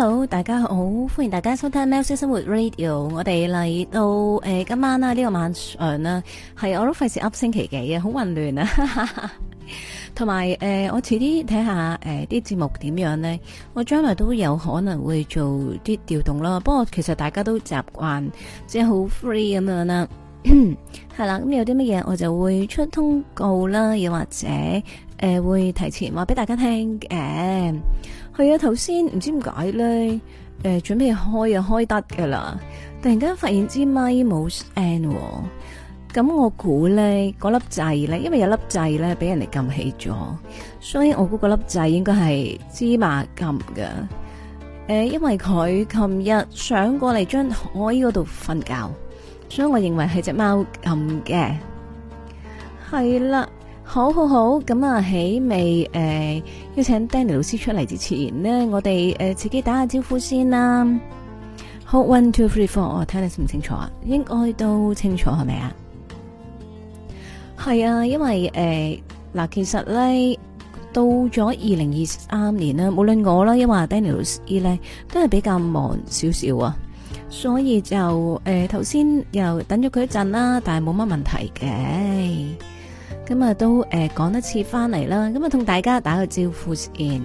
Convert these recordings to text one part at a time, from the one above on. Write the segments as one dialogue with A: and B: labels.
A: Hello，大家好，歡迎大家收聽喵式生活 Radio。我哋嚟到誒、呃、今晚啦、啊，呢、這個晚上啦，係我都費事 up 星期幾啊，好、啊、混亂啊。同埋誒，我遲啲睇下誒啲節目點樣呢？我將來都有可能會做啲調動咯。不過其實大家都習慣即係好 free 咁樣啦、啊。係啦，咁、 嗯、有啲乜嘢我就會出通告啦，又或者。誒，會提前話俾大家聽，誒、嗯，係啊，頭先唔知點解咧，誒、嗯，準備開啊，開得噶啦，突然間發現支咪冇聲，咁我估咧嗰粒掣咧，因為有粒掣咧俾人哋撳起咗，所以我估個粒掣應該係芝麻撳嘅，誒、嗯，因為佢琴日上過嚟將我嗰度瞓覺，所以我認為係隻貓撳嘅，係啦。好好好，咁啊，喺未？誒、呃，邀請 Danny 老師出嚟之前呢，我哋誒、呃、自己打下招呼先啦。好，one two three four，我聽你清唔清楚啊？應該都清楚係咪啊？係啊，因為誒嗱、呃，其實咧到咗二零二三年啦，無論我啦，因亦或 Danny 老師咧，都係比較忙少少啊。所以就誒頭先又等咗佢一陣啦，但係冇乜問題嘅。咁啊，都誒講一次翻嚟啦，咁啊同大家打個招呼先。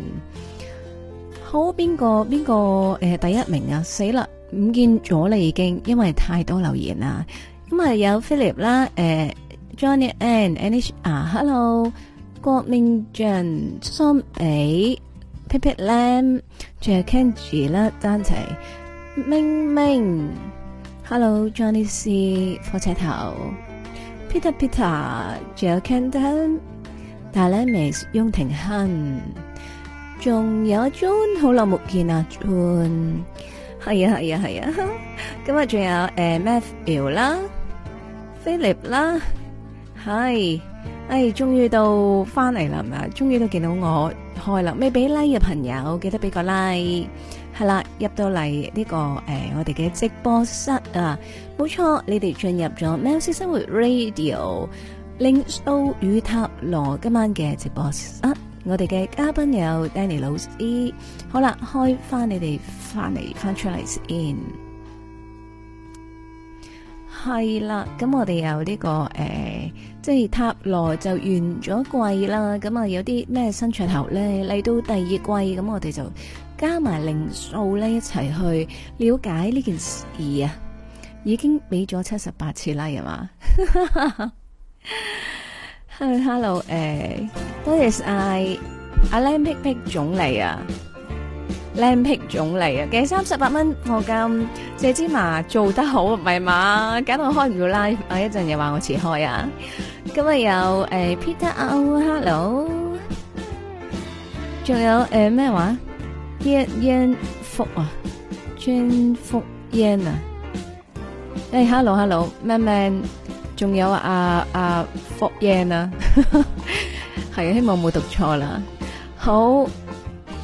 A: 好，邊個邊個誒第一名啊，死啦，唔見咗啦已經，因為太多留言啦。咁啊有 Philip 啦、呃，誒 Johnny N，Anish，Hello，郭明俊，蘇美，Pipit Lam，仲有 Kenji 啦，單齊，明明，Hello，Johnny C，火車頭。Peter、Peter、Jill、Candem、Dilemex、翁庭亨，仲有 John，好耐冇見啊，John，係啊係啊係啊，咁啊仲有誒 Matthew 啦、Philip 啦，係，誒，終於到翻嚟啦，唔係，終於都見到我開啦，未俾 like 嘅朋友記得俾個 like，係啦，入到嚟呢個誒我哋嘅直播室啊。冇錯，你哋進入咗喵式生活 Radio 靈數與塔羅今晚嘅直播室、啊，我哋嘅嘉賓有 Danny 老師。好啦，開翻你哋翻嚟翻出嚟先。係啦，咁 我哋有呢、這個誒，即、呃、係、就是、塔羅就完咗季啦。咁啊，有啲咩新噱頭咧？嚟到第二季，咁我哋就加埋靈數咧一齊去了解呢件事啊！已經俾咗七十八次 like 係嘛 Hello，Hello，誒，多謝晒阿靚碧碧總理啊，靚碧總理啊，嘅三十八蚊我咁？謝芝麻做得好，唔係嘛？搞到我開唔到 live，啊一陣又話我遲開啊。今日有誒 Peter 啊，Hello，仲有誒咩話？Yan Yan 福啊，Jan 福 Yan 啊。誒、hey，hello，hello，咩咩，仲有阿阿霍燕啊，係，希望冇讀錯啦。好，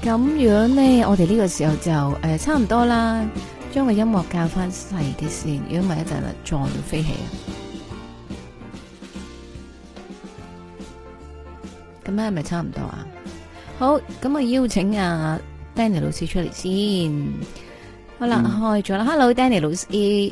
A: 咁樣咧，我哋呢個時候就誒、欸、差唔多啦，將個音樂教翻細啲先，如果唔係一陣咪撞到飛起啊。咁樣係咪差唔多啊？好，咁啊邀請阿、啊、Danny 老師出嚟先。好啦、嗯，開咗啦，hello，Danny 老師。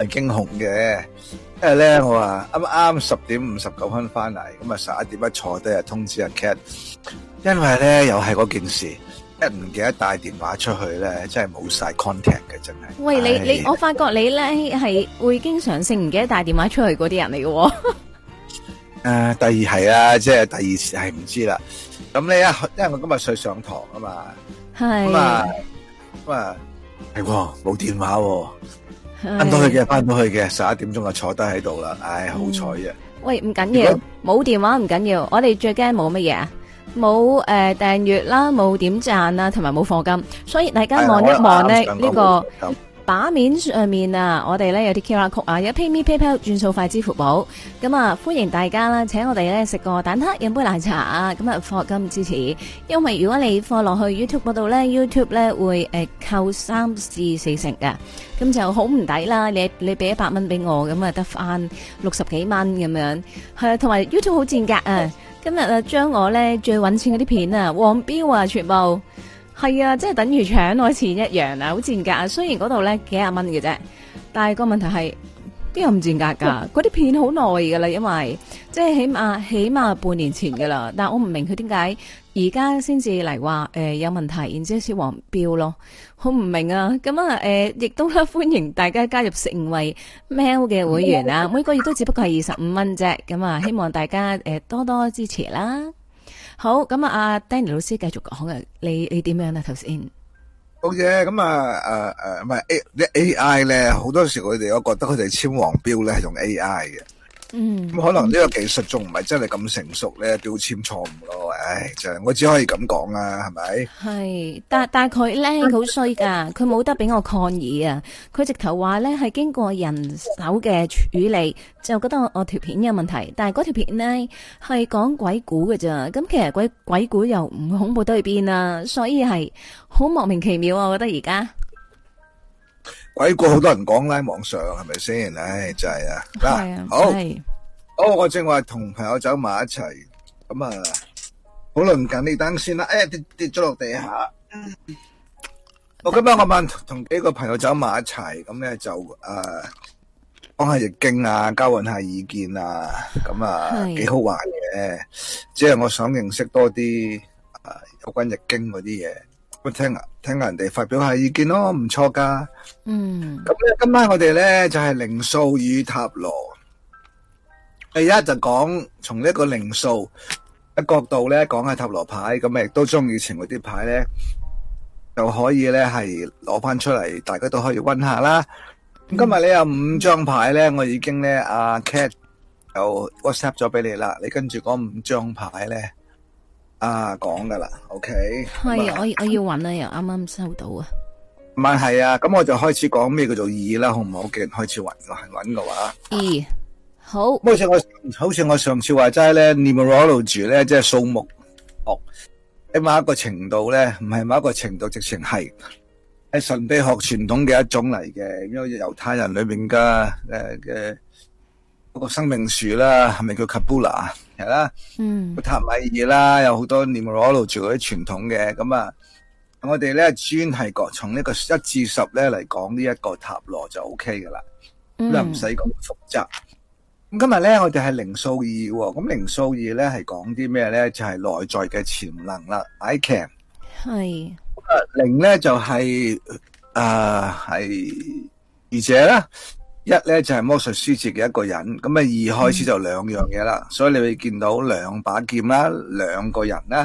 B: 係驚恐嘅，因為咧我話啱啱十點五十九分翻嚟，咁啊十一點一坐低通知阿 Cat，因為咧又係嗰件事，一唔記得帶電話出去咧，真係冇晒 contact 嘅，真係。喂，你、哎、你我
A: 發覺你咧係會經常性唔記得帶電話出去嗰啲人嚟嘅、
B: 哦。誒、啊，第二係啦，即係、啊即係、第二次係唔知啦。咁你啊，因為我今日上上堂啊嘛，
A: 係咁啊，
B: 喂，係喎冇電話喎、啊。翻到去嘅，翻唔到去嘅，十一點鐘就坐低喺度啦。唉，好彩啊！
A: 喂，唔緊要，冇電話唔緊要。我哋最驚冇乜嘢啊，冇誒訂閱啦，冇點讚啦，同埋冇課金。所以大家望一望咧，呢、哎這個。畫面上面啊，我哋咧有啲 QR Code 啊，有 PayMe PayPal 轉數快支付寶，咁啊歡迎大家啦！請我哋咧食個蛋撻，飲杯奶茶啊！咁啊，課金支持，因為如果你課落去 YouTube 嗰度咧，YouTube 咧會誒扣三至四成㗎。咁就好唔抵啦！你你俾一百蚊俾我，咁啊得返六十幾蚊咁樣，係啊，同埋 YouTube 好賤格啊！今日啊將我咧最揾錢嗰啲片啊，黃標啊全部。係啊，即係等於搶我錢一樣啊，好賤格！雖然嗰度咧幾十蚊嘅啫，但係個問題係邊有咁賤格噶？嗰、呃、啲片好耐噶啦，因為即係起碼起碼半年前噶啦。但我唔明佢點解而家先至嚟話誒、呃、有問題，然之後先黃標咯，好唔明啊！咁啊誒，亦、呃、都歡迎大家加入成為喵嘅會員啊！每個月都只不過係二十五蚊啫，咁啊希望大家誒、呃、多多支持啦。好，咁啊，阿 Danny 老師繼續講啊，你你點樣啊？頭先，
B: 好嘢。咁啊，誒、啊、誒，唔係 A，AI 咧，好多時佢哋，我覺得佢哋簽黃標咧係用 AI 嘅。嗯，咁可能呢個技術仲唔係真係咁成熟咧，標籤錯誤咯，唉就係我只可以咁講啦，係咪？
A: 係，但但佢咧，好衰噶，佢冇得俾我抗議啊，佢直頭話咧係經過人手嘅處理，就覺得我條片有問題，但係嗰條片呢係講鬼故㗎咋，咁其實鬼鬼故又唔恐怖對邊啊，所以係好莫名其妙啊，我覺得而家。
B: 鬼故好多人講啦，網上係咪先？唉、哎，就係、是、啊。嗱、啊，好、啊好，啊、好，我正話同朋友走埋一齊，咁啊，好論緊你單先啦、啊。哎，跌跌咗落地下。嗯、我今日我問同幾個朋友走埋一齊，咁咧就誒，講、啊、下易經啊，交換下意見啊，咁啊，幾、啊、好玩嘅。只係我想認識多啲啊有關易經嗰啲嘢。我聽啊。聽人哋發表下意見咯，唔錯噶。
C: 嗯，
B: 咁咧今晚我哋咧就係、是、靈數與塔羅，第一就講從呢個靈數嘅角度咧講下塔羅牌，咁亦都鍾意前嗰啲牌咧，就可以咧係攞返出嚟，大家都可以溫下啦。嗯、今日你有五張牌咧，我已經咧阿 Cat、啊、就 WhatsApp 咗俾你啦，你跟住嗰五張牌咧。啊，講噶啦，OK。係、嗯，我我要
A: 揾、嗯、啊，又啱啱收
B: 到啊。唔係係啊，咁我就開始講咩叫做二啦，好唔好？既然開始揾，係嘅話。二，
A: 好。
B: 好似我，好似我上次話齋咧，numerology 咧，Nemerology, 即係數目，哦，喺某一個程度咧，唔係某一個程度，直情係喺神秘學傳統嘅一種嚟嘅，因為猶太人裏面嘅誒嘅嗰個生命樹啦，係咪叫 Kabbula？係啦，個、嗯、塔米爾啦，有好多念羅著嗰啲傳統嘅，咁啊，我哋咧專係從呢個一至十咧嚟講呢一個塔羅就 O K 㗎啦，
C: 又唔使
B: 咁複雜。咁今日咧，我哋係靈數二喎、哦，咁靈數二咧係講啲咩咧？就係、是、內在嘅潛能啦，I can 係、呃。零咧就係、是、啊，係、呃，而且咧。一咧就係魔術師自己嘅一個人，咁啊二開始就兩樣嘢啦、嗯，所以你會見到兩把劍啦，兩個人啦，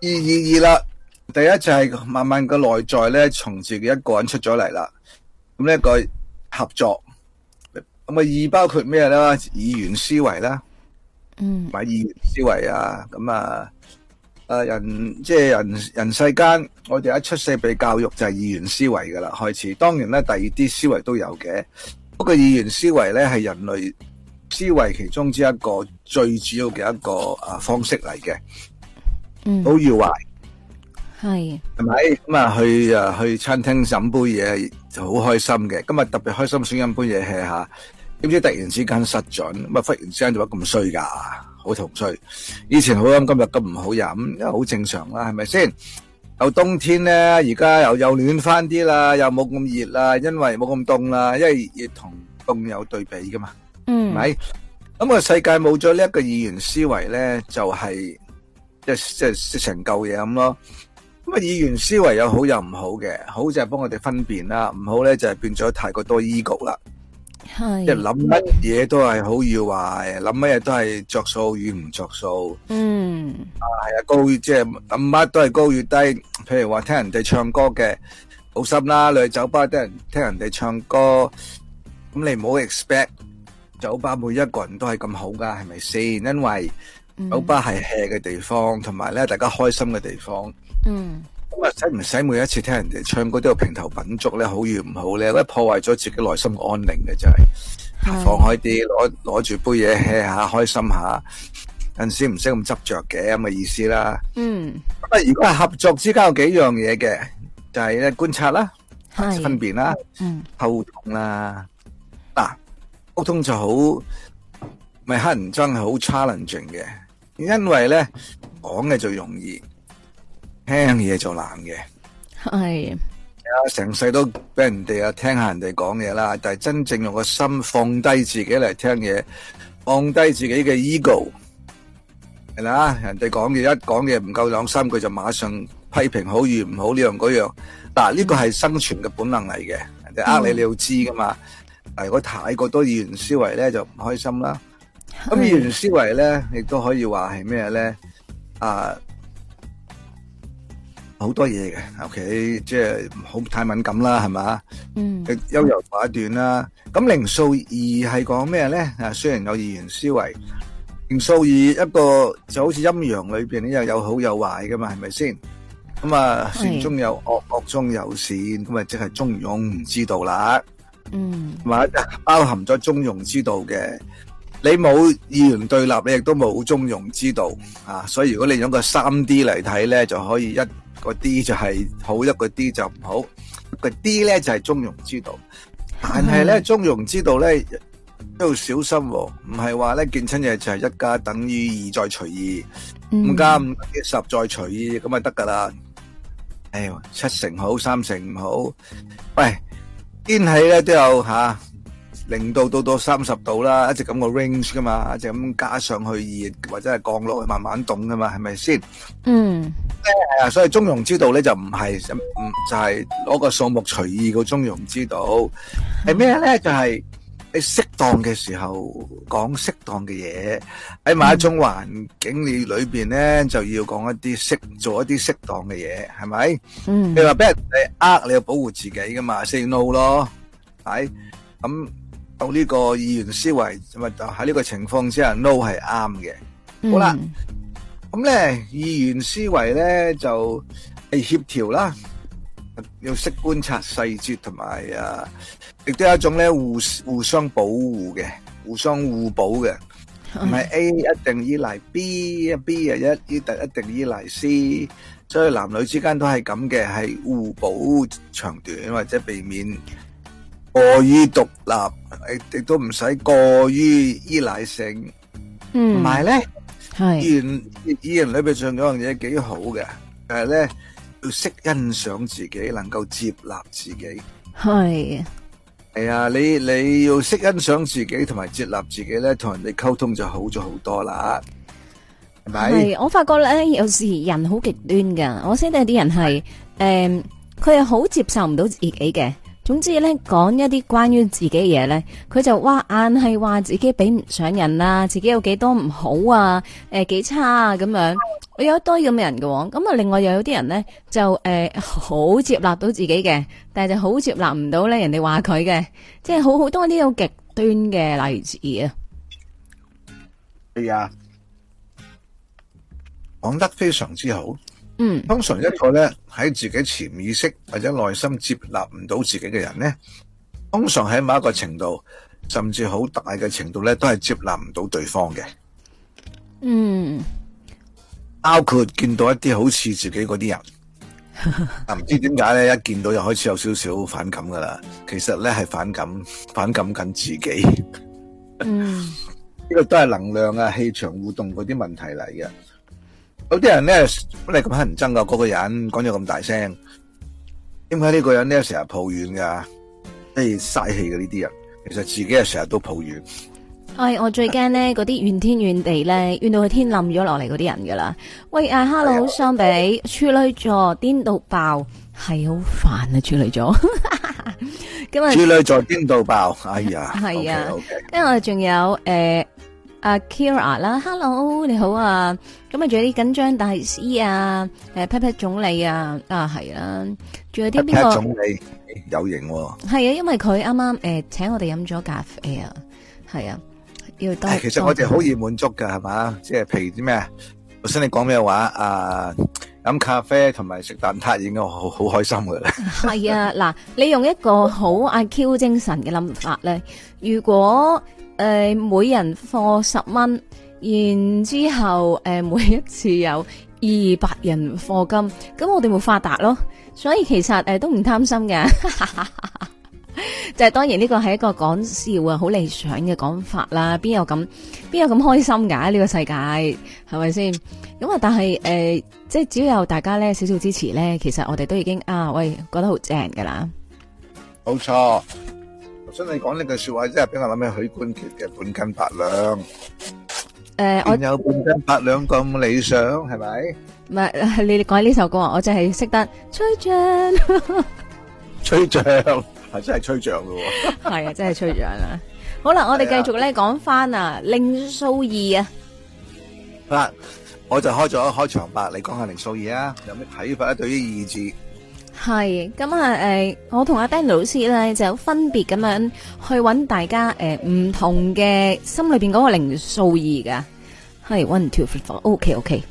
B: 二二二啦，第一就係慢慢個內在咧，從自己一個人出咗嚟啦，咁呢一個合作，咁啊二包括咩咧？語言思維啦，嗯，買語言思維啊，咁啊。誒、啊，人即係人，人世間，我哋一出世畀教育就係、是、二元思維噶啦，開始。當然咧，第二啲思維都有嘅。不過二元思維咧係人類思維其中之一個最主要嘅一個啊方式嚟嘅。
A: 嗯。都要懷。係。
B: 係咪咁啊？去啊去餐廳飲杯嘢就好開心嘅。今日特別開心想一一，想飲杯嘢 hea 吓。點知突然之間失準，咁啊忽然之間做乜咁衰噶。好同趣。以前好飲，今日咁唔好飲，因為好正常啦，係咪先？又冬天咧，而家又又暖翻啲啦，又冇咁熱啦，因為冇咁凍啦，因為熱同凍有對比噶嘛，嗯，咪咁啊？世界冇咗呢一個二元思維咧，就係即即成舊嘢咁咯。咁啊，二元思維有好又唔好嘅，好就係幫我哋分辨啦，唔好咧就係、是、變咗太過多依 a 啦。
C: 即係諗乜
B: 嘢都係好與壞，諗乜嘢都係着數與唔着數。嗯，係啊，啊高，即諗乜都係高與低。譬如話聽人哋唱歌嘅好心啦，你去酒吧聽人聽人哋唱歌，咁你唔好 expect 酒吧每一個人都係咁好噶，係咪先？因為酒吧係 hea 嘅地方，同埋咧大家開心嘅地方。
C: 嗯。
B: 使唔使每一次聽人哋唱歌都有平頭品足咧，好與唔好咧，都破壞咗自己內心嘅安寧嘅，就係放開啲，攞攞住杯嘢吃下，開心下，有陣時唔使咁執着嘅，咁嘅意思啦。嗯，咁啊，如果係合作之間有幾樣嘢嘅，就係咧觀察啦，分辨啦，
C: 嗯，
B: 溝通啦。嗱，溝通就好，咪黑人憎係好 challenge 嘅，因為咧講嘅就容易。聽嘢就
A: 難
B: 嘅，係成世都俾人哋啊聽下人哋講嘢啦，但係真正用個心放低自己嚟聽嘢，放低自己嘅 ego，係啦，人哋講嘢一講嘢唔夠兩三句就馬上批評好與唔好呢樣嗰樣，嗱呢、啊呢個係生存嘅本能嚟嘅，人哋呃你、嗯、你要知噶嘛，係如果太過多元思維咧就唔開心啦，
C: 咁多元
B: 思維咧亦都可以話係咩咧啊？好多嘢嘅，OK，即係唔好太敏感啦，係嘛？嗯，優柔寡斷啦。咁靈數二係講咩咧？啊，雖然有二元思維，靈數二一個就好似陰陽裏邊一樣，又有好有壞噶嘛，係咪先？咁啊，善中有惡，惡中有善，咁啊，即係中庸之道啦。
C: 嗯，同埋
B: 包含咗中庸之道嘅，你冇二元對立，你亦都冇中庸之道啊。所以如果你用個三 D 嚟睇咧，就可以一。個 D 就係好，一個 D 就唔好，個 D 咧就係中庸之道，但係咧中庸之道咧都要小心喎，唔係話咧見親嘢就係一加等於二再除二，五加五十再除二咁啊得噶啦。誒，七成好，三成唔好。喂，天氣咧都有吓零度到到三十度啦，一直咁個 range 噶嘛，一直咁加上去熱或者係降落去慢慢凍噶嘛，係咪先？嗯。啊，所以中庸之道咧就唔係唔就係、是、攞個數目隨意個中庸之道，係咩咧？就係、是、你適當嘅時候講適當嘅嘢，喺某一種環境裏裏邊咧就要講一啲適做一啲適當嘅嘢，係咪？嗯，你話俾人誒呃，你要保護自己噶嘛，say no 咯，係咁、嗯嗯、到呢個二元思維咁啊，喺呢個情況之下，no 係啱嘅，好啦。嗯咁咧，二元思維咧就係協調啦，要識觀察細節同埋啊，亦都有一種咧互互相保護嘅，互相互補嘅，唔係 A 一定依賴 B，啊 B 啊一依一定依賴 C，所以男女之間都係咁嘅，係互補長短或者避免過於獨立，亦都唔使過於依賴性，嗯，
C: 同埋呢，咧。係，依
B: 然依然裏邊唱咗樣嘢幾好嘅，但係咧要識欣賞自己，能夠接納自己。
A: 係，
B: 係啊，你你要識欣賞自己，同埋接納自己咧，同人哋溝通就好咗好多啦。係咪？我
A: 發覺咧，有時人好極端㗎，我識得啲人係，誒，佢係好接受唔到自己嘅。總之咧，講一啲關於自己嘅嘢咧，佢就哇，硬係話自己比唔上人啦，啊，自己有幾多唔好啊，誒、呃，幾差啊咁樣。我有一堆咁嘅人嘅喎，咁啊，另外又有啲人咧就誒，好、呃、接納到自己嘅，但係就好接納唔到咧人哋話佢嘅，即係好好多啲有極端嘅例子啊。
B: 哎呀，講得非常之好。嗯，通常一個咧喺自己潛意識或者內心接納唔到自己嘅人呢，通常喺某一個程度，甚至好大嘅程度呢，都係接納唔到對方嘅。嗯，包括見到一啲好似自己嗰啲人，啊 唔知點解呢，一見到又開始有少少反感噶啦。其實呢係反感，反感緊自己。 嗯，呢個都係能量啊、氣場互動嗰啲問題嚟嘅。有啲人咧，乜你咁乞人憎噶？嗰、那個人講咗咁大聲，點解呢個人咧成日抱怨噶？誒、哎，嘥氣嘅呢啲人，其實自己係成日都抱
C: 怨。
A: 係、哎、我最驚咧，嗰啲怨天怨地咧，怨 到佢天冧咗落嚟嗰啲人噶啦。喂，啊、Hello，哎，hello，好相比你、哎、處女座癲到爆，係好煩啊！處女座， 今日處女座癲到爆，哎呀，係 啊，跟、okay，住、okay、我哋仲有誒。呃阿 Kira 啦，Hello，你好啊！咁啊，仲有啲緊張大師啊，誒，PatPat 總理啊，啊係啦，仲有啲邊個總
B: 理有型？
A: 係啊，因為佢啱啱誒請我哋飲咗咖啡啊，係啊，要多。其實我哋好易
B: 滿足噶，係嘛？即係譬如啲咩啊，頭先你講咩話啊，飲咖啡同埋食蛋撻已經好好開心噶啦。
A: 係啊，嗱，你用一個好阿 Q 精神嘅諗法咧，如果。誒、呃，每人課十蚊，然之後誒、呃，每一次有二百人課金，咁我哋會發達咯。所以其實誒、呃，都唔貪心嘅， 就係、是、當然呢、這個係一個講笑啊，好理想嘅講法啦。邊有咁邊有咁開心噶、啊？呢、這個世界係咪先？咁啊，但係誒、呃，即係只要有大家咧少少支持咧，其實我哋都已經啊喂，覺得好正噶啦。
B: 冇錯。想你講呢句說話啫，俾我諗起許冠傑嘅半斤八兩。
A: 誒，我有半斤
B: 八兩咁理想，係
A: 咪？唔係，你你講呢首歌啊，我真係識得吹脹，
B: 吹脹係真係吹脹嘅。
A: 係啊，真係吹脹啊！好啦，我哋繼續咧講翻啊，靈數二啊。
B: 好啦，我就開咗開場白，你講下靈數二啊，有咩睇法？對於二字。
A: 係，咁啊，誒，我同阿 Danny 老師咧就有分別咁樣去揾大家，誒，唔同嘅心裏邊嗰個靈數二噶係 one two three four，OK OK，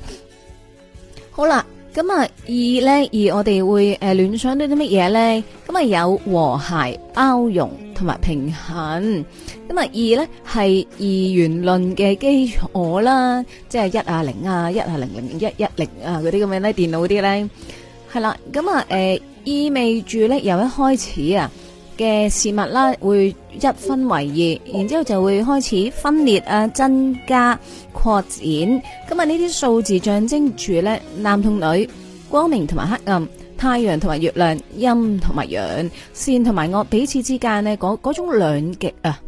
A: 好啦，咁啊二咧，二我哋會誒聯想到啲乜嘢咧，咁啊有和諧包容同埋平衡，咁啊二咧係二元論嘅基礎啦，即係一啊零啊一啊零零一一零啊嗰啲咁樣咧，電腦嗰啲咧，係啦，咁啊誒。意味住咧由一開始啊嘅事物啦，會一分為二，然之後就會開始分裂啊，增加、擴展。咁啊呢啲數字象徵住咧男同女、光明同埋黑暗、太陽同埋月亮、陰同埋陽、善同埋惡彼此之間呢嗰嗰種兩極啊。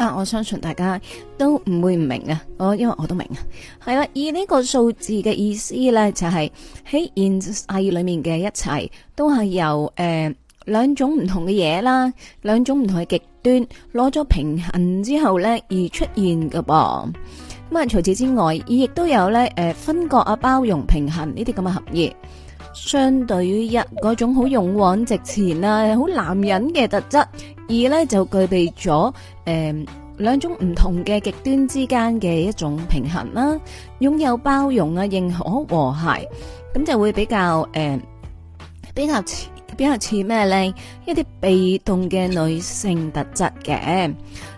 A: 啊！我相信大家都唔會唔明嘅，我因為我都明啊，係啦，以呢個數字嘅意思咧，就係、是、喺現世裏面嘅一切，都係由誒兩、呃、種唔同嘅嘢啦，兩種唔同嘅極端攞咗平衡之後咧而出現嘅噃。咁啊，除此之外，亦都有咧誒分割啊、包容、平衡呢啲咁嘅含意。相對於一嗰種好勇往直前啦，好男人嘅特質，二咧就具備咗誒、呃、兩種唔同嘅極端之間嘅一種平衡啦，擁有包容啊，認可和諧，咁就會比較誒、呃、比較比較似咩咧？一啲被動嘅女性特質嘅，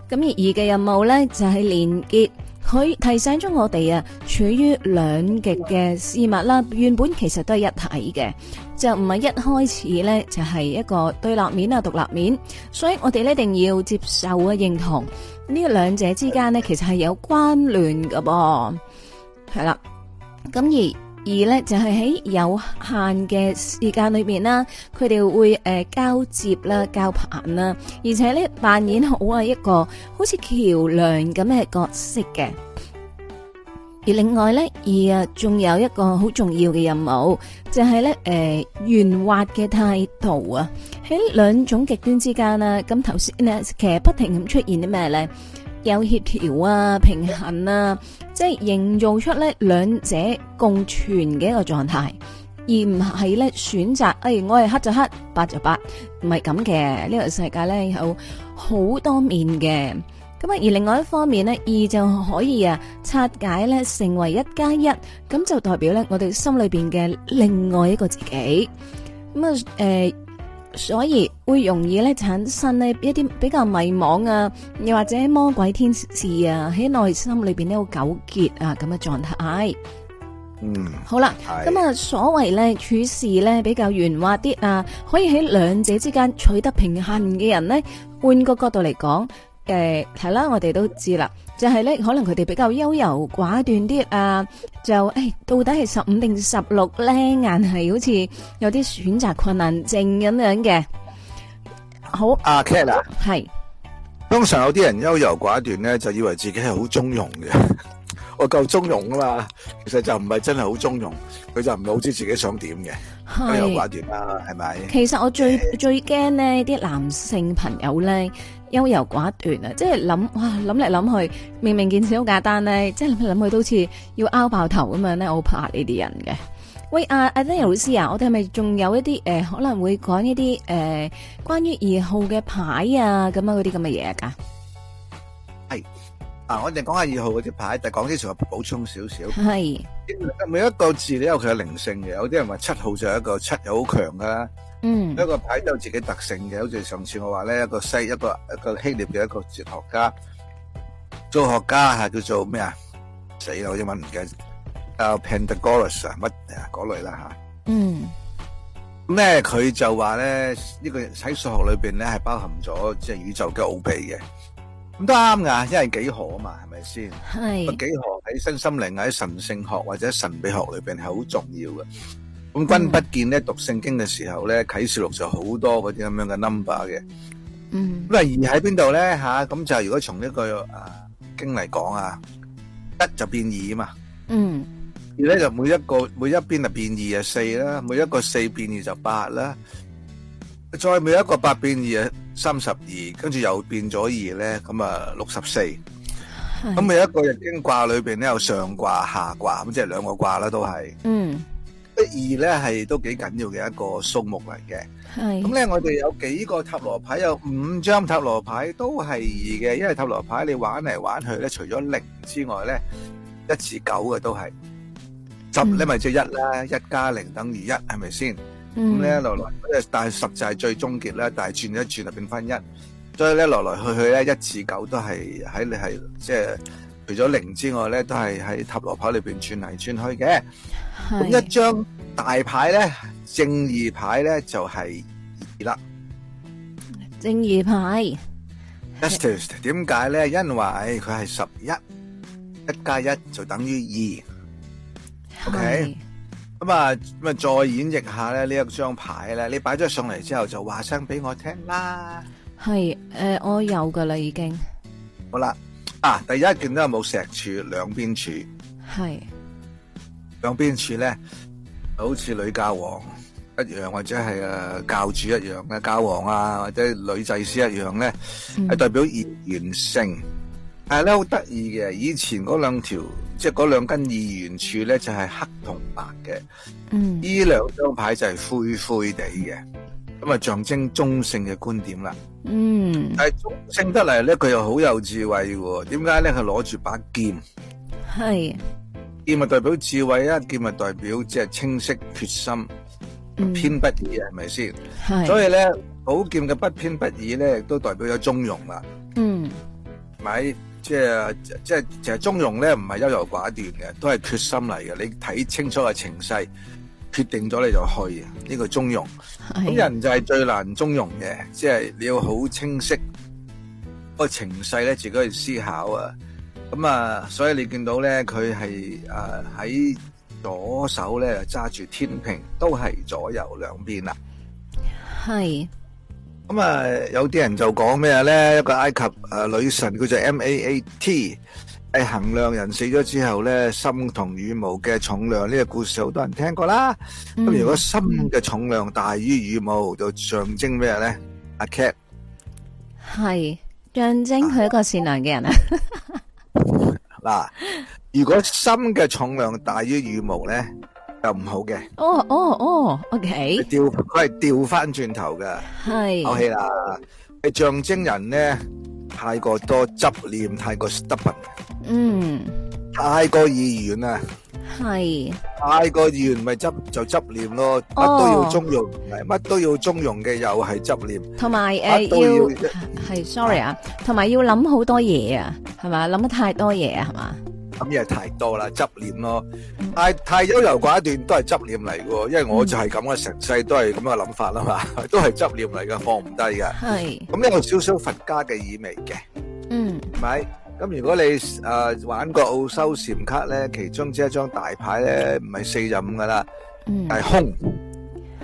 A: 咁而二嘅任務咧就係、是、連結。佢提醒咗我哋啊，處於兩極嘅事物啦，原本其實都係一體嘅，就唔係一開始咧就係一個對立面啊、獨立面，所以我哋一定要接受啊、認同呢兩者之間咧其實係有關聯㗎噃，係啦，咁而，二咧就係喺有限嘅時間裏邊啦，佢哋會誒交接啦、交棒啦，而且咧扮演好啊一個好似橋樑咁嘅角色嘅。而另外咧，二啊仲有一個好重要嘅任務，就係咧誒圓滑嘅態度啊。喺兩種極端之間啦，咁頭先咧其實不停咁出現啲咩咧？有協調啊、平衡啊，即係營造出咧兩者共存嘅一個狀態，而唔係咧選擇，誒、哎，我係黑就黑，白就白，唔係咁嘅。呢、呢個世界咧有好多面嘅，咁啊，而另外一方面咧，二就可以啊拆解咧成為一加一，咁就代表咧我哋心裏面嘅另外一個自己，咁啊誒。呃所以會容易咧產生呢一啲比較迷惘啊，又或者魔鬼天使啊，喺內心裏邊咧好糾結啊咁嘅狀態。嗯，
C: 好
A: 啦，咁啊，所謂咧處事咧比較圓滑啲啊，可以喺兩者之間取得平衡嘅人呢，換個角度嚟講。誒，係啦，我哋都知啦，就係咧，可能佢哋比較優柔寡斷啲啊，就誒，到底係十五定十六咧，硬係好似有啲選擇困難症咁樣嘅。好，阿 Kata 係，
B: 通常有啲人優柔寡斷咧，就以為自己係好中庸嘅，我夠中庸噶嘛，其實就唔係真係好中庸，佢就唔係好知自己想點嘅，優柔寡斷啦，係咪？
A: 其實我最最驚咧，啲男性朋友咧。優柔寡斷啊！即係諗哇，諗嚟諗去，明明件事好簡單咧，即係諗嚟諗去都好似要拗爆頭咁啊！咧，我好怕呢啲人嘅。喂，啊、阿阿 Danny 老師啊，我哋係咪仲有一啲誒、呃，可能會講一啲誒、呃，關於二號嘅牌啊，咁啊，嗰啲咁嘅嘢噶？
B: 係，啊，我哋講下二號嗰隻牌，但係講之前我補充少少。
A: 係。
B: 每一個字都有佢嘅靈性嘅，有啲人話七號就係一個七強，又好強噶。一個牌都有自己特性嘅，好似上次我話咧，一個西一個一個希臘嘅一個哲學家、數學家吓，叫做咩啊？死啦，我英文唔記得。啊，Pythagoras 乜啊嗰類啦吓。嗯。咁咧佢就話咧呢個喺數學裏邊咧係包含咗即係宇宙嘅奧秘嘅。咁都啱噶，因為幾何啊嘛，係咪先？係。幾何喺身心靈、喺神聖學或者喺神秘學裏邊係好重要嘅。咁君不見咧讀聖經嘅時候咧啟示錄就好多嗰啲咁樣嘅 number 嘅。嗯，咁啊二喺邊度咧吓，咁就係如果從呢個啊經嚟講啊，一就變二啊嘛，嗯，二咧就每一個每一邊就變二啊四啦，每一個四變二就八啦，再每一個八變二啊三十二，跟住又變咗二咧咁啊六十四，
C: 咁每一個易經卦
B: 裏邊咧有上卦下卦，咁即係兩個卦啦都係，嗯。二咧係都幾緊要嘅一個數目嚟嘅，咁咧我哋有幾個塔羅牌，有五張塔羅牌都係二嘅，因為塔羅牌你玩嚟玩去咧，除咗零之外咧，一至九嘅都係十，咁你咪即一啦，一加零等於一，係咪先？咁咧嚟嚟，但係十就係最終結啦，但係轉一轉又變翻一，所以咧嚟嚟去去咧一至九都係喺你係即係除咗零之外咧，都係喺塔羅牌裏邊轉嚟轉去嘅。咁一張大牌咧，正義牌咧就係二啦。
A: 正義牌。
B: Yes, t e s 點解咧？因為佢係十一，一加一就等於二。OK 咁啊，咁啊，再演繹下咧呢一張牌呢，你擺咗上嚟之後，就話聲俾我聽
A: 啦。係，誒、呃，我有噶啦，已經。
B: 好啦，啊，第一件咧冇石柱，兩邊柱。係。兩邊處咧？好似女教皇一樣，或者係誒教主一樣嘅教皇啊，或者女祭司一樣咧，係代表二元性。嗯、但係咧好得意嘅，以前嗰兩條，即係嗰兩根二元柱咧，就係、是、黑同白嘅。
C: 嗯，依兩
B: 張牌就係灰灰地嘅，咁啊象徵中性嘅觀點啦。嗯，但係中性得嚟咧，佢又好有智慧喎。點解咧？佢攞住把劍。
A: 係。
B: 劍咪代表智慧啊！劍咪代表即係清晰決心，嗯、偏不倚係咪先？
C: 所以咧，
B: 寶劍嘅不偏不倚咧，亦都代表咗中庸啦。嗯，咪即係即係，其實中庸咧唔係優柔寡斷嘅，都係決心嚟嘅。你睇清楚個情勢，決定咗你就去。呢、這個中庸咁人就係最難中庸嘅，即、就、係、是、你要好清晰、嗯那個情勢咧，自己去思考啊！咁、嗯、啊，所以你見到咧，佢係誒喺左手咧揸住天平，都係左右兩邊啦。
A: 係
B: 咁啊，有啲人就講咩咧？一個埃及誒、呃、女神，叫做 M A A T，係、呃、衡量人死咗之後咧心同羽毛嘅重量呢、呢個故事，好多人聽過啦。咁、嗯、如果心嘅重量大於羽毛，就象徵咩咧？阿、啊、Cat
A: 係象徵佢一個善良嘅人啊。
B: 嗱，如果心嘅重量大於羽毛咧，又唔好嘅。
A: 哦哦哦，OK。
B: 掉佢係掉翻轉頭
A: 嘅。係。OK
B: 啦，係象徵人咧太過多執念，太過 stubborn。嗯。太過意遠啊，係太過意遠，咪執就執念咯，乜都要中庸，唔係乜都要中庸嘅又係執念，
A: 同埋誒要係，sorry 啊，同埋要諗好多嘢啊，係咪，諗得太多嘢啊，係嘛，
B: 諗嘢太多啦，執念咯，太太優柔寡斷都係執念嚟噶，因為我就係咁嘅成世都係咁嘅諗法啦嘛，都係執念嚟噶，放唔低噶，係，咁有少少佛家嘅意味嘅，嗯，係咪。咁如果你誒玩過奧修禪卡咧，其中之一張大牌咧，唔係四十五噶啦，係空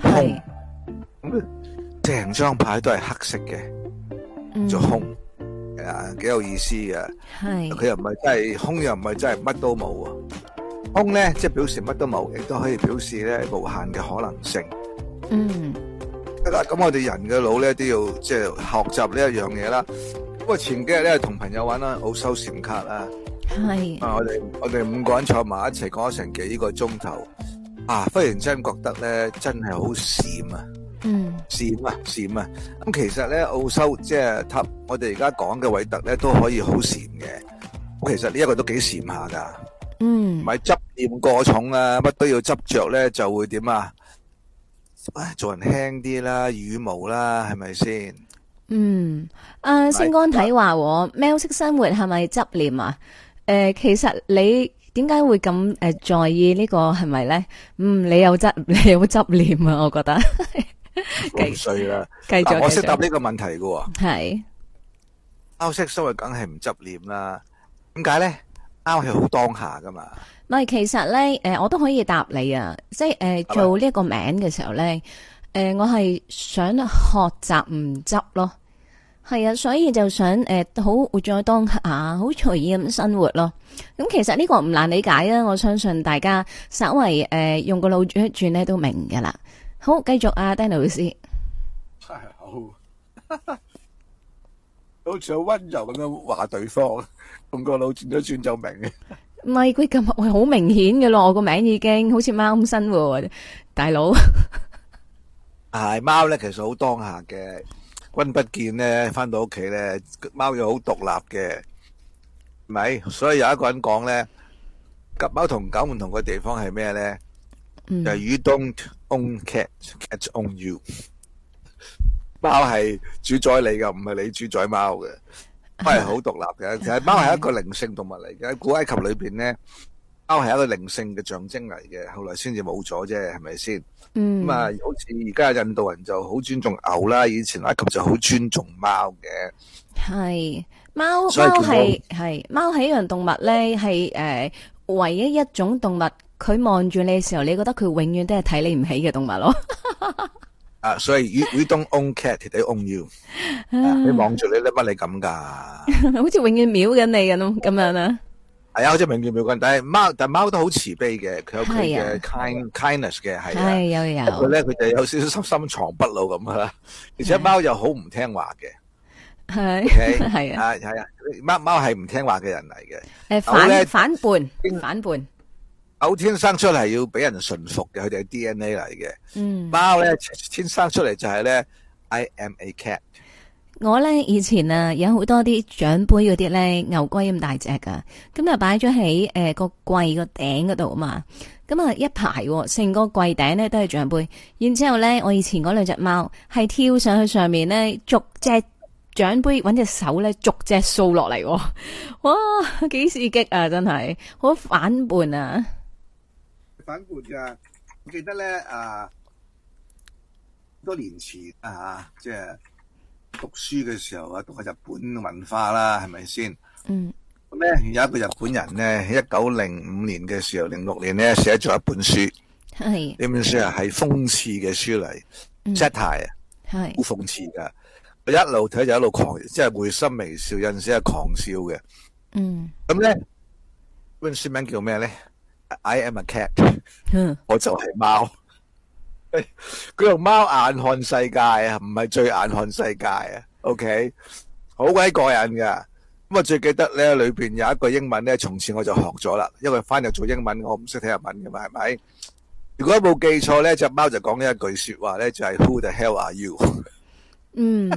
B: 空，咁成張牌都係黑色嘅，
C: 做空，
B: 啊幾有意思
C: 嘅，佢
B: 又唔係真係空，又唔係真係乜都冇喎，空咧即係表示乜都冇，亦都可以表示咧無限嘅可能性。嗯，嗱，咁我哋人嘅腦咧都要即係學習呢一樣嘢啦。不過，前幾日咧同朋友玩啦，奧修閃卡啦，
A: 係啊！我哋
B: 我哋五個人坐埋一齊，講咗成幾個鐘頭啊！忽然間覺得咧，真係好閃啊！
A: 嗯，
B: 閃啊，閃啊！咁其實咧，奧修即係執，我哋而家講嘅韋特咧都可以好閃嘅。其實呢一個都幾閃下噶。嗯，唔係執念過重啊，乜都要執着咧，就會點啊？做人輕啲啦，羽毛啦，係咪先？
A: 嗯，阿星光體話 m 喵式生活係咪執念啊？誒、呃，其實你點解會咁誒在意，這個，是是呢個係咪咧？嗯，你有執你有執念啊？我覺得，咁衰啦，繼續，、啊繼續啊、我識答呢
B: 個問題噶喎。係喵式生活梗係唔執念啦？點解咧？喵係好當下噶嘛？
A: 唔係，其實咧，誒、呃，我都可以答你啊，即係誒、呃、做呢一個名嘅時候咧，誒、呃，我係想學習唔執咯。係啊，所以就想誒，好活在當下，好隨意咁生活咯。咁其實呢個唔難理解啦，我相信大家稍微誒用個腦轉一轉咧都明噶啦。好，繼續阿 Danny 老師，
B: 真係好，好似好温柔咁樣話對方，用個腦轉一轉就明
A: 嘅。咪佢咁好明顯噶咯，我個名已經好似貓咁生活喎，大佬。
B: 係貓咧，其實好當下嘅。君不見咧，返到屋企咧，貓又好獨立嘅，咪所以有一個人講咧，吉貓同狗唔同嘅地方係咩咧？就係 You don't own cat, cat own you。貓係主宰你嘅，唔係你主宰貓嘅。貓係好獨立嘅，其實貓係一個靈性動物嚟嘅。喺古埃及裏邊咧。貓係一個靈性嘅象徵嚟嘅，後來先至冇咗啫，係咪先？
A: 咁啊，好
B: 似而家印度人就好尊重牛啦，以前埃及就好尊重貓嘅。
A: 係貓貓係係貓係一樣動物，咧係誒唯一一種動物，佢望住你嘅時候，你覺得佢永遠都係睇你唔起嘅動物咯。
B: 啊，所以 you you don't own cat, you own you。你望住你，你乜你咁噶？
A: 好似永遠藐緊你咁咁樣啊！
B: 有即係名叫妙君，但係貓但係貓都好慈悲嘅，佢有佢嘅 kind、啊、kindness 嘅係。係、啊啊、有有。佢咧佢就有少少深深藏不露咁啦，而且貓又好唔聽話嘅。
A: 係
B: 係啊係啊，貓貓係唔聽話嘅人嚟嘅。
A: 誒反反叛反叛，
B: 狗天生出嚟要俾人馴服嘅，佢哋係 DNA 嚟嘅。嗯，貓咧天生出嚟就係、是、咧 I am a cat。
A: 我咧以前啊有好多啲獎杯嗰啲咧牛龜咁大隻噶，咁就擺咗喺誒個櫃個頂嗰度啊嘛，咁啊一排成個櫃頂咧都係獎杯，然之後咧我以前嗰兩隻貓係跳上去上面咧逐隻獎杯揾隻手咧逐隻掃落嚟，哇幾刺激啊真係，好反叛啊！
B: 反叛啊！我記得咧啊，多年前啊，即係。讀書嘅時候啊，都係日本文化啦，係咪先？嗯，咁咧有一個日本人咧，一九零五年嘅時候，零六年咧寫咗一本書，係呢本書啊係諷刺嘅書嚟，satire 啊，好諷刺噶，一路睇就一路狂，即係會心微笑，有陣時係狂笑嘅。嗯，咁咧呢本書名叫咩咧？I am a cat，嗯，我就係貓。佢用貓眼看世界啊，唔係最眼看世界啊，OK，好鬼過癮噶。咁啊，最記得咧裏邊有一句英文咧，從此我就學咗啦。因為翻譯做英文，我唔識聽日文噶嘛，係咪？如果冇記錯咧，隻貓就講呢一句說話咧，就係、是、Who the hell are you？
A: 嗯，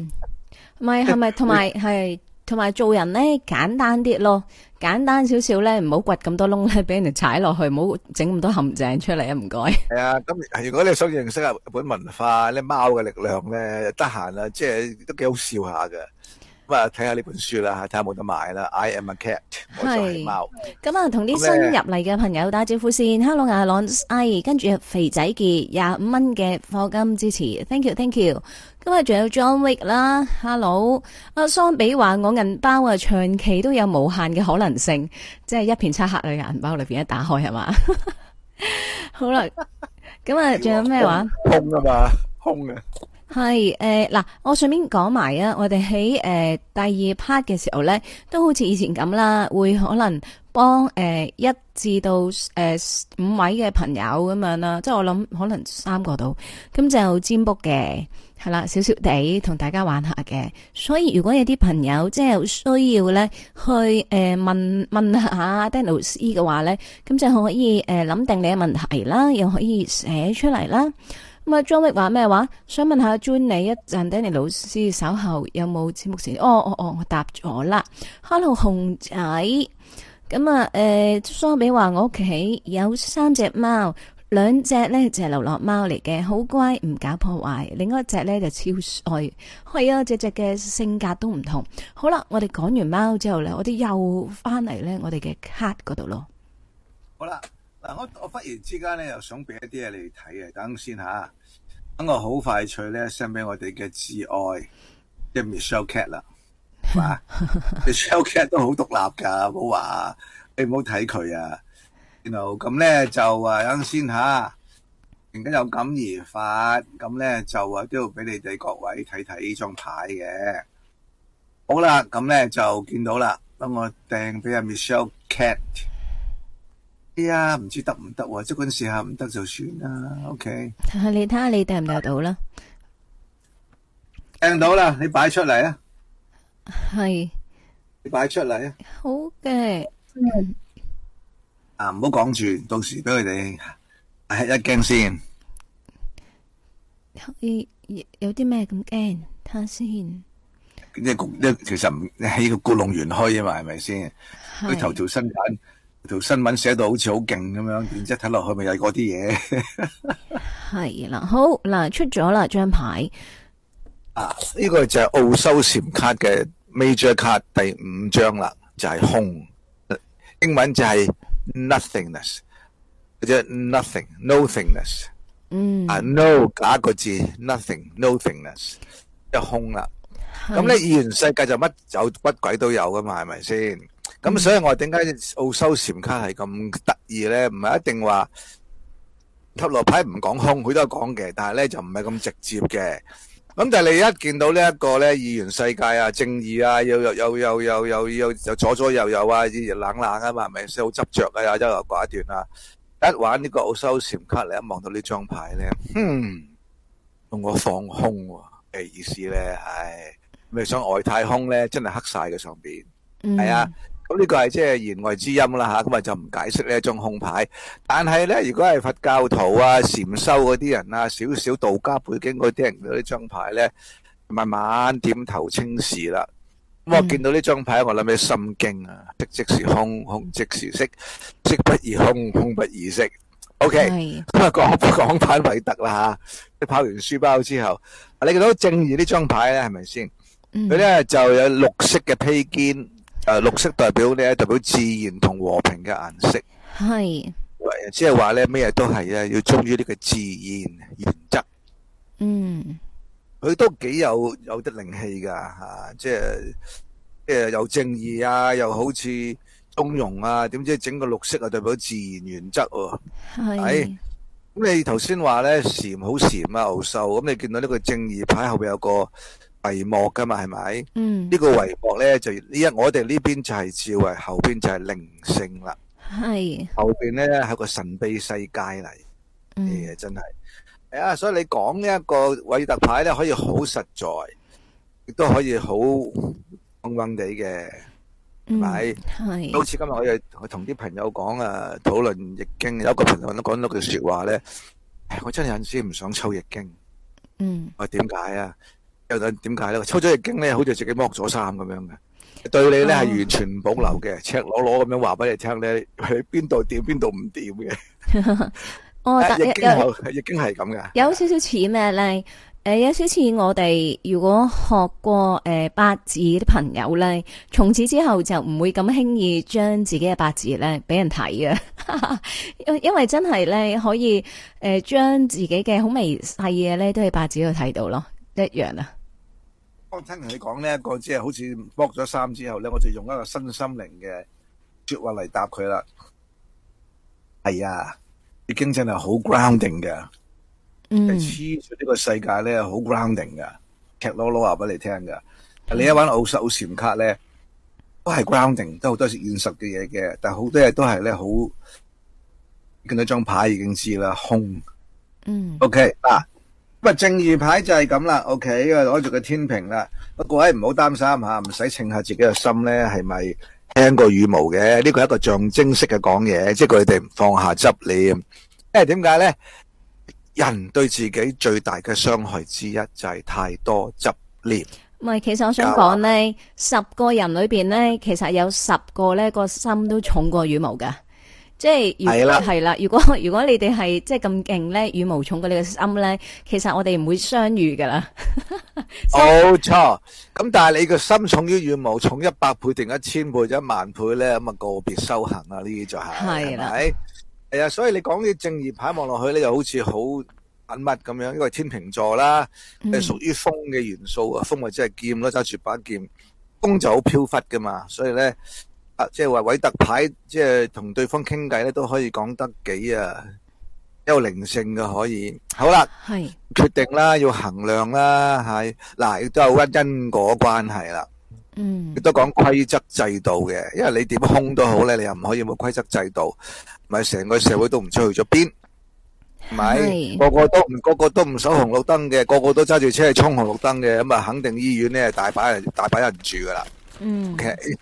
A: 係咪係咪同埋係？ 同埋做人咧簡單啲咯，簡單少少咧，唔好掘咁多窿咧，俾人哋踩落去，唔好整咁多陷阱出嚟啊！唔該。
B: 係啊，咁如果你想認識日本文化，啲貓嘅力量咧，得閒啊，即係都幾好笑下㗎。咁啊，睇下呢本書啦，睇下冇得買啦。I am a cat，我
A: 係貓。咁啊，同啲新入嚟嘅朋友打招呼先。Hello，阿 l a n 跟住肥仔杰廿五蚊嘅課金支持，thank you，thank you。咁啊，仲有 John Wick 啦，Hello，阿、啊、桑比話我銀包啊，長期都有無限嘅可能性，即、就、係、是、一片漆黑嘅銀包裏邊一打開係 嘛？好啦，咁啊，仲有咩話？
B: 空啊嘛，空嘅。
A: 係誒，嗱、呃，我上面講埋啊，我哋喺誒第二 part 嘅時候咧，都好似以前咁啦，會可能幫誒、呃、一至到誒、呃、五位嘅朋友咁樣啦，即係我諗可能三個度咁就占卜嘅，係啦，少少地同大家玩下嘅。所以如果有啲朋友即係需要咧，去誒、呃、問問下 Danny 老師嘅話咧，咁就可以誒諗、呃、定你嘅問題啦，又可以寫出嚟。啦。咁啊 Joey 話咩話？想問下 Joanie 一陣 Danny 老師稍後有冇節目前？哦哦哦，我答咗啦。Hello 紅仔，咁啊誒，蘇比話說我屋企有三隻貓，兩隻咧就係、是、流浪貓嚟嘅，好乖，唔搞破壞。另外一隻咧就超衰，係啊，隻隻嘅性格都唔同。好啦，我哋講完貓之後咧，我哋又翻嚟咧，我哋嘅 cut 嗰度咯。
B: 好啦。嗱，我我忽然之間咧，又想俾一啲嘢嚟睇啊！等先下，等我好快脆咧，send 俾我哋嘅至愛，即 Michelle Cat 啦。Michelle Cat 都好獨立噶，冇好話你唔好睇佢啊。然後咁咧就話等先下，人家有感而發，咁咧就話都要俾你哋各位睇睇呢張牌嘅。好啦，咁咧就見到啦，等我訂俾阿 Michelle Cat。啲啊，唔知得唔得喎？即管試下，唔得就算啦。O K，
A: 你睇下你帶唔帶到啦？
B: 聽到啦，你擺出嚟啊！
A: 係，
B: 你擺出嚟啊！
A: 好嘅，
B: 嗯，啊，唔好講住，到時俾佢哋吃一驚先。
A: 有有啲咩咁驚？睇下
B: 先。呢個呢，其實唔喺個古龍園開啊嘛，係咪先？佢頭條新條新聞寫到好似好勁咁樣，然之後睇落去咪有嗰啲嘢。
A: 係 啦，好嗱，出咗啦張牌。
B: 啊，呢、這個就係奧修禪卡嘅 major 卡第五張啦，就係、是、空。英文就係 nothingness 或者 nothing, nothing nothingness。嗯。啊，no 假個字 nothing nothingness，一空啦。
C: 咁咧，異
B: 世界就乜有乜鬼都有噶嘛，係咪先？咁、嗯、所以，我點解奧修禪卡係咁得意咧？唔係一定話塔羅牌唔講空，佢都有講嘅，但係咧就唔係咁直接嘅。咁但係你一見到呢一個咧，二元世界啊、正義啊，又又又又又又又左左右右啊，熱熱冷冷啊嘛，係咪先好執着啊？又優柔寡斷啊！一玩呢個奧修禪卡你一望到呢張牌咧，哼、嗯，咁我放空嘅、啊哎、意思咧，唉、哎，咪想外太空咧？真係黑晒嘅上面。嗯、啊。呢、這個係即係言外之音啦吓，咁咪就唔解釋呢張空牌。但係咧，如果係佛教徒啊、禪修嗰啲人啊，少少道家背景，會聽唔到呢張牌咧，慢慢點頭稱是啦。咁、嗯、我見到呢張牌，我諗起心驚《心經》啊，色即是空，空即是色，色即不異空，空不異色。O K，咁啊，講講翻韋特啦吓。即係拋完書包之後，你見到正義呢張牌咧，係咪先？佢、嗯、咧就有綠色嘅披肩。誒、呃，綠色代表咧代表自然同和平嘅顏色，係，即係話咧咩都係啊，要忠於呢個自然原則。嗯，佢都幾有有啲靈氣噶吓，即係即係有正義啊，又好似中庸啊，點知整個綠色啊代表自然原則喎、啊。係，咁、哎、你頭先話咧禪好禪啊，牛秀咁，你見到呢個正義牌後邊有個。帷幕㗎嘛，係咪？嗯，這個、呢個帷幕咧就呢一，我哋呢邊就係智慧，後邊就係靈性啦。
A: 係
B: 後邊咧係個神秘世界嚟，嘢、嗯、真係係啊！所以你講呢一個韋特牌咧，可以好實在，亦都可以好嗡嗡地嘅，
C: 係咪？係、
B: 嗯。好似今日我哋同啲朋友講啊，討論易經，有一個朋友都講到句說話咧，誒，我真係有陣時唔想抽易經。嗯，我點解啊？點解咧？抽咗易經咧，好似自己剝咗衫咁樣嘅，
C: 對你咧係完全
B: 唔保留嘅、啊，赤裸裸咁樣話俾你聽咧，去邊度點邊度唔點嘅。
A: 哦，啊、易經後，
B: 經係咁嘅。
A: 有少少似咩咧？誒，有少似我哋如果學過誒、呃、八字啲朋友咧，從此之後就唔會咁輕易將自己嘅八字咧俾人睇嘅，因 因為真係咧可以誒將自己嘅好微細嘢咧都喺八字去睇到咯，一樣啊。
B: 我聽人哋講呢一個即係好似剝咗衫之後咧，我就用一個身心靈嘅說話嚟答佢啦。係、哎、啊，已經真係好 grounding 嘅，嗯，黐住呢個世界咧好 grounding 嘅，赤裸裸話俾你聽噶你一玩奧修禪卡咧，都係 grounding，都好多現實嘅嘢嘅，但係好多嘢都係咧好見到張牌已經知啦，空。
C: 嗯
B: ，OK 嗱、啊。正義牌就係咁啦，OK，攞住個天平啦，各位唔好擔心吓，唔使稱下自己嘅心咧係咪輕過羽毛嘅？呢個係一個象徵式嘅講嘢，即係佢哋唔放下執念。因、欸、為點解咧？人對自己最大嘅傷害之一就係太多執念。
A: 唔係，其實我想講咧，十個人裏邊咧，其實有十個咧個心都重過羽毛㗎。即係，係啦，係啦。如果如果,如果你哋係即係咁勁咧，羽毛重過你嘅心咧，其實我哋唔會相遇噶啦。冇
B: 錯，咁、哦、但係你個心重於羽毛重一百倍定一千倍，一萬倍咧，咁啊個別修行啊呢啲就係係啦，係啊。所以你講啲正義牌望落去咧，又好似好品物咁樣，因為天秤座啦，係屬於風嘅元素啊，風咪即係劍咯，揸住把劍，風就好飄忽噶嘛，所以咧。即係話韋特牌，即係同對方傾偈咧，都可以講得幾啊有靈性嘅，可以好啦。係決定啦，要衡量啦，係嗱，亦都有因果關係啦。嗯，亦都講規則制度嘅，因為你點空都好咧，你又唔可以冇規則制度，咪成個社會都唔出去咗邊咪個個都唔個個都唔守紅綠燈嘅，個個都揸住車去衝紅綠燈嘅，咁啊肯定醫院咧大把人大把人住噶啦。嗯，其實。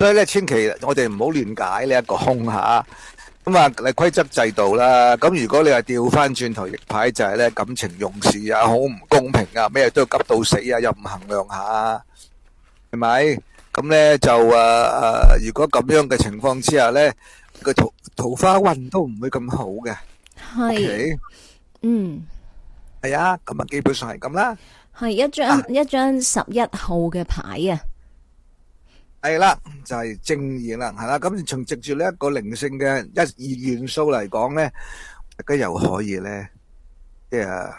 B: 所以咧，千祈我哋唔好亂解呢一個空吓。咁啊，你規則制度啦。咁如果你係調翻轉頭逆牌，就係咧感情用事啊，好唔公平啊，咩都要急到死啊，又唔衡量下，係咪？咁咧就誒誒，如果咁樣嘅情況之下咧，個桃桃花運都唔會咁好嘅。
A: 係。嗯。係
B: 啊，咁啊，基本上係咁啦。
A: 係一張一張十一號嘅牌啊。
B: 係啦，就係、是、正義啦，係啦。咁從藉住呢一個靈性嘅一二元素嚟講咧，咁又可以咧，即係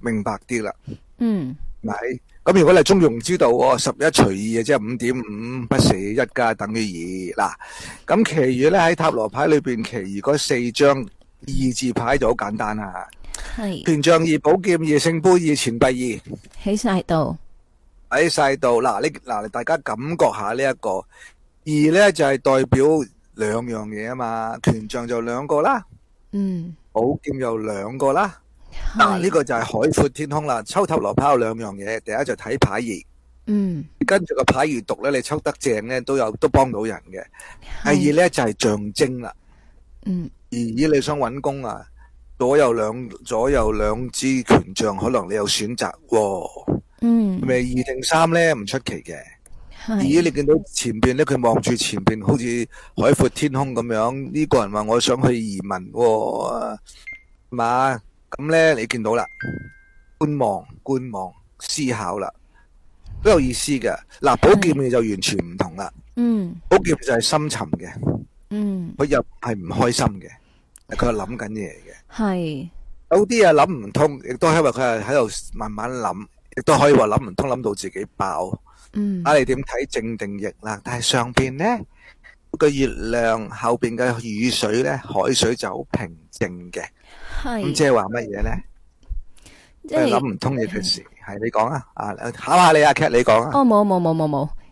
B: 明白啲啦。嗯，係。咁如果你係中庸之道，十一除二嘅即係五點五，不是一加等於二。嗱，咁其餘咧喺塔羅牌裏邊，其餘嗰四張二字牌就好簡單啦。係。權杖二、寶劍二、聖杯二、錢幣二。
A: 起晒度。
B: 喺細度嗱呢嗱，大家感覺一下、這個、呢一個二咧就係、是、代表兩樣嘢啊嘛，權杖就兩個啦，嗯，寶劍又兩個啦，嗱呢、啊這個就係海闊天空啦，抽塔羅牌有兩樣嘢，第一就睇牌義，
C: 嗯，
B: 跟住個牌義讀咧，你抽得正咧，都有都幫到人嘅。第二咧就係、是、象徵啦，嗯，而你想揾工啊，左右兩左右兩支權杖，可能你有選擇喎。嗯，咪二定三咧唔出奇嘅。
C: 而你
B: 見到前邊咧，佢望住前邊，好似海闊天空咁樣。呢個人話我想去移民，哦，係嘛？咁咧你見到啦，觀望觀望思考啦，都有意思嘅。嗱，啊，寶劍嘅就完全唔同啦。
C: 嗯，
B: 寶劍就係深沉嘅。
A: 嗯，佢
B: 又係唔開心嘅，佢係諗緊嘢嘅。係，有啲嘢諗唔通，亦都係因為佢係喺度慢慢諗。亦都可以話諗唔通諗到自己爆，嗯，睇你點睇正定逆啦。但係上邊咧個月亮後邊嘅雨水咧海水就好平靜嘅，
A: 係咁即係
B: 話乜嘢咧？
A: 即係諗
B: 唔通嘅件事，係你講啊！啊考下你啊，Cat 你講啊！哦
A: 冇冇冇冇冇。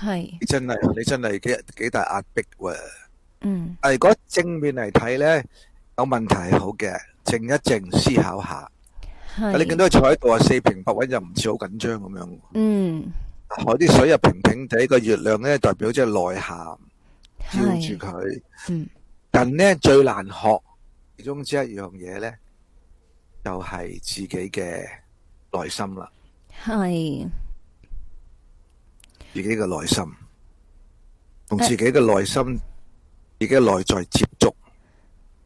C: 係
B: 你真係，你真係幾幾大壓迫喎、啊。嗯，啊如果正面嚟睇咧，有問題係好嘅，靜一靜，思考下。係。你見到佢坐喺度係四平八穩，又唔似好緊張咁樣。嗯。海啲水又平平地，個月亮咧代表即係內涵
C: 照
A: 住佢。
B: 嗯。但咧最難學其中之一樣嘢咧，就係、是、自己嘅內心啦。係。自己嘅內心，同自己嘅內心、哎、自己嘅內在接觸，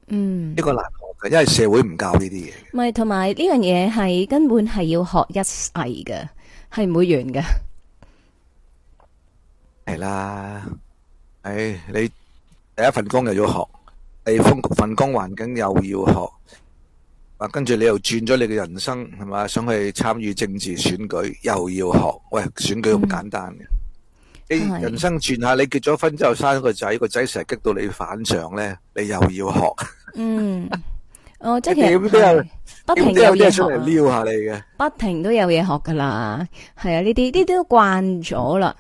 B: 嗯，
C: 呢個
B: 難學嘅，因為社會唔教呢啲嘢。
A: 唔係同埋呢樣嘢係根本係要學一世嘅，係唔會完嘅。
B: 係啦，誒、哎，你第一份工又要學，第二封局份工環境又要學，啊，跟住你又轉咗你嘅人生係嘛，想去參與政治選舉又要學。喂，選舉咁簡單嘅。嗯 A, 人生轉下，你結咗婚之後生個仔，個仔成日激到你反常咧，你又要學。
A: 嗯，哦， 即係其實咁都有都，不停都有嘢出嚟撩下你嘅。不停都有嘢學噶啦，係啊，呢啲呢啲都慣咗啦，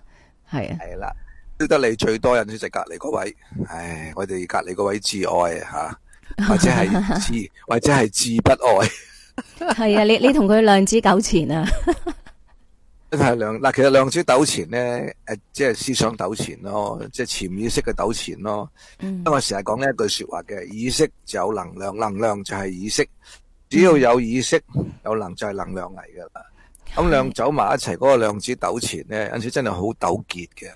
A: 係啊。係
B: 啦，識得你最多人就隔籬嗰位，唉，我哋隔籬嗰位至愛吓、啊，或者係至， 或者係至不愛。
A: 係 啊，你你同佢量子糾纏啊！
B: 係量嗱，其實量子糾纏咧，誒，即係思想糾纏咯，即係潛意識嘅糾纏咯。嗯、因為我成日講呢一句說話嘅，意識就有能量，能量就係意識，只要有意識，有能量就係能量嚟噶啦。咁、嗯、兩走埋一齊嗰個量子糾纏咧，咁真係好糾結嘅。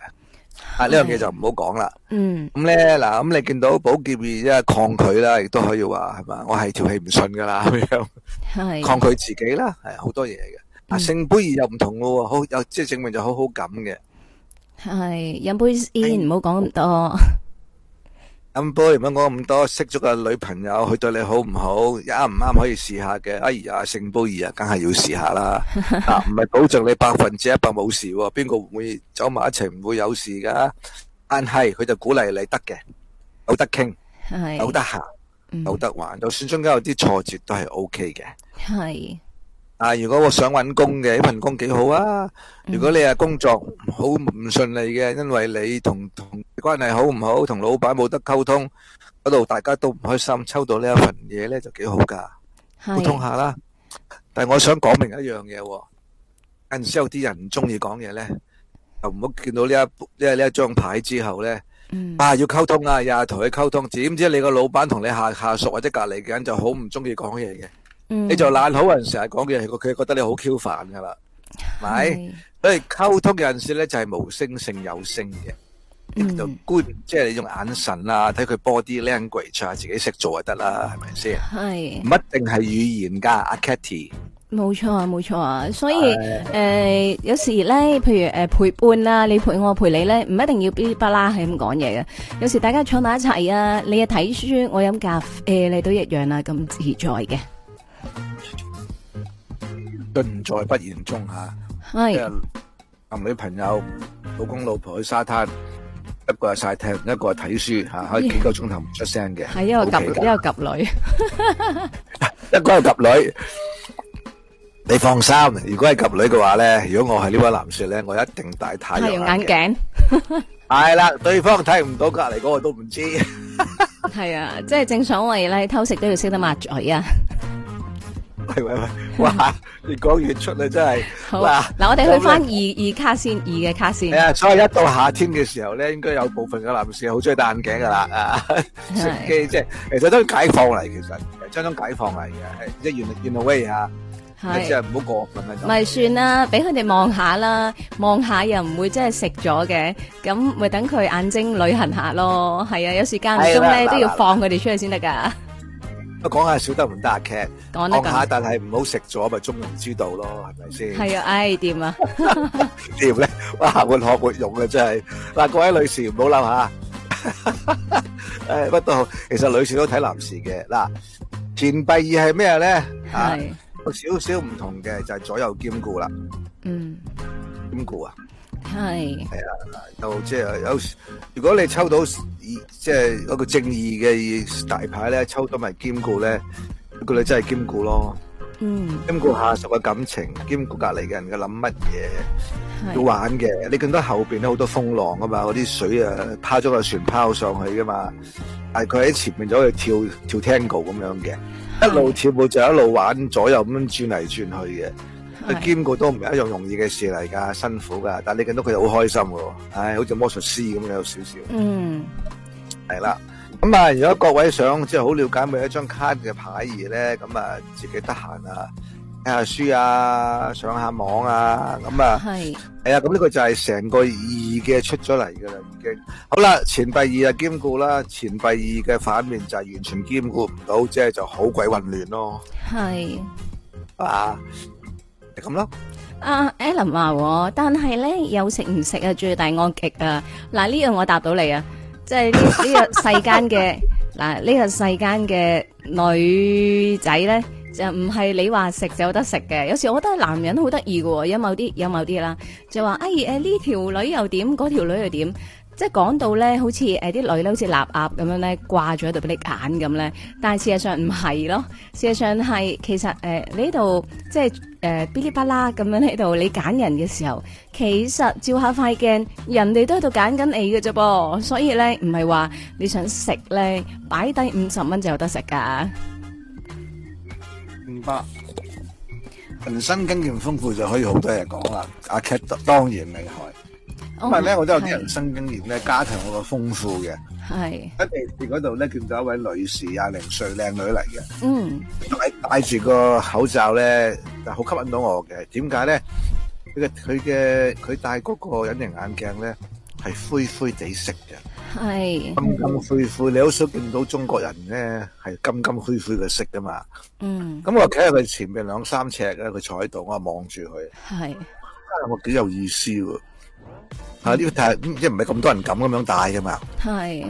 B: 啊，呢樣嘢就唔好講啦。嗯。咁咧嗱，咁你見到寶劍而家抗拒啦，亦都可以話係嘛，我係條氣唔順噶啦咁
A: 樣。 抗拒
B: 自己啦，係好多嘢嘅。啊、嗯，聖杯二又唔同咯，好即係證明就好好咁嘅。
A: 係飲杯先，唔好講咁多。
B: 飲杯唔好講咁多，識咗個女朋友，佢對你好唔好，啱唔啱，可以試下嘅。哎呀，啊，聖杯二啊，梗係要試下啦。 啊，唔係保證你百分之一百冇事喎，邊個會走埋一齊唔會有事噶？但係佢就鼓勵你得嘅，有得傾，有得行，有、嗯、得玩，就算中間有啲挫折都係 O K 嘅。係。啊！如果我想搵工嘅，呢份工幾好啊！如果你係工作好唔順利嘅，因為你同同關係好唔好，同老闆冇得溝通嗰度，大家都唔開心，抽到呢一份嘢咧就幾好噶
C: 溝通下
B: 啦。但係我想講明一樣嘢，有陣時有啲人唔中意講嘢咧，就唔好見到呢一呢一張牌之後咧，啊要溝通啊，又係同佢溝通，點知你個老闆同你下下屬或者隔籬嘅人就好唔中意講嘢嘅。 你就爛好人，成日講嘅嘢，佢覺得你好 Q 煩噶啦，係咪？所以溝通有陣時咧就係無聲勝有聲嘅，就即、是、係、嗯、你用眼神啦、啊，睇佢 body language，自己識做就得啦，係咪先？
A: 係唔
B: 一定係語言噶，阿 Katy
A: 冇錯啊，冇錯啊，所以誒、呃、有時咧，譬如誒、呃、陪伴啊，你陪我，陪你咧，唔一定要嗶嗶啦啦係咁講嘢嘅。有時大家坐埋一齊啊，你啊睇書，我飲咖啡，你都一樣啦、啊，咁自在嘅。
B: 盡在不言中吓，即係男女朋友、老公老婆去沙灘，一個晒太陽，一個睇書吓，可以幾個鐘頭唔出聲嘅。係一個夾，一
A: 個夾女，
B: 一個係夾女。你放心，如果係夾女嘅話咧，如果我係呢位男士咧，我一定戴太陽眼鏡。係啦，對方睇唔到隔籬嗰個都唔知。
A: 係啊，即係正所謂咧，偷食都要識得抹嘴啊！
B: 喂喂喂，哇！ 越講越出啦，真係嗱嗱，好，我哋去翻二
A: 二卡先，二嘅卡先。係啊，所以一到夏
B: 天嘅時候咧，應該有部分嘅男士好中意戴眼鏡噶啦啊，食機 即係，其實都係解放嚟，其實，一種解放嚟嘅，in a way 你真係唔好過分咪咪咪
A: 算啦，俾佢哋望下啦，望下又唔會真係食咗嘅，咁咪等佢眼睛旅行下咯，係啊，有時間中咧都要放佢哋出去先得噶。
B: 我講下少得唔得啊？cat 講下，但係唔好食咗咪中庸之道咯，係咪先？係啊，
A: 唉，掂啊？
B: 掂咧？哇，活學活用啊，真係！嗱，各位女士唔好諗下，誒乜都好，其實女士都睇男士嘅。嗱，前閉二係咩咧？係，有少少唔同嘅，就係左右兼顧啦。嗯，兼顧啊！係係啊，有即係有。如果你抽到即係一個正義嘅大牌咧，抽到咪兼顧咧，咁你真係兼顧咯。嗯，
C: 兼顧下屬
B: 嘅感情，嗯、兼顧隔籬嘅人嘅諗乜嘢，要玩嘅。你更加後邊好多風浪啊嘛，嗰啲水啊，拋咗個船拋上去噶嘛。但係佢喺前面就可以跳跳 tango 咁樣嘅，一路跳舞就一路玩，左右咁轉嚟轉去嘅。是兼顧都唔係一樣容易嘅事嚟噶，辛苦噶。但你見到佢好開心喎，唉、哎，好似魔術師咁樣有少少。嗯，係啦。咁、嗯、啊，如果各位想即係好了解每一張卡嘅牌義咧，咁、嗯、啊，自己得閒啊，睇下書啊，上下網啊，咁、嗯、啊，係。係啊，咁、嗯、呢、這個就係成個意義嘅出咗嚟噶啦，已經。好啦，錢幣二啊，兼顧啦，錢幣二嘅反面就係完全兼顧唔到，即係就好、是、鬼混亂咯。
A: 係。啊！咁咯啊，阿 Alan 話，但係咧有食唔食啊？罪大惡極啊！嗱，呢樣我答到你啊，即係呢個世間嘅嗱，呢 個世間嘅女仔咧，就唔係你話食就有得食嘅。有時我覺得男人好得意嘅，有某啲有某啲啦，就話哎誒呢條女又點，嗰條女又點。即係講到咧，好似誒啲女咧，好似臘鴨咁樣咧，掛咗喺度俾你揀咁咧。但係事實上唔係咯，事實上係其實誒你喺度即係誒噼哩啪啦咁樣喺度，你揀人嘅時候，其實照下塊鏡，人哋都喺度揀緊你嘅啫噃。所以咧，唔係話你想食咧，擺低五十蚊就有得食噶。
B: 五百，人生經驗豐富就可以好多嘢講啦。阿 Kate 當然厲害。
A: 咁啊！咧、oh, 我都有啲
B: 人生經驗咧，家庭我個豐富嘅。係喺地鐵嗰度咧，見到一位女士啊，廿零歲靚女嚟嘅。嗯、mm.，戴住個口罩咧，就好吸引到我嘅。點解咧？佢嘅佢嘅佢戴嗰個隱形眼鏡咧，係灰灰地色嘅。
A: 係金金
B: 灰灰，你好少見到中國人咧係金金灰灰嘅色噶嘛？嗯。
C: 咁我
B: 企喺佢前面兩三尺咧，佢坐喺度，我望住佢。係。啊，我幾有意思喎！係呢個睇，即唔係咁多人敢咁樣戴噶嘛？係。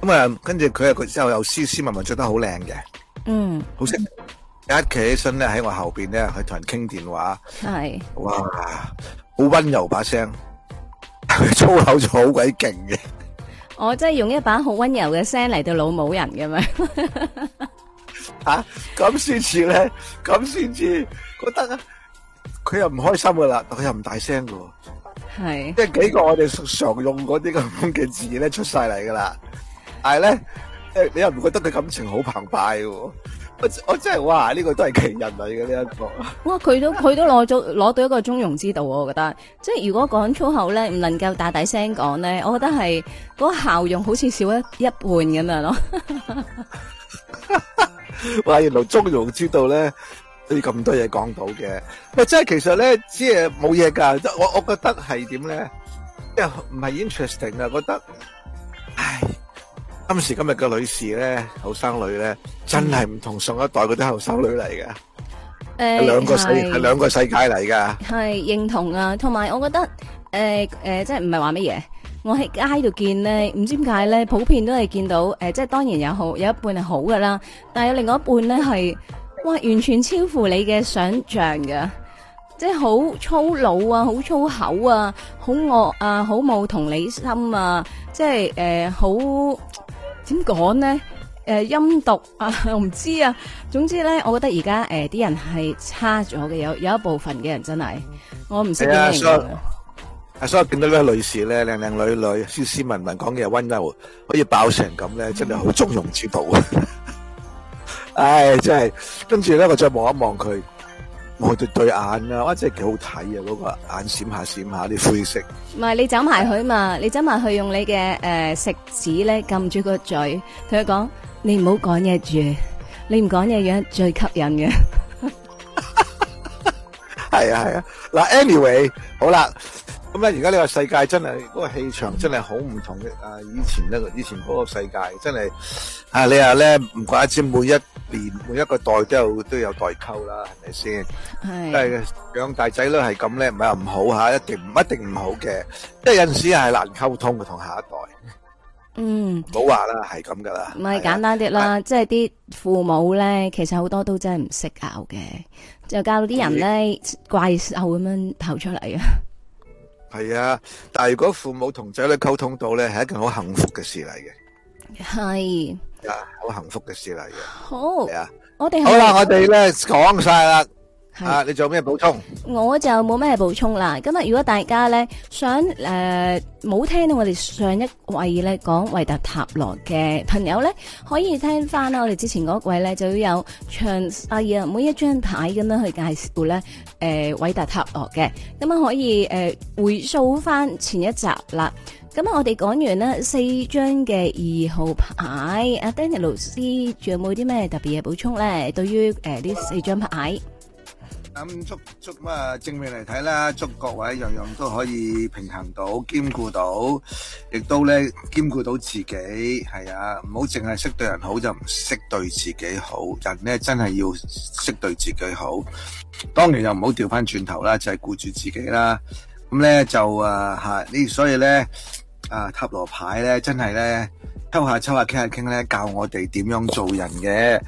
B: 咁啊，跟住佢啊，佢之後又斯斯文文着得好靚嘅。嗯。好識、嗯，一企起身咧、e，喺我後邊咧，去同人傾電話。係。哇，好溫柔把聲，佢粗口就好鬼勁嘅。
A: 我真係用一把好溫柔嘅聲嚟到老母人嘅嘛。吓、 啊，咁
B: 先至咧，咁先至覺得啊，佢又唔開心噶啦，佢又唔大聲噶。係，即係幾個我哋常用嗰啲咁嘅字咧，出晒嚟噶啦，但係咧，誒，你又唔覺得佢感情好澎湃？我我真係哇，呢個都係奇人嚟嘅呢一個。哇，佢、
A: 這個、都佢都攞咗攞到一個中庸之道喎。我覺得，即係如果講粗口咧，唔能夠大大聲講咧，我覺得係嗰、那個效用好似少一一半咁樣咯。
B: 哈哈 哇，原來中庸之道咧～.啲咁多嘢講到嘅，喂，真係其實咧，即係冇嘢噶。我我覺得係點咧，即係唔係 interesting 啊？覺得，唉，今時今日嘅女士咧，後生女咧，真係唔同上一代嗰啲後生女嚟噶，
A: 誒，兩個世係兩個世
B: 界嚟噶，
A: 係認同啊。同埋，我覺得，誒誒，即係唔係話乜嘢？我喺街度見咧，唔知點解咧，普遍都係見到，誒，即係當然有好有一半係好噶啦，但係有另外一半咧係。哇！完全超乎你嘅想象嘅，即係好粗魯啊，好粗口啊，好惡啊，好冇同理心啊，即係誒，好點講呢？誒、呃，陰毒啊，我唔知啊。總之咧，我覺得而家誒啲人係差咗嘅，有有一部分嘅人真係，我唔想咁樣。
B: 所以我見到呢位女士咧，靚靚女女，斯斯文文講嘢温柔，可以爆成咁咧，真係好中庸之徒，嗯。 唉，真係跟住咧，我再望一望佢，望對對眼啦，哇，真係幾好睇啊！嗰個眼閃下閃下啲灰色。
A: 唔係你走埋佢嘛？你走埋佢，用你嘅誒食指咧撳住個嘴，同佢講：你唔好講嘢住，你唔講嘢樣最吸引嘅。
B: 係啊係啊，嗱，anyway，好啦。咁咧，而家呢個世界真係嗰個氣場真係好唔同嘅啊！以前咧，以前嗰個世界真係啊，你話咧，唔怪之每一年每一個代都有都有代溝啦，係咪先？
C: 係，即
B: 係養大仔女都係咁咧，唔係話唔好吓，一定唔一定唔好嘅，即係有陣時係難溝通嘅同下一代。
A: 嗯，
B: 冇話啦，係咁噶啦。
A: 唔係簡單啲啦，即係啲父母咧，其實好多都真係唔識教嘅，就教到啲人咧怪獸咁樣跑出嚟啊！
B: 係啊，但係如果父母同仔女溝通到咧，係一件好幸福嘅事嚟嘅。
A: 係
B: 啊，好幸福嘅事嚟嘅。
A: 好啊，我哋好啦，我哋咧講晒
B: 啦。啊你仲有咩補
A: 充？我就冇咩補充啦。今日如果大家咧想誒冇、呃、聽到我哋上一位咧講維達塔羅嘅朋友咧，可以聽翻啦。我哋之前嗰位咧就要有詳細誒每一張牌咁樣去介紹咧。誒、呃，維達塔羅嘅咁樣可以誒、呃、回溯翻前一集啦。咁啊，我哋講完呢四張嘅二號牌，Hello. 阿 Danny 老師仲有冇啲咩特別嘅補充咧？對於誒呢四張牌。Hello.
B: 咁祝祝咁啊！正面嚟睇啦，祝各位樣樣都可以平衡到，兼顧到，亦都咧兼顧到自己。係啊，唔好淨係識對人好，就唔識對自己好。人咧真係要識對自己好，當然又唔好調翻轉頭啦，就係、是、顧住自己啦。咁、嗯、咧就啊吓，呢、啊、所以咧啊塔羅牌咧真係咧抽下抽下傾下傾咧教我哋點樣做人嘅。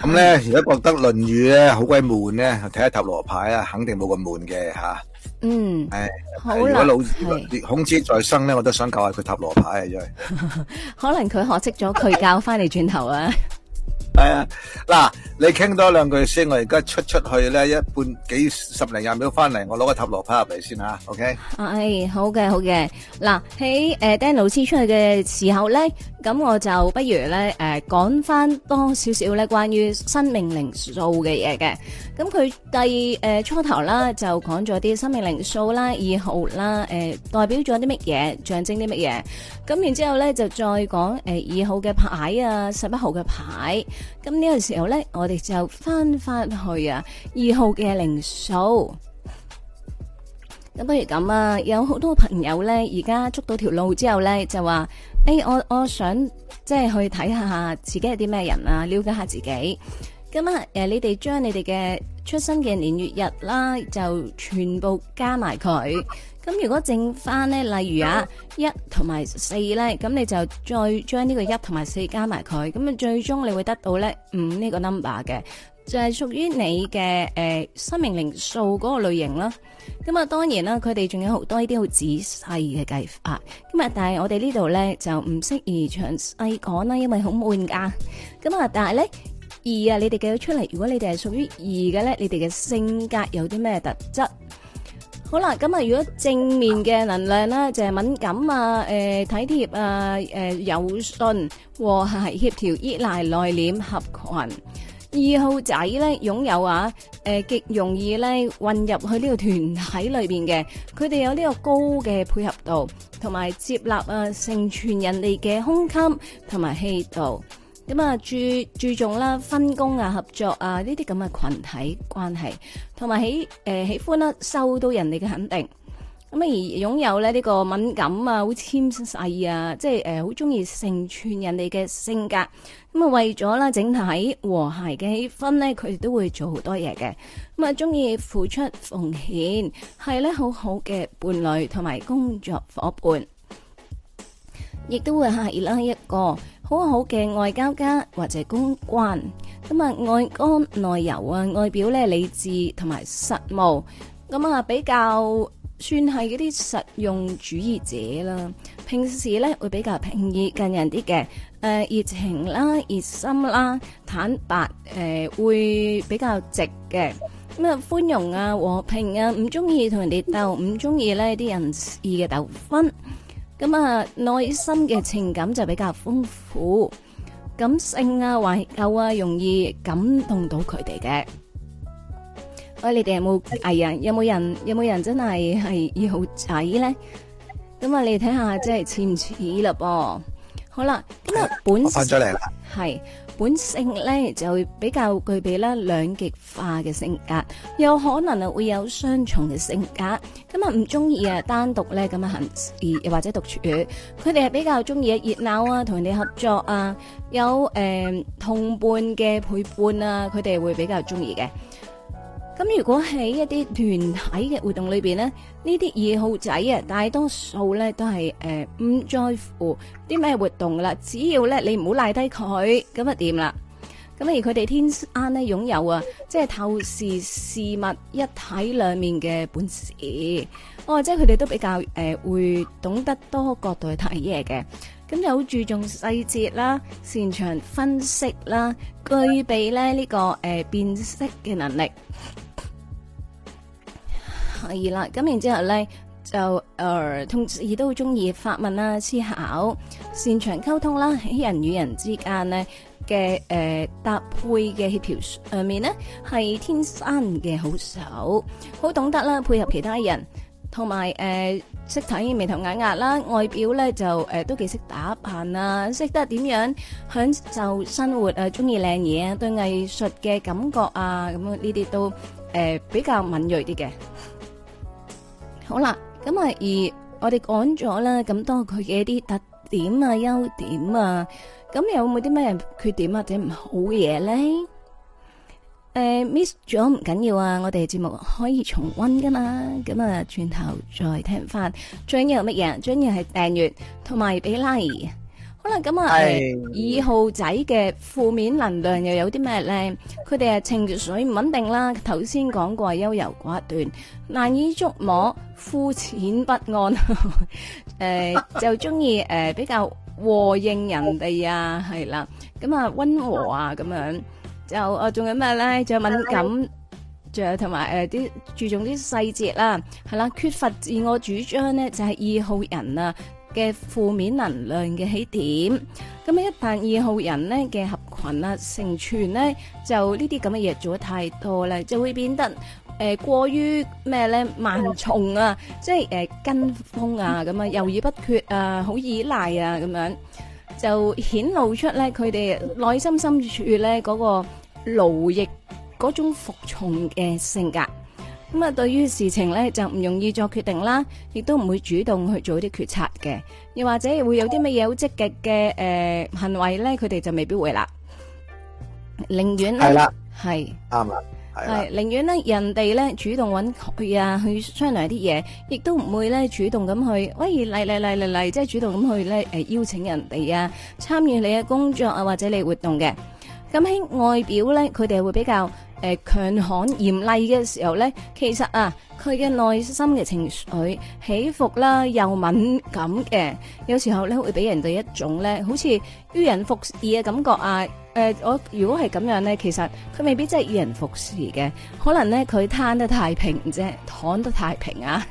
B: 咁、嗯、咧、嗯嗯，如果覺得《論語》咧好鬼悶咧，睇下塔羅牌啊，肯定冇咁悶嘅吓、啊。嗯，好、哎、如果老如果孔子在生咧，我都想教下佢塔羅牌啊，因為
A: 可能佢學識咗，佢 教翻嚟轉頭啊。
B: 係 啊，嗱，你傾多兩句先，我而家出出去咧，一半幾十零廿秒翻嚟，我攞個塔羅牌入嚟先
C: 吓，OK？
A: 係、哎，好嘅，好嘅。嗱、啊，喺誒、呃、Danny 老師出去嘅時候咧，咁我就不如咧誒講翻多少少咧關於生命靈數嘅嘢嘅。咁佢第誒、呃、初頭啦就講咗啲生命靈數啦，二號啦，誒、呃、代表咗啲乜嘢，象徵啲乜嘢。咁然之後咧就再講誒、呃、二號嘅牌啊，十一號嘅牌。咁呢個時候呢，我哋就返返去啊，二號嘅靈數。咁不如咁啊，有好多朋友呢，而家捉到條路之後呢，就話：誒、欸，我我想即係去睇下自己係啲咩人啊，了解下自己。咁啊，誒，你哋將你哋嘅出生嘅年月日啦，就全部加埋佢。咁如果剩翻咧，例如啊一同埋四咧，咁你就再將呢個一同埋四加埋佢，咁啊最終你會得到咧五呢個 number 嘅，就係屬於你嘅，誒生命靈數嗰個類型啦。咁啊當然啦，佢哋仲有好多呢啲好仔細嘅計法。咁啊，但係我哋呢度咧就唔適宜詳細講啦，因為好悶噶。咁啊，但係咧二啊，你哋計咗出嚟，如果你哋係屬於二嘅咧，你哋嘅性格有啲咩特質？好啦，咁啊，如果正面嘅能量咧，就係敏感啊、誒體貼啊、誒友善和諧協調、依賴內斂合群。二號仔咧擁有啊，誒極容易咧混入去呢個團體裏邊嘅，佢哋有呢個高嘅配合度同埋接納啊，成全人哋嘅胸襟同埋氣度。咁啊，注注重啦，分工啊，合作啊，呢啲咁嘅群體關係，同埋喜，誒喜歡啦，收到人哋嘅肯定，咁啊而擁有咧呢個敏感啊，好纖細啊，即係誒好中意成全人哋嘅性格，咁啊為咗啦整體和諧嘅氣氛咧，佢哋都會做好多嘢嘅，咁啊中意付出奉獻，係咧好好嘅伴侶同埋工作夥伴，亦都會係啦一個。好好嘅外交家或者公關，咁啊外干內柔啊，外表咧理智同埋實務，咁啊比較算係嗰啲實用主義者啦。平時咧會比較平易近人啲嘅，誒熱情啦、熱心啦、坦白，誒會比較直嘅，咁啊寬容啊、和平啊，唔中意同人哋鬥，唔中意咧啲人意嘅鬥紛。咁啊，內心嘅情感就比較豐富，感性啊、懷舊啊，容易感動到佢哋嘅。喂，你哋有冇藝人？有冇人？有冇人真係係要睇咧？咁啊，你睇下，即係似唔似嘞？噃，好啦，咁啊，本翻咗嚟啦，係。本性咧，就比較具備啦兩極化嘅性格，有可能啊會有雙重嘅性格，咁啊唔中意啊單獨咧咁咪行而或者獨處，佢哋係比較中意熱鬧啊同人哋合作啊，有誒、呃、同伴嘅陪伴啊，佢哋會比較中意嘅。咁如果喺一啲團體嘅活動裏邊咧，呢啲二號仔啊，大多數咧都係誒唔在乎啲咩活動噶啦，只要咧你唔好賴低佢，咁啊掂啦？咁而佢哋天生咧擁有啊，即係透視事物一體兩面嘅本事，哦，即係佢哋都比較誒、呃、會懂得多角度去睇嘢嘅，咁就好注重細節啦，擅長分析啦，具備咧、這、呢個誒、呃、辨識嘅能力。係啦，咁然之後咧就誒，同時都中意發問啦、思考、擅長溝通啦，喺人與人之間咧嘅誒搭配嘅協調上面咧係天生嘅好手，好懂得啦配合其他人，同埋誒識睇眉頭眼額啦，外表咧就誒都幾識打扮啊，識得點樣享受生活啊，中意靚嘢啊，對藝術嘅感覺啊咁啊呢啲都誒比較敏銳啲嘅。好啦，咁啊，而我哋講咗啦咁多佢嘅一啲特點，優點啊、優點啊，咁有冇啲咩缺點或者唔好嘅嘢咧？誒，Miss 咗唔緊要啊，我哋節目可以重温噶嘛，咁啊，轉頭再聽翻。最緊要乜嘢？最緊要係訂閱同埋俾 like 咁啊、嗯哎，二號仔嘅負面能量又有啲咩咧？佢哋係情緒水唔穩定啦。頭先講過，優柔寡斷，難以捉摸，膚淺不安。誒、 呃， 就中意誒，比較和應人哋啊，係啦。咁、嗯、啊，溫和啊，咁樣就誒，仲有咩咧？仲有敏感，仲 有同埋誒，啲、呃、注重啲細節啦，係啦，缺乏自我主張咧，就係、是、二號人啊。嘅負面能量嘅起點，咁樣一旦二號人咧嘅合群啊、成全咧，就呢啲咁嘅嘢做得太多咧，就會變得誒過於咩咧？盲從啊，即係誒跟風啊，咁啊猶豫不決啊，好依賴啊，咁樣就顯露出咧佢哋內心深處咧嗰個奴役嗰種服從嘅性格。咁啊，對於事情咧就唔容易作決定啦，亦都唔會主動去做啲決策嘅，又或者會有啲乜嘢好積極嘅誒行為咧，佢哋就未必會啦，寧願係啦，係啱啦，係啦，寧願咧人哋咧主動搵佢啊去商量啲嘢，亦都唔會咧主動咁去，喂嚟嚟嚟嚟嚟，即係主動咁去咧誒邀請人哋啊參與你嘅工作啊或者你活動嘅，咁喺外表咧佢哋會比較。誒、呃，強悍嚴厲嘅時候咧，其實啊，佢嘅內心嘅情緒起伏啦，又敏感嘅，有時候咧會俾人哋一種咧，好似於人服侍嘅感覺啊！誒、呃，我如果係咁樣咧，其實佢未必真係於人服侍嘅，可能咧佢攤得太平啫，躺得太平啊！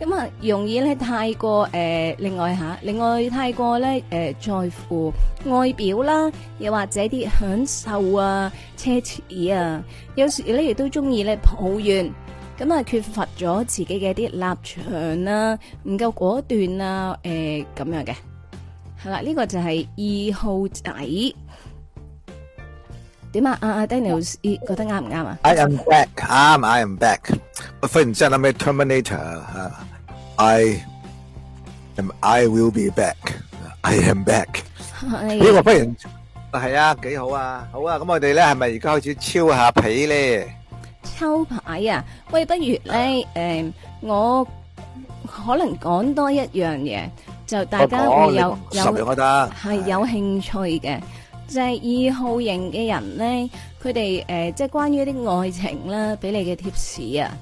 A: 咁啊，容易咧太過誒、呃，另外吓、啊，另外太過咧誒，在、呃、乎外表啦，又或者啲享受啊、奢侈啊，有時咧亦都中意咧抱怨，咁啊缺乏咗自己嘅啲立場啦，唔夠果斷啊，誒咁、啊呃、樣嘅，係啦，呢、這個就係二號仔，點啊，阿、啊、Daniel、啊、覺得啱唔啱啊？I am
B: back, I am, I am back。忽然之間諗起 Terminator 吓。I am I will be back. I am back。
A: 呢、哎、個歡迎，
B: 係啊，幾好啊，好啊。咁我哋咧係咪而家開始超下皮咧？
A: 抽牌啊！喂，不如咧，誒、啊嗯，我可能講多一樣嘢，就大家會有有覺得係、啊、有興趣嘅，就係、是、二號型嘅人咧，佢哋誒，即、呃、係、就是、關於一啲愛情啦，俾你嘅貼士啊，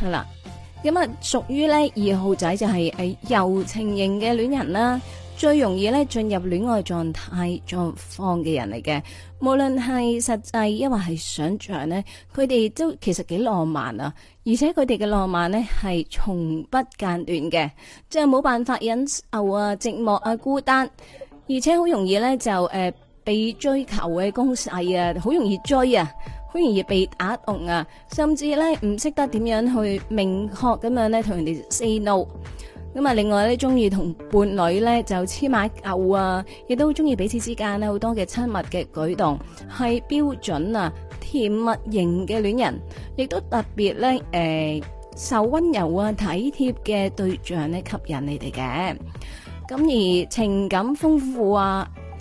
A: 係啦、啊。咁啊，屬於咧二號仔就係誒柔情型嘅戀人啦，最容易咧進入戀愛狀態狀況嘅人嚟嘅。無論係實際，抑或係想象咧，佢哋都其實幾浪漫啊，而且佢哋嘅浪漫咧係從不間斷嘅，即係冇辦法忍受啊，寂寞啊、孤單，而且好容易咧就誒被追求嘅攻勢啊，好容易追啊！好容易被打動啊，甚至咧唔識得點樣去明確咁樣咧同人哋 say no。咁啊，另外咧中意同伴侶咧就黐埋一嚿啊，亦都中意彼此之間咧好多嘅親密嘅舉動，係標準啊甜蜜型嘅戀人，亦都特別咧誒受温柔啊體貼嘅對象咧吸引你哋嘅。咁而情感豐富啊！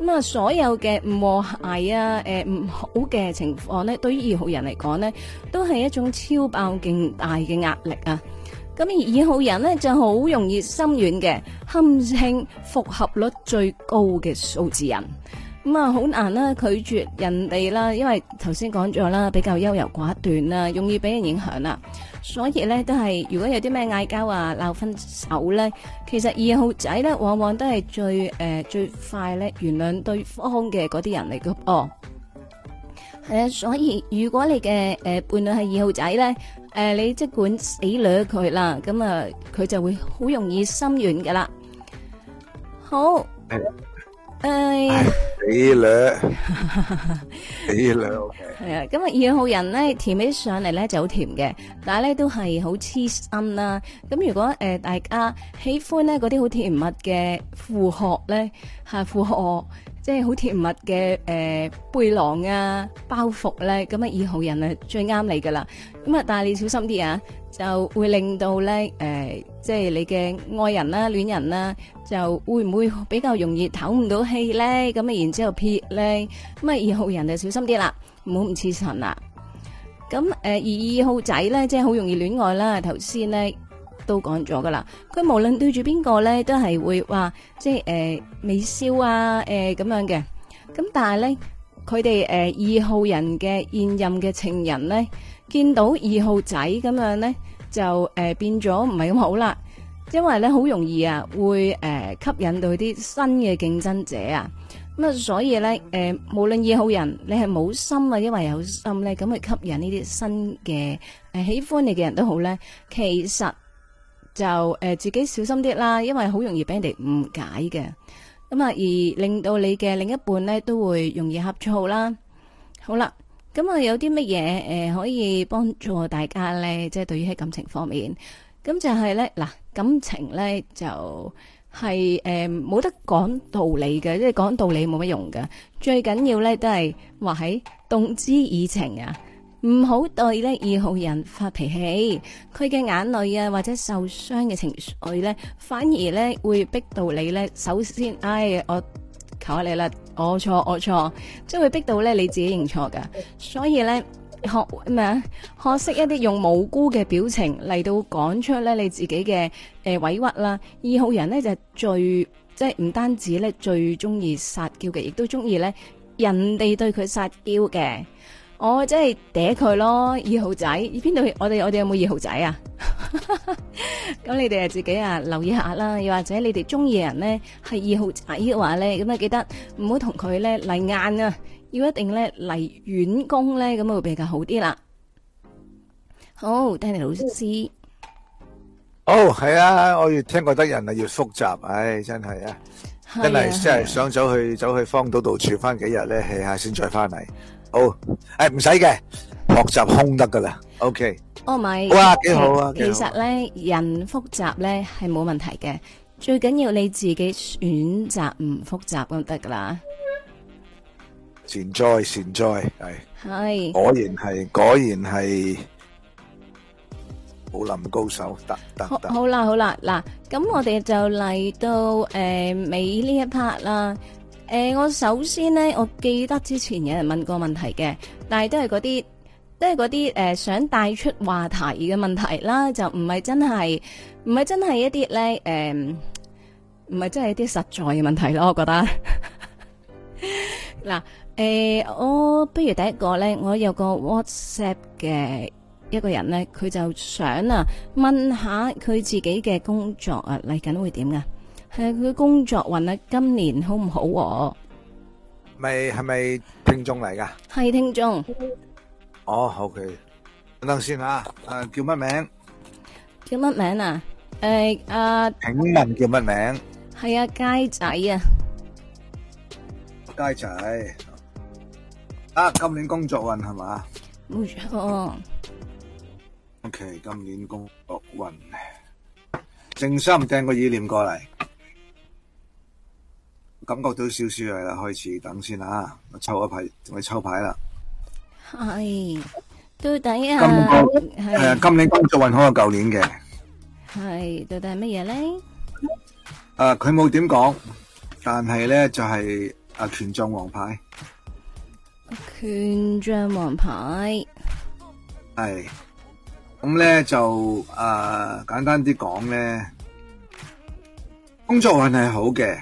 A: 咁啊，所有嘅唔和諧啊，誒唔好嘅情況咧，對於二號人嚟講咧，都係一種超爆勁大嘅壓力啊！咁而二號人咧就好容易心軟嘅，堪稱複合率最高嘅數字人。咁啊，好難啦拒絕人哋啦，因為頭先講咗啦，比較優柔寡斷啦，容易俾人影響啦。所以咧都係，如果有啲咩嗌交啊、鬧分手咧，其實二號仔咧往往都係最誒最快咧原諒對方嘅嗰啲人嚟嘅哦。係呀，所以如果你嘅誒伴侶係二號仔咧，誒你即管死捋佢啦，咁啊佢就會好容易心軟噶啦。好。誒、哎，
B: 幾靚 ，ok 係啊！
A: 咁啊，二號人咧甜起上嚟咧就好甜嘅，但係咧都係好痴心啦。咁如果誒、呃、大家喜歡咧嗰啲好甜蜜嘅負荷咧，係負荷即係好甜蜜嘅誒、呃、背囊啊包袱咧，咁啊二號人啊最啱你噶啦。咁啊，但係你小心啲啊，就會令到咧誒，即、呃、係、就是、你嘅愛人啦戀人啦。就會唔會比較容易唞唔到氣咧？咁啊，然之後撇咧，咁啊二號人就小心啲啦，唔好唔痴神啦咁誒，而二號仔咧，即係好容易戀愛啦。頭先咧都講咗噶啦，佢無論對住邊個咧，都係會話即係誒微笑啊，誒、呃、咁樣嘅。咁但係咧，佢哋誒二號人嘅現任嘅情人咧，見到二號仔咁樣咧，就誒、呃、變咗唔係咁好啦。因為咧，好容易啊，會誒吸引到啲新嘅競爭者啊。咁啊，所以咧誒，無論二號人，你係冇心啊，因為有心咧，咁去吸引呢啲新嘅誒喜歡你嘅人都好咧。其實就誒自己小心啲啦，因為好容易俾人哋誤解嘅。咁啊，而令到你嘅另一半咧都會容易呷醋啦。好啦，咁啊，有啲乜嘢誒可以幫助大家咧？即係對於喺感情方面，咁就係咧嗱。感情呢就係誒冇得講道理嘅，即係講道理冇乜用嘅。最緊要呢都係話喺動之以情啊，唔好對呢二號人發脾氣。佢嘅眼淚啊或者受傷嘅情緒呢，反而呢會逼到你呢。首先，唉，我求下你啦，我錯，我錯，即係會逼到呢你自己認錯噶。所以呢。學咩啊？學識一啲用無辜嘅表情嚟到講出咧你自己嘅誒委屈啦！二號人咧就係，最即係唔單止咧最中意撒嬌嘅，亦都中意咧人哋對佢撒嬌嘅。我，哦、即係嗲佢咯，二號仔邊度？我哋我哋有冇二號仔啊？咁 你哋啊自己啊留意下啦。又或者你哋中意嘅人咧係二號仔嘅話咧，咁啊記得唔好同佢咧嚟硬啊！要一定咧嚟遠工咧，咁會比較好啲啦。好，Danny 老師。
B: 哦，係啊，我越聽覺得人啊越複雜，唉，真係
A: 啊，真係真係
B: 想走去走去荒島度住翻幾日咧，氣下先再翻嚟。好，誒唔使嘅，學習空得噶啦。O K。哦
A: 咪。好啊，幾好啊。其實咧，人複雜咧係冇問題嘅，最緊要你自己選擇唔複雜咁得噶啦。
B: 善哉善哉，
A: 係，係，果然
B: 係，果然係武林高手，得得得。
A: 好啦好啦，嗱，咁我哋就嚟到，誒尾呢一 part 啦。誒，我首先呢，我記得之前有人問過問題嘅，但係都係嗰啲，都係嗰啲誒想帶出話題嘅問題啦，就唔係真係，唔係真係一啲咧，誒，唔係真係一啲實在嘅問題咯，我覺得。嗱。誒，我不如第一個咧，我有個 WhatsApp 嘅一個人咧，佢就想啊，問下佢自己嘅工作啊嚟緊會點噶？係佢工作運啊，今年好唔好？
B: 咪係咪聽眾嚟噶？
A: 係聽眾。
B: 哦，OK，佢等等先啊，誒，叫乜名？
A: 叫乜名啊？誒啊，
B: 請問叫乜名？
A: 係阿佳仔啊，
B: 佳仔。啊！今年工作運係嘛？
A: 冇錯。
B: OK，今年工作運，靜心掟個意念過嚟，感覺到少少係啦，開始等先吓，我抽一排，我抽牌啦。
A: 係到底啊？係誒，
B: 今年工作運好過舊年嘅。
A: 係到底係乜嘢咧？
B: 誒、啊，佢冇點講，但係咧就係、是、誒、啊、權杖王牌。
A: 權杖王牌
B: 係，咁咧就誒簡單啲講咧，工作運係好嘅，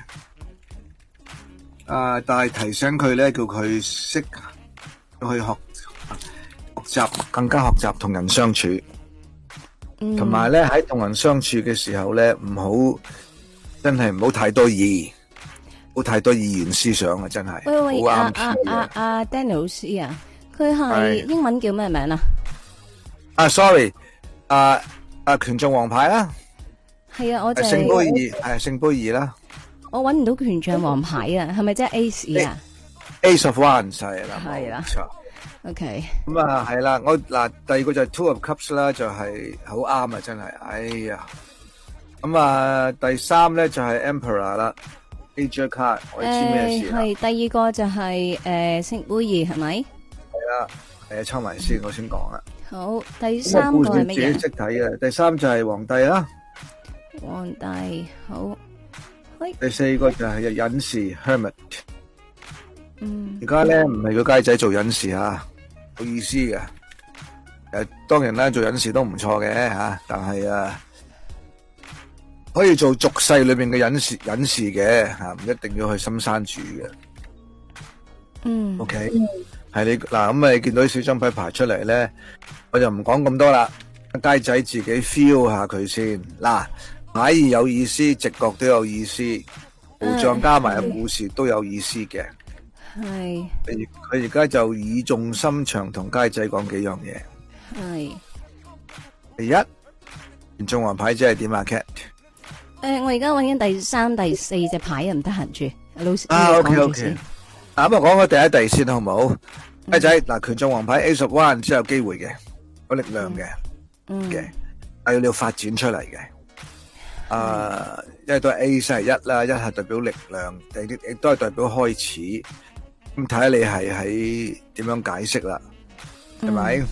B: 誒但係提醒佢咧，叫佢識去學學習，更加學習同人相處，
C: 同埋
B: 咧喺同人相處嘅時候咧，唔好真係唔好太多意。冇 太多意念思想了的喂的喂啊，真係好啱。
A: 阿阿 Danny 老師啊，佢、啊、係英文叫咩名啊、
B: ah, sorry, uh, uh, 是啊？啊，Sorry，啊啊，權杖王牌啦，
A: 係啊，我聖杯二
B: 係聖杯二啦。
A: 我揾唔到權杖王牌是不是、e、of 是啊，係咪
B: 啫？Ace 啊，Ace of Wands，係啦，
A: 冇錯，OK。咁
B: 啊，係啦、啊，我嗱第二個就係 Two of Cups 啦，就係好啱啊，真係，哎呀。咁啊，第三咧就係 Emperor 啦。係、欸、
A: 第二個就係誒聖杯二係咪？係、
B: 呃、啦，啊，抽埋先、嗯，我先講啦。
A: 好，第三個係咩嘢？自己識
B: 睇嘅，第三個就係皇帝啦。
A: 皇帝好。
B: 第四個就係隱士 Hermit 嗯。而家咧唔係個街仔做隱士吓，好意思嘅。誒，當然啦，做隱士都唔錯嘅吓，但係啊。可以做俗世裏面嘅隱士，隱士嘅吓，唔、啊、一定要去深山住嘅。
C: 嗯，OK，
B: 係你嗱咁啊！你見到啲小張牌排出嚟，咧，我就唔講咁多啦。佳仔自己 feel 下佢先。嗱、啊，牌有意思，直覺都有意思，圖像加埋個故事都有意思嘅。係、哎。佢而家就語重心長同佳仔講幾樣嘢。係、哎。第一，重王牌即係點啊？Cat。Kat?
A: 誒、呃，我而家揾緊第三、第四隻牌又唔得閒住，老師啊，OK OK，
B: 啱咁啊，講個第一、第二先好唔好？仔、嗯哎、仔，嗱、啊，權杖王牌 Ace of Wands 先有機會嘅，有力量嘅，
C: 嘅、嗯、
B: 係、嗯啊、要你發展出嚟嘅。啊，一、嗯、係都是 a 係係一啦，一係代表力量，第二亦都係代表開始。咁睇下你係喺點樣解釋啦，
C: 係、嗯、咪？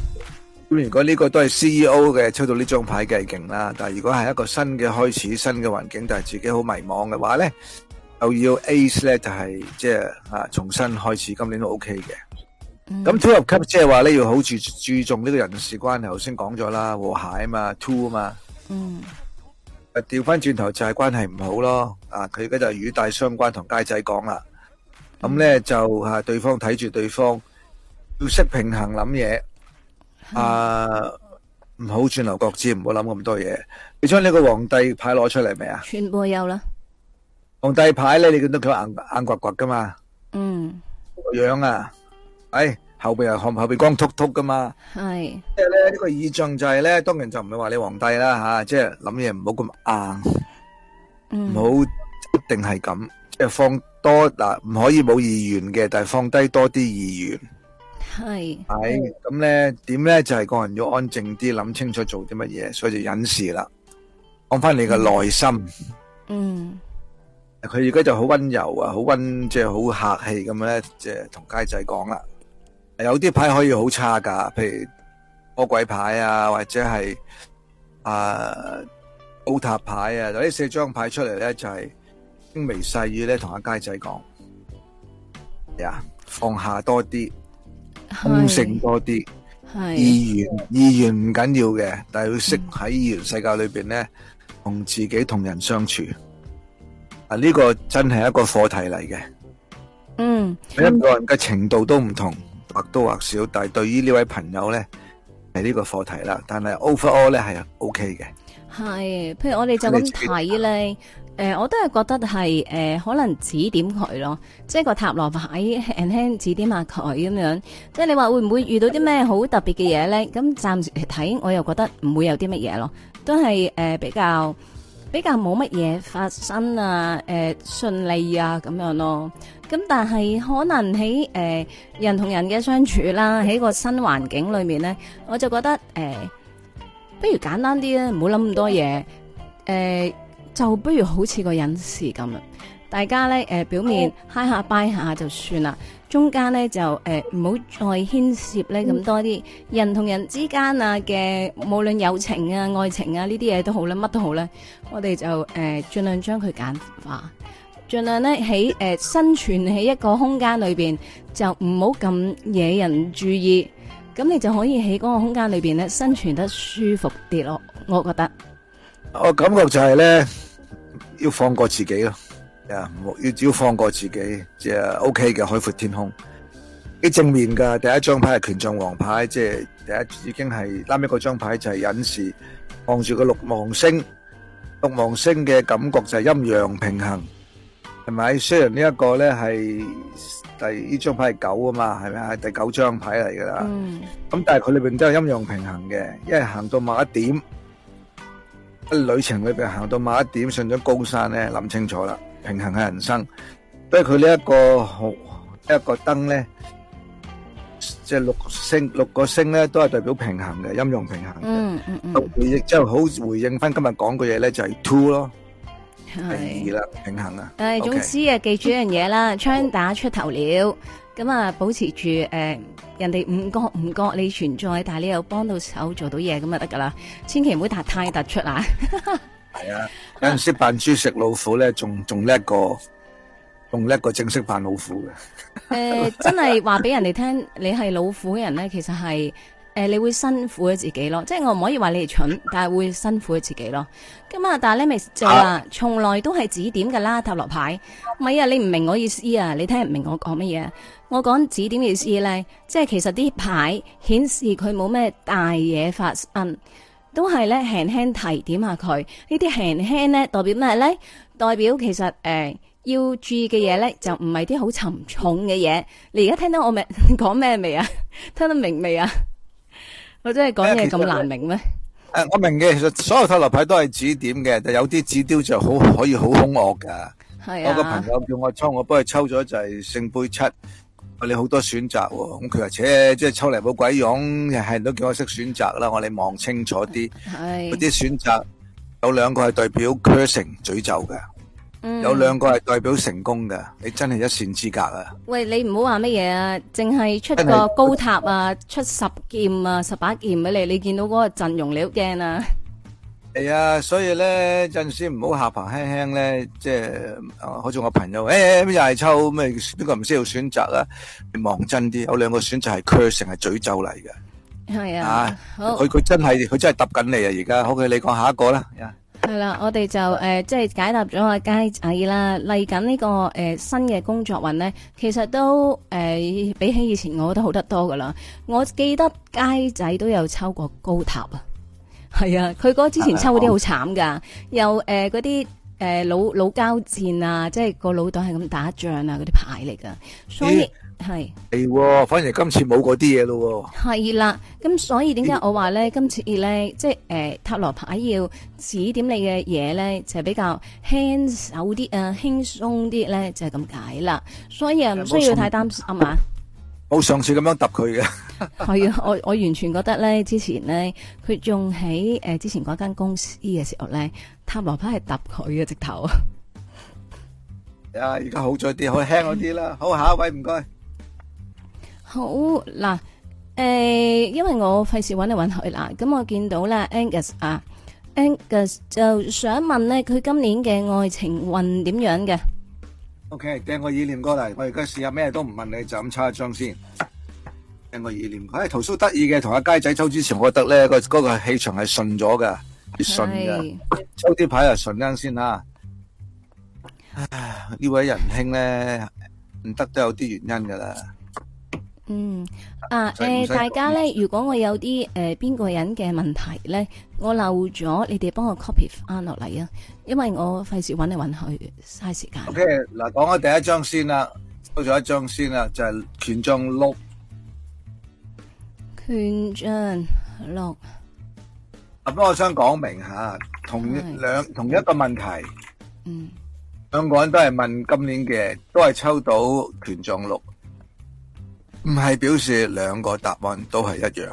B: 咁如果呢個都係 C E O 嘅抽到呢張牌，嘅，係勁啦。但係如果係一個新嘅開始、新嘅環境，但係自己好迷茫嘅話咧，又要 Ace 咧，就係即係啊，重新開始。今年都 O K 嘅。
C: 咁 Two 入級即係話咧，要
B: 好注注重呢個人事關係。頭先講咗啦，和諧啊嘛，Two 啊嘛。嗯。誒、啊，調翻轉頭就係關係唔好咯。啊，佢而家就係與大相關，同街仔講啦。咁、嗯、咧、嗯、就啊，對方睇住對方，要識平衡諗嘢。啊、uh, 嗯，唔好鑽牛角尖，唔好諗咁多嘢。你將你個皇帝牌攞出嚟未啊？全部有啦。皇帝牌咧，你見到佢硬眼刮刮噶嘛？嗯。個樣啊，誒、哎，後邊又後邊光禿禿噶嘛？係。即係咧呢、這個意象就係咧，當然就唔係話你皇帝啦吓，即係諗嘢唔好咁硬，
A: 唔、嗯、好
B: 一定係咁，即、就、係、是、放多嗱，唔可以冇意願嘅，但係放低多啲意願。係，咁咧點咧就係、是、個人要安靜啲，諗清楚做啲乜嘢，所以就隱士啦。講翻你個內心，嗯，佢而家就好溫柔啊，好溫，即係好客氣咁咧，即係同街仔講啦。有啲牌可以好差噶，譬如魔鬼牌啊，或者係啊高塔牌啊，嗱，呢四張牌出嚟咧就係、是、輕微細語咧，同阿街仔講，呀放下多啲。空性多啲，意願意願唔緊要嘅，但係要識喺二元世界裏邊咧，同、嗯、自己同人相處啊！呢、這個真係一個課題嚟嘅。
A: 嗯，每一
B: 個人嘅程度都唔同，嗯、或多或少，但係對於呢位朋友咧，係呢個課題啦。但係 overall 咧係 OK 嘅。
A: 係，譬如我哋就咁睇咧。誒、呃，我都係覺得係誒、呃，可能指點佢咯，即係個塔羅牌輕輕指點下佢咁樣。即係你話會唔會遇到啲咩好特別嘅嘢咧？咁暫時嚟睇，我又覺得唔會有啲乜嘢咯，都係誒、呃、比較比較冇乜嘢發生啊，誒、呃、順利啊咁樣咯。咁但係可能喺誒、呃、人同人嘅相處啦、啊，喺個新環境裏面咧，我就覺得誒、呃，不如簡單啲啊，唔好諗咁多嘢誒。呃就不如好似個隱士咁啦，大家呢，誒、呃、表面嗨下拜下就算啦，中間呢，就誒唔好再牽涉呢咁多啲人同人之間啊嘅無論友情啊愛情啊呢啲嘢都好啦，乜都好啦，我哋就誒、呃、盡量將佢簡化，盡量呢喺誒、呃、生存喺一個空間裏邊就唔好咁惹人注意，咁你就可以喺嗰個空間裏邊呢，生存得舒服啲咯，我覺得。
B: 我感覺就係呢。要放過自己咯，啊，要只要放過自己，即係 OK 嘅，海闊天空，幾正面噶第一張牌係權杖王牌，即係第一已經係，拉尾嗰張牌就係隱士，望住個六芒星，六芒星嘅感覺就係陰陽平衡，係咪？雖然呢一個咧係第呢張牌係九啊嘛，係咪啊？係第九張牌嚟噶啦，嗯，咁但係佢裏邊都係陰陽平衡嘅，因為行到某一點。喺旅程裏邊行到某一點，上咗高山咧，諗清楚啦，平衡係人生。不過佢呢一個一個燈咧，即係六星六個星咧，都係代表平衡嘅，陰陽平衡。
C: 嗯嗯嗯。
B: 回應即係好回應翻今日講嘅嘢咧，就係 two 咯，係啦，平衡啊。但係，總
A: 之啊，記住一樣嘢啦，槍打出頭鳥。咁啊，保持住，誒、呃，人哋唔覺唔覺你存在，但係你又幫到手做到嘢，咁咪得㗎啦，千祈唔好突太突出 啊！係啊，
B: 有陣時扮豬食老虎咧，仲仲叻過，仲叻過正式扮老虎嘅。誒
A: 呃，真係話俾人哋聽， 你係老虎嘅人咧，其實係。誒、呃，你會辛苦自己咯，即係我唔可以話你哋蠢，但係會辛苦自己咯。咁啊，但係咧咪就話從來都係指點噶啦，塔羅牌咪啊，你唔明我意思啊？你聽唔明我講乜嘢？我講指點意思咧，即係其實啲牌顯示佢冇咩大嘢發生，都係咧輕輕提點下佢。輕輕呢啲輕輕咧代表咩咧？代表其實誒、呃、要注意嘅嘢咧，就唔係啲好沉重嘅嘢。你而家聽到我咪講咩未啊？聽得明未啊？我真係講嘢咁難明咩？
B: 誒，我明嘅，其實所有塔羅牌都係指點嘅，但有啲紙雕就好可以好兇惡㗎。
A: 我個朋
B: 友叫我抽，我幫佢抽咗就係聖杯七。我哋好多選擇喎、哦，咁佢話，切，即係抽嚟冇鬼用，係都叫我識選擇啦。我哋望清楚啲，嗰 啲選擇有兩個係代表 cursing 詛咒㗎。嗯、有兩個係代表成功嘅，你真係一線之隔啊！
A: 喂，你唔好話乜嘢啊，淨係出個高塔啊，出十劍啊，十把劍俾你，你見到嗰個陣容，你好驚啊！
B: 係啊，所以咧陣時唔好下巴輕輕咧，即係好似我朋友誒，又、欸、係抽咩？呢個唔需要選擇啊？你望真啲，有兩個選擇係 curse 係詛咒嚟
A: 嘅。係啊，啊，好，佢
B: 佢真係佢真係揼緊你啊！而家好佢你講下一個啦。
A: 係啦，我哋就誒、呃，即係解答咗阿佳仔啦。嚟緊呢個誒、呃、新嘅工作運咧，其實都誒、呃、比起以前，我覺得好得多噶啦。我記得佳仔都有抽過高塔啊，係啊，佢嗰之前抽嗰啲好慘噶，又誒嗰啲誒腦腦交戰啊，即係個腦袋係咁打仗啊，嗰啲牌嚟噶，所以。嗯
B: 係係反而、欸、今次冇嗰啲嘢咯
A: 喎。係啦，咁所以點解我話咧今次咧，即係誒、呃、塔羅牌要指點你嘅嘢咧，就係、比較輕手啲誒，輕鬆啲咧就係咁解啦。所以啊，唔需要太擔心啊嘛。
B: 冇上次咁樣揼佢
A: 嘅。係 啊，我我完全覺得咧，之前咧佢仲喺誒之前嗰間公司嘅時候咧，塔羅牌係揼佢嘅直頭啊。
B: 啊，而家好咗啲，可以輕咗啲啦。好，一 好下一位唔該。
A: 好嗱，誒，因為我費事揾嚟揾去啦，咁我見到咧 Angus 啊，Angus 就想問咧，佢今年嘅愛情運點樣嘅
B: ？OK，掟個意念過嚟，我而家試下咩都唔問你，就咁抽一張先。掟個意念，誒，桃叔得意嘅同阿佳仔抽之前，我覺得咧個嗰個氣場係順咗嘅，順嘅，抽啲牌係順啱先吓。唉，呢位仁兄咧唔得都有啲原因噶啦。
A: 嗯，啊誒，大家咧，如果我有啲誒邊個人嘅問題咧，我漏咗，你哋幫我 copy 翻落嚟啊，因為我費事揾嚟揾去，嘥時間。
B: OK，嗱，講咗第一張先啦，抽咗一張先啦，就係權杖六。
A: 權杖六。
B: 啊，咁我想講明吓，同兩同一個問題。嗯。香港人都係問今年嘅，都係抽到權杖六。唔係表示兩個答案都係一樣。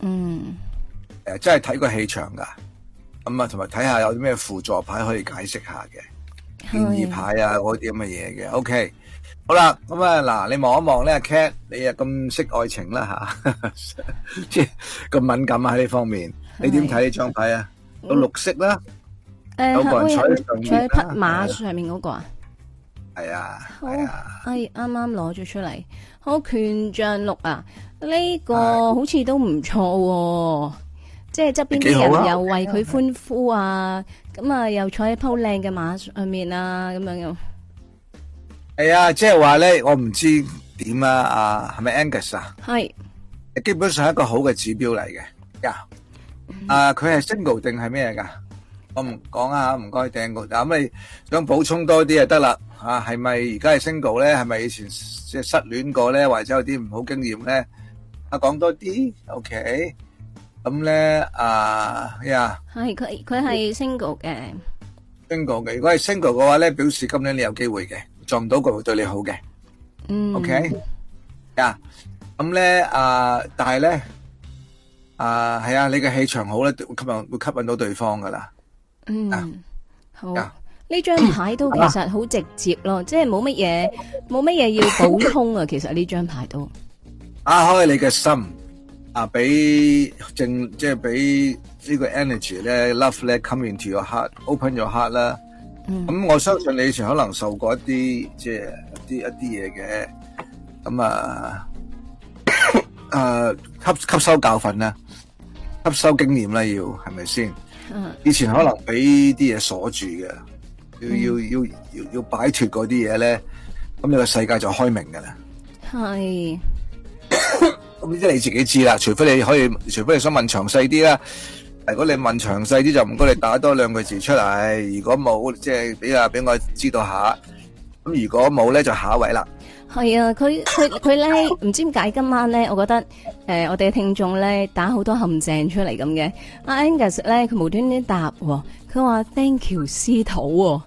B: 嗯、誒，真係睇個氣場噶，咁、嗯、啊，同埋睇下有啲咩輔助牌可以解釋下嘅，
C: 建議牌
B: 啊，嗰啲咁嘅嘢嘅。O、okay, K，好啦，咁、嗯、啊，嗱，你望一望咧，Cat，你啊咁識愛情啦吓，即係咁敏感啊喺呢方面，你點睇呢張牌啊？個綠色啦、
A: 啊嗯，有個人坐喺上面、啊，坐喺匹馬上面嗰個啊？
B: 係、哎、啊，
A: 好，哎呀，啱啱攞咗出嚟。我權杖六啊，呢個好似都唔錯，即係側邊啲人又為佢歡呼啊，咁啊又坐喺鋪靚嘅馬上面啊，咁樣樣。
B: 係啊，即係話咧，我唔知點啊，阿係咪 Angus 啊？
A: 係，
B: 基本上係一個好嘅指標嚟嘅。
A: 呀，
B: 啊，佢係 single 定係咩噶？我唔講啊，唔該定我。嗱，咁你想補充多啲啊，得啦。啊，係咪而家係 single 咧？係咪以前即係失戀過咧，或者有啲唔好經驗咧？啊，講多啲，OK。咁咧啊呀，
A: 係佢佢係 single 嘅
B: ，single 嘅。如果係 single 嘅話咧，表示今年你有機會嘅，撞到佢會對你好嘅。
C: 嗯，OK。
B: 啊，咁咧啊，但係咧啊，係啊，你嘅氣場好咧，吸引會吸引到對方噶啦。
A: 嗯，好。呢張牌都其實好直接咯， 即係冇乜嘢，冇乜嘢要補充啊。 其實呢張牌都
B: 打開你嘅心啊，俾正即係俾呢個 energy 咧，love come into your heart，open your heart 啦。咁、嗯嗯、我相信你以前可能受過一啲即係一啲一啲嘢嘅，咁、嗯、啊， 啊吸吸收教訓啊，吸收經驗啦要，要係咪先、嗯？
C: 以前可能
B: 俾啲嘢鎖住嘅。要要要要要擺脫嗰啲嘢咧，咁你個世界就開明噶啦。
A: 係，
B: 咁即係你自己知啦。除非你可以，除非你想問詳細啲啦。如果你問詳細啲，就唔該你打多兩句字出嚟。如果冇，即係俾阿俾我知道下。咁如果冇咧，就下一位啦。
A: 係啊，佢佢佢咧，唔知點解今晚咧，我覺得誒、呃，我哋嘅聽眾咧打好多陷阱出嚟咁嘅。啊、Angus 咧，佢無端端答。佢話 thank you，司徒，哦，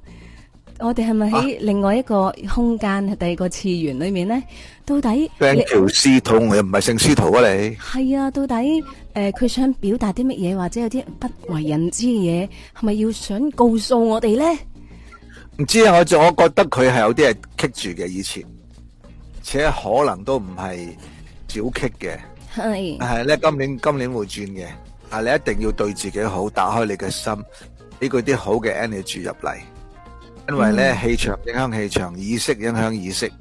A: 我哋係咪喺另外一個空間，啊、第二個次元裏面咧？到底 thank
B: you，司徒又唔係姓司徒啊？你
A: 係啊？到底誒，佢、呃、想表達啲乜嘢，或者有啲不為人知嘅嘢，係咪要想告訴我哋咧？
B: 唔知啊，我我覺得佢係有啲係棘住嘅，以前且可能都唔係少棘嘅，係係咧，今年今年會轉嘅，你一定要對自己好，打開你嘅心。呢個啲好嘅 energy 入嚟，因為咧氣場影響氣場，意識影響意識。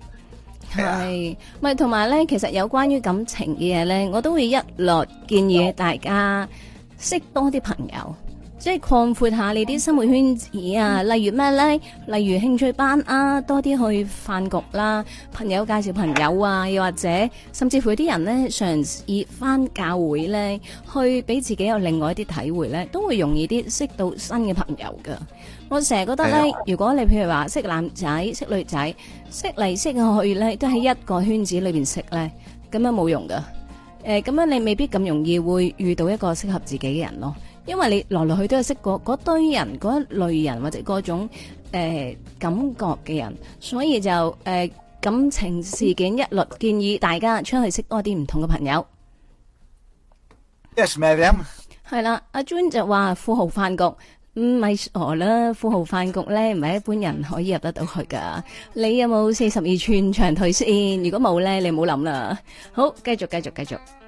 A: 係，咪同埋咧，其實有關於感情嘅嘢咧，我都會一律建議大家識多啲朋友。即係擴闊下你啲生活圈子啊，例如咩呢？例如興趣班啊，多啲去飯局啦，啊，朋友介紹朋友啊，又或者甚至乎啲人呢，嘗試返教會呢，去俾自己有另外一啲體會呢，都會容易啲識到新嘅朋友噶。我成日覺得呢，如果你譬如話識男仔，識女仔，識嚟，識去呢，都喺一個圈子裏面識呢，咁樣冇用噶。誒，咁樣你未必咁容易會遇到一個適合自己嘅人咯。因為你來來去都係識嗰嗰堆人、嗰一類人或者嗰種誒感覺嘅人，所以就誒感情事件一律建議大家出去識多啲唔同嘅朋友。
B: Yes, Madam。
A: 係啦，阿 June 就話富豪飯局唔係傻啦，富豪飯局咧唔係一般人可以入得到去噶。你有冇四十二寸長腿先？如果冇咧，你唔好諗啦。好，繼續繼續繼續。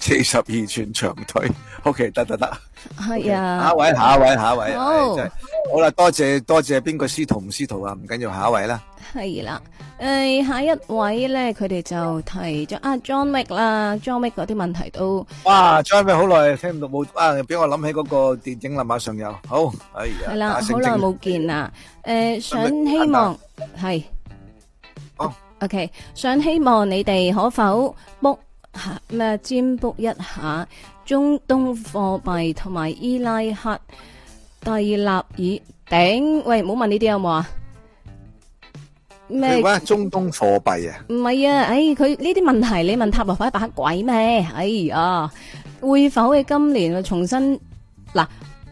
B: 四十二寸長腿，OK，得得得，係啊
A: ，okay, 下一位、啊，下一位，下一位，好，哎、
B: 真好啦，多謝多謝邊個司徒唔司徒啊，唔緊要，下一位啦，
A: 係啦、啊，誒、呃，下一位咧，佢哋就提咗阿 John Wick 啦，John Wick 嗰啲問題都，
B: 哇，John Wick 好耐聽唔到冇啊，俾我諗起嗰個電影啦，馬上有，好，係、哎、啦、啊，好耐冇
A: 見啦，誒、呃，想希望係、嗯嗯嗯嗯 oh.，OK，想希望你哋可否 b 吓咩？占卜一下中東貨幣同埋伊拉克第納爾頂喂，唔好問呢啲有冇啊咩？中東貨幣啊，唔係啊，哎，佢呢啲問題你問塔羅牌白黑鬼咩？哎啊，會否喺今年重新嗱？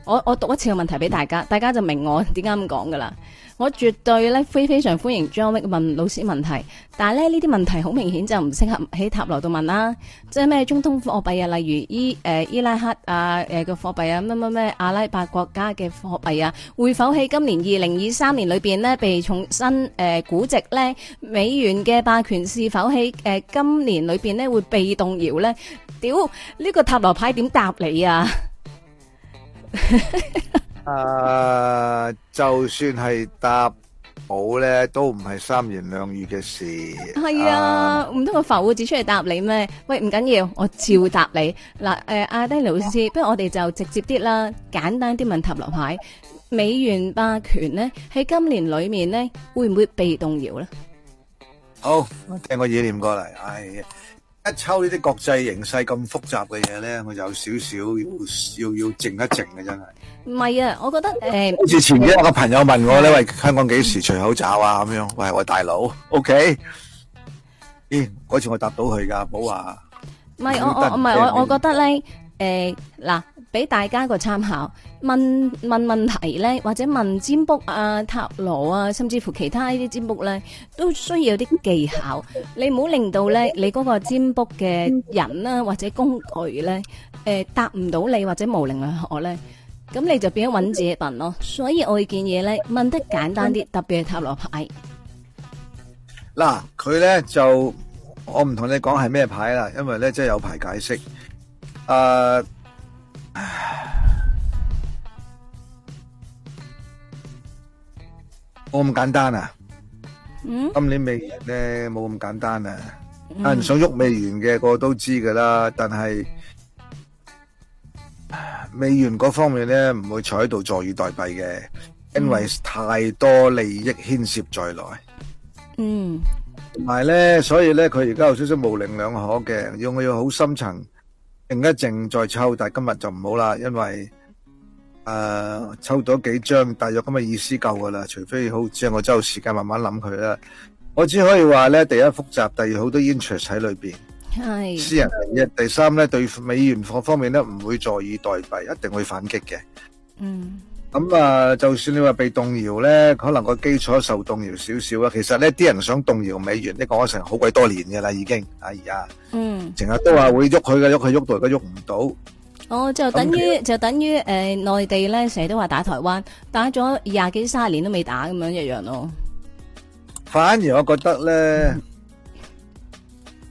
A: 我我讀一次個問題俾大家，大家就明我點解咁講噶啦。我絕對咧非非常歡迎張威問老師問題，但係咧呢啲問題好明顯就唔適合喺塔羅度問啦，即係咩中東貨幣啊，例如伊、呃、伊拉克啊誒、呃、個貨幣啊，咩咩咩阿拉伯國家嘅貨幣啊，會否喺今年二零二三年裏面呢被重新誒、呃、估值呢？美元嘅霸權是否喺誒、呃、今年裏面呢會被動搖呢？屌呢、呢個塔羅牌點答你啊？
B: 誒、uh，就算係答冇咧，都唔係三言兩語嘅事。
A: 係啊，唔、啊、通我扶乩出嚟答你咩？喂，唔緊要，我照答你。嗱，誒，阿 Danny 老師，不如我哋就直接啲啦，簡單啲問塔羅牌，美元霸權咧喺今年裏面咧，會唔會被動搖咧？
C: 好
B: ，oh，聽個意念過嚟。哎一抽呢啲國際形勢咁複雜嘅嘢咧,我就有少少要要要靜一靜嘅，真係。
A: 唔係啊，我覺得誒，好似前日個朋友
B: 問我咧，喂，香港幾時除口罩啊？咁樣，喂，我大佬，OK？咦，嗰次我答到佢噶，唔好話。
A: 唔係我我唔係我我覺得咧，誒嗱。俾大家個參考，問問問題咧，或者問占卜啊、塔羅啊，甚至乎其他呢啲占卜咧，都需要啲技巧。你唔好令到咧，你嗰個占卜嘅人啦，或者工具咧，誒，答唔到你或者冇靈去學咧，咁你就變咗揾自己笨咯。所以我會建議咧，問得簡單啲，特別係塔羅牌。
B: 嗱，佢咧就我唔同你講係咩牌啦，因為咧即係有排解釋，誒。我冇咁簡單啊！今年美元咧冇咁簡單啊，
C: 人想
B: 喐美元嘅，個個都知噶啦。但係美元嗰方面咧，唔會坐喺度坐以待斃嘅，因為太多利益牽涉在內。嗯，
C: 同
B: 埋咧，所以咧，佢而家有少少模棱兩可嘅，要我要好深層。人家正在抽，但係今日就唔好啦，因為誒、呃、抽到幾張，大約咁嘅意思夠噶啦。除非好，只係我周時間慢慢諗佢啦。我只可以話咧，第一複雜，第二好多 interest 喺裏邊，
A: 係私人
B: 嘅。第三咧對美元方方面咧唔會坐以待斃，一定會反擊嘅。嗯。咁啊，就算你話被動搖咧，可能個基礎受動搖少少啊。其實呢啲人想動搖美元，呢講咗成好鬼多年嘅啦，已經。哎呀，嗯，成日都話會喐佢嘅，喐佢喐到，而家喐唔到。
A: 哦，就等於就等於誒，呃、內地咧成日都話打台灣，打咗廿幾卅年都未打咁樣一樣咯。
B: 反而我覺得咧，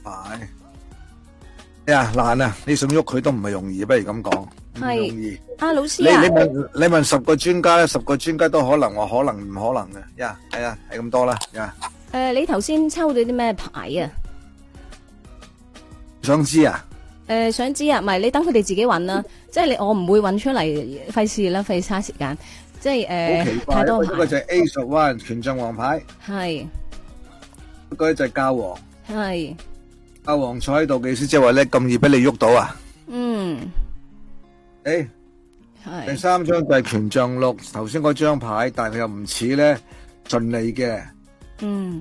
B: 係、嗯。哎呀、yeah, 難啊！你想喐佢都唔係容易，不如咁講，唔容
A: 易。啊老師啊，你你問
B: 你問十個專家咧，十個專家都可能話可能唔可能嘅呀？係、yeah, 啊、yeah, yeah. yeah, uh,，係咁多啦呀。
A: 誒，你頭先抽咗啲咩牌啊？
B: 想知啊？
A: 誒、uh,，想知啊？唔係，你等佢哋自己揾啦。即 係你，我唔會揾出嚟，費事啦，費差時間。即係誒，太多牌。嗰個就 A
B: 十 one，權杖王牌。係。嗰個就教王。係。阿王坐喺度嘅意思，即係話咧，咁易俾你喐到啊！
A: 嗯，誒，
C: 第
B: 三張就係權杖六，頭先嗰張牌，但係佢又唔似咧盡利嘅。嗯，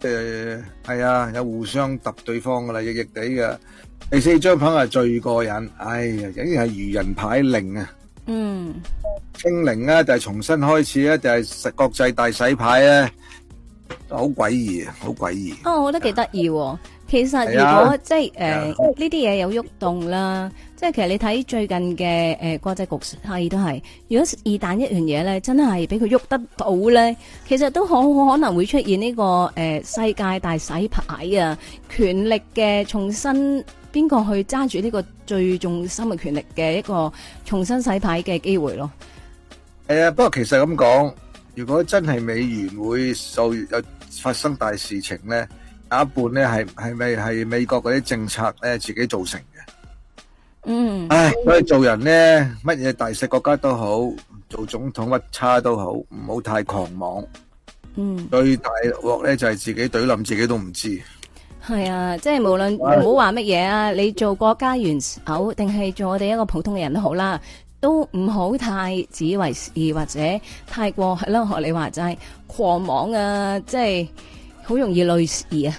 B: 誒，係啊，有互相揼對方噶啦，逆逆地嘅。第四張牌係最過癮，哎呀，竟然係愚人牌零啊！嗯，清零啊，就係重新開始啊，就係實國際大洗牌啊！好詭異，好詭
C: 異。哦、oh,，
A: 我覺得幾得意。Yeah. 其實如果、yeah. 即係誒呢啲嘢有喐動啦，即係其實你睇最近嘅誒國際局勢都係，如果二旦一樣嘢咧真係俾佢喐得到咧，其實都好可能會出現呢、這個誒、呃、世界大洗牌啊，權力嘅重新邊個去揸住呢個最重心嘅權力嘅一個重新洗牌嘅機會咯。
B: 誒、yeah.，不過其實咁講。如果真係美元會受有發生大事情咧，有一半咧係係咪係美國嗰啲政策咧自己造成嘅？嗯，
C: 唉，
B: 所以做人咧，乜嘢大細國家都好，做總統屈差都好，唔好太狂妄。
A: 嗯，
B: 最大鑊咧就係自己懟冧自己都唔知。
A: 係啊，即係無論唔好話乜嘢啊，你做國家元首定係做我哋一個普通嘅人都好啦。都唔好太自以為是，或者太過係咯學你話齋狂妄啊！即係好容易累事啊！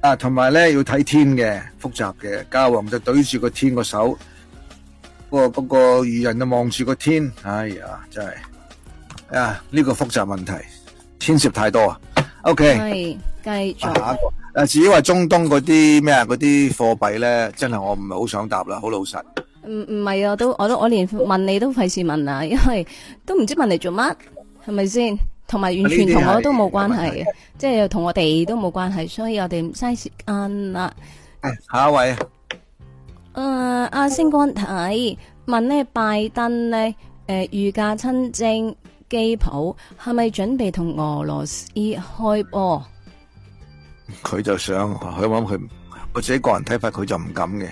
B: 啊，同埋咧要睇天嘅複雜嘅，教皇就懟住個天個手，不過嗰個愚人就望住個天，哎呀，真係啊呢、這個複雜問題牽涉太多 okay, 繼啊！OK，係繼續下一個。誒，至於話中東嗰啲咩啊嗰啲貨幣咧，真係我唔係好想答啦，好老實。
A: 唔唔係啊，都我都我連問你都費事問啊，因為都唔知問你做乜，係咪先？同埋完全同我都冇關係，即係同我哋都冇關係，所以我哋唔嘥時間啦。
B: 下一位，
A: 誒、啊，阿星光睇問呢拜登呢誒，御、呃、駕親征基普係咪準備同俄羅斯開波？
B: 佢就想，佢諗佢，我自己個人睇法，佢就唔敢嘅。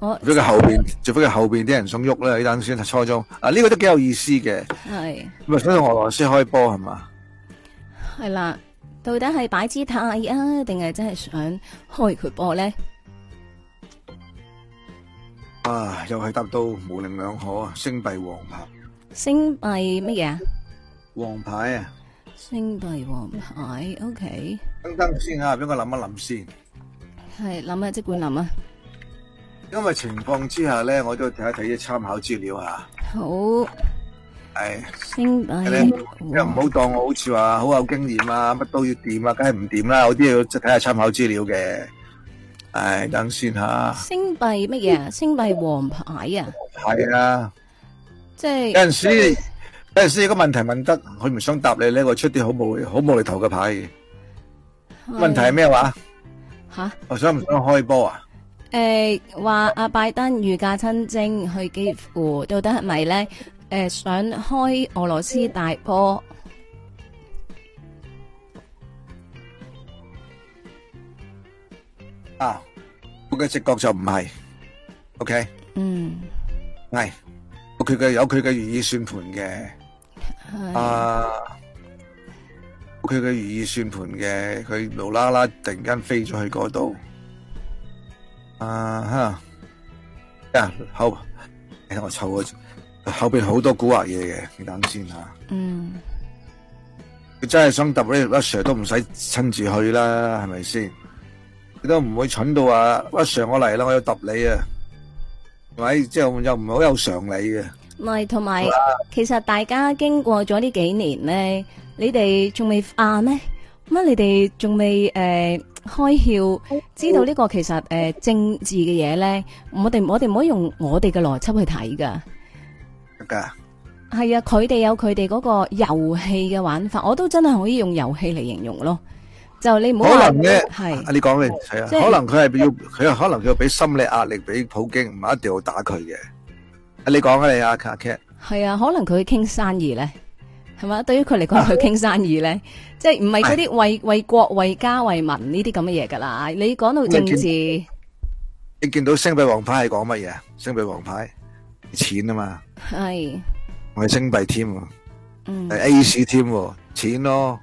B: 如果佢後邊，除非佢後邊啲人想喐咧，呢單先係初中，啊，呢、這個都幾有意思嘅。係、啊。咪想同俄羅斯開波係嘛？
A: 係啦、啊，到底係擺姿態啊，定係真係想開佢波咧？
B: 啊，又係答到模棱兩可啊，星幣王牌。
A: 星幣乜嘢啊？王牌啊。星幣王牌，OK。
B: 等等先吓、啊，俾我諗一諗先。
A: 係諗啊，即管諗啊。
B: 因為情況之下咧，我都睇一睇啲參考資料吓。好，係、哎、星幣，你唔好當我好似話好有經驗啊，乜都要掂啊，梗係唔掂啦，我都要睇下參考資料嘅。係、哎、等先吓，
A: 星幣乜嘢啊？星幣王牌啊？係啊，即係
B: 有
A: 陣時，
B: 有陣時個問題問得佢唔想答你咧，我出啲好冇好無厘頭嘅牌。
A: 問題係咩話？吓，
B: 我想唔想開波啊？
A: 誒、欸，話阿拜登御駕親征去基輔到底係咪咧？誒、呃，想開俄羅斯大波
B: 啊？我嘅直覺就唔係，OK？嗯，係，佢嘅有佢嘅如意算盤嘅，
C: 啊，
B: 佢嘅如意算盤嘅，佢無啦啦突然間飛咗去嗰度。啊吓啊好，我湊啊，後邊好多蠱惑嘢嘅，你等先吓。
C: 嗯，
B: 佢真係想揼你，阿 Sir 都唔使親自去啦，係咪先？佢都唔會蠢到話，阿 Sir 我嚟啦，我要揼你啊，係咪？即係又唔係好有常理嘅。
A: 唔係，同埋其實大家經過咗呢幾年咧，你哋仲未阿咩？乜你哋仲未誒？呃開竅，知道呢個其實誒、呃、政治嘅嘢咧，我哋我哋唔可以用我哋嘅邏輯去睇噶。噶係啊，佢哋有佢哋嗰個遊戲嘅玩法，我都真係可以用遊戲嚟形容咯。就你唔好可能嘅係，阿
B: 你講嚟係啊，可能佢係要佢係可能佢要俾心理壓力俾普京，唔一定要打佢嘅。阿 你講啊，你啊 Kate
A: 係啊，可能佢傾生意咧。係嘛？對於佢嚟講，佢傾生意咧，即係唔係嗰啲為為國、為家、為民呢啲咁嘅嘢噶啦。你講到政治，
B: 你見到星幣王牌係講乜嘢啊？星幣王牌錢啊嘛，係同埋星幣添，嗯，係 A 市添，錢咯，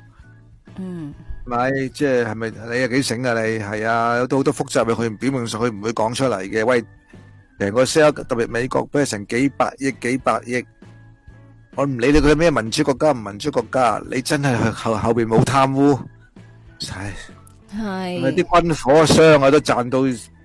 B: 嗯，係咪？即係係咪？你又幾醒啊？你係啊？有好多複雜嘅，佢表面上佢唔會講出嚟嘅。喂，成個 sell 特別美國，都係成幾百億、幾百億。我唔理你佢咩民主國家唔民主國家，你真係去後後邊冇貪污，係
A: 係，啲
B: 軍火商啊都賺到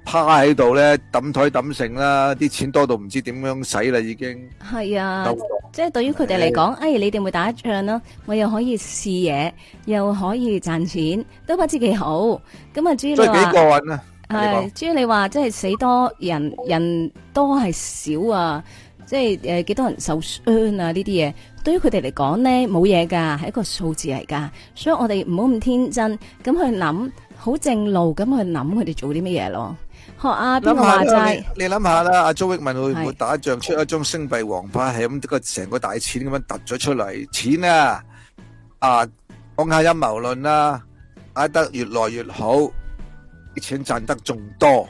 B: 趴喺度咧，揼枱，揼成啦，啲錢多到唔知點樣使啦已經。
A: 係啊，即係對於佢哋嚟講，哎，你哋會打仗咯，我又可以試嘢，又可以賺錢，都不知幾好。咁啊，主要係。即係幾過癮啊！
C: 係，
A: 至於你話即係死多人人多係少啊，即係誒幾多人受傷啊呢啲嘢，對於佢哋嚟講咧冇嘢噶，係一個數字嚟噶，所以我哋唔好咁天真咁去諗，好正路咁去諗佢哋做啲乜嘢咯。學阿邊個話齋，
B: 你諗下啦，阿、啊、周奕文會唔會打仗出一張星幣王牌，係咁個成個大錢咁樣凸咗出嚟？錢啊，啊講下陰謀論啦，阿、啊、得越來越好。錢賺得仲多，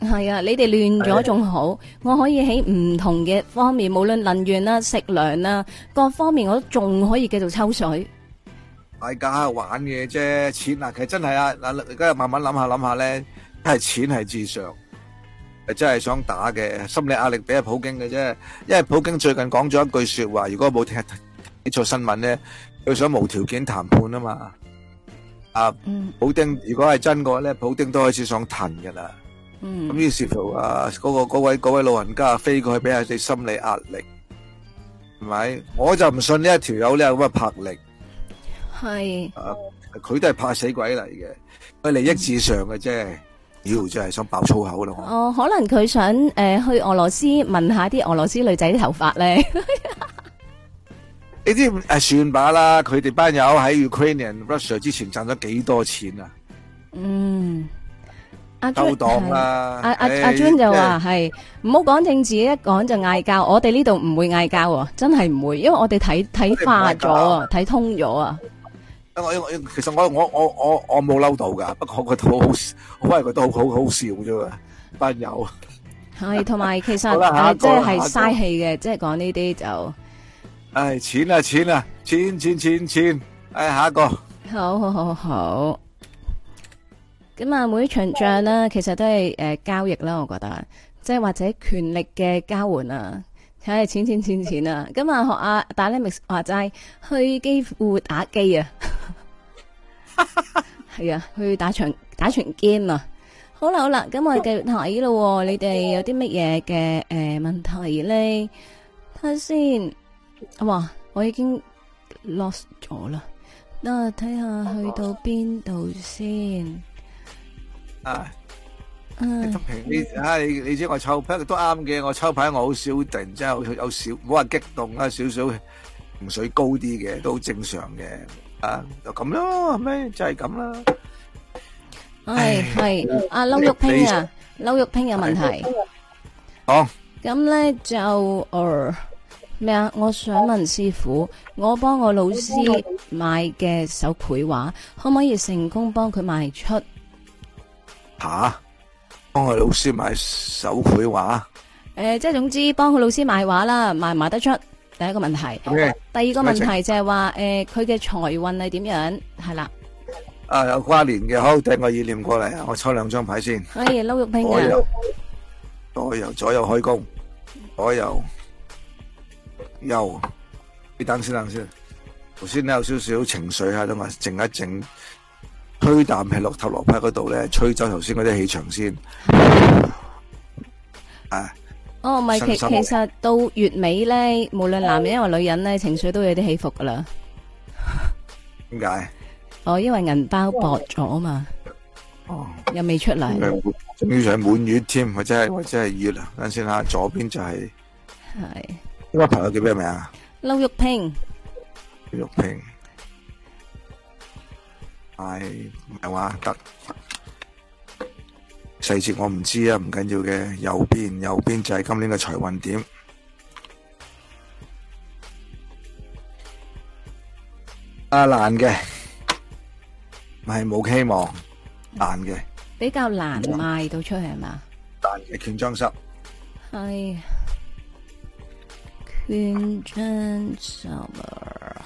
A: 係啊！你哋亂咗仲好，我可以喺唔同嘅方面，無論能源啦、食糧啦，各方面我都仲可以繼續抽水。
B: 大家玩嘅啫，錢嗱，其實真係啊，嗱，而家慢慢諗下諗下咧，都係錢係至上，真係想打嘅，心理壓力比阿普京嘅啫，因為普京最近講咗一句說話，如果冇聽錯新聞咧，佢想無條件談判啊嘛。啊，普丁如果係真嘅咧，普丁都開始想騰嘅啦。咁、嗯、於是乎啊，嗰、嗰個嗰位嗰位老人家飛過去俾下啲心理壓力，係、嗯、咪？我就唔信呢一條友有咁嘅魄力。
A: 係，
B: 佢都係怕死鬼嚟嘅，佢利益至上嘅啫。妖就係想爆粗口咯。哦、
A: 呃，可能佢想誒、呃、去俄羅斯問，問一下啲俄羅斯女仔啲頭髮咧。 呢啲
B: 誒算把啦，佢哋班友喺 Ukrainian Russia 之前賺咗幾多錢啊？嗯，
A: 阿 John 係啊，阿阿阿 John 就話係唔好講政治，一講就嗌交。我哋呢度唔會嗌交喎，真係唔會，因為我哋睇睇化咗，睇通咗啊！
B: 因為因為其實我我我我我冇嬲到噶，不過佢好好，我覺得佢都好好好笑啫嘛，班友。
A: 係，同埋其實係即係嘥氣嘅，即係講呢啲就。
B: 誒、哎，錢啊，錢啊，錢，錢，錢，錢。誒、哎，下一個。
A: 好好好好好。咁啊，每一場仗啦、啊，其實都係誒、呃、交易啦、啊，我覺得，即係或者權力嘅交換啊。係、啊，錢，錢，錢，錢啊。咁啊，學阿達 lemix 話齋，去機戶打機啊，係 啊，去打場打場 game 啊。好啦好啦，咁我哋繼續睇咯。 你哋有啲乜嘢嘅誒問題咧？睇下先。哇！我已經 lost 咗啦，等我睇下去到邊度先。
B: 啊，
A: 嗯，你平
C: 你，
B: 唉，你知我抽牌都啱嘅，我抽牌我好少突然之間有有少，唔好話激動啦，少少嘅，情緒高啲嘅都正常嘅，啊，就咁咯，係咪？就係咁啦。
A: 係係，阿嬲玉平啊，嬲玉平有問題。
C: 好，
A: 咁咧就誒。咩啊？我想問師傅，我幫我老師買嘅手繪畫，可唔可以成功幫佢賣出？
B: 吓、啊，幫我老師買手繪畫？
A: 誒、呃，即係總之幫佢老師賣畫啦，賣唔賣得出？第一個問題。Okay.
B: 第二個問題就
A: 係話，誒，佢、呃、嘅財運係點樣？係啦。
B: 啊，有掛連嘅好，等我個意念過嚟，我抽兩張牌先。
A: 係、哎、撈玉屏啊！左
B: 右，右，左右開弓，左右。又，你等先等先，頭先你有少少情緒喺度，我靜一靜，推啖氣落塔羅牌嗰度咧，吹走頭先嗰啲氣場先。啊，
A: 哦，唔係，其其實到月尾咧，無論男人或女人咧，情緒都有啲起伏噶啦。
B: 點
A: 解？哦，因為銀包薄咗啊嘛。哦。又未出嚟。
B: 仲要上滿月添，或者係或者係月啦。等先吓，左邊就係。係。呢個朋友叫咩名啊？
A: 劉玉平，
B: 劉玉平，係唔係話得細節我唔知啊，唔緊要嘅。右邊右邊就係今年嘅財運點。啊難嘅，係冇希望難嘅，
A: 比較難賣到出去係嘛？
B: 但係一拳裝修
A: 係。變真少啦，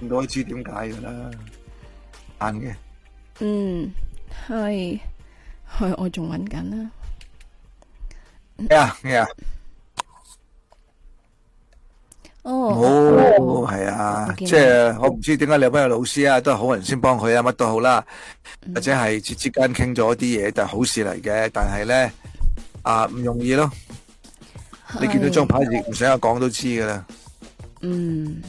A: 唔該知
B: 點解噶啦，硬嘅。嗯，
A: 係，係我仲揾緊啦。
B: 咩啊咩啊，
A: 哦，好，係啊，即係
B: 我唔知點解你有班老師啊，都係好人先幫佢啊，乜都好啦，或者係之間傾咗啲嘢，但係好事嚟嘅，但係咧。啊，唔容易咯！
C: 你見到張
B: 牌，亦唔使我講都知噶啦。嗯。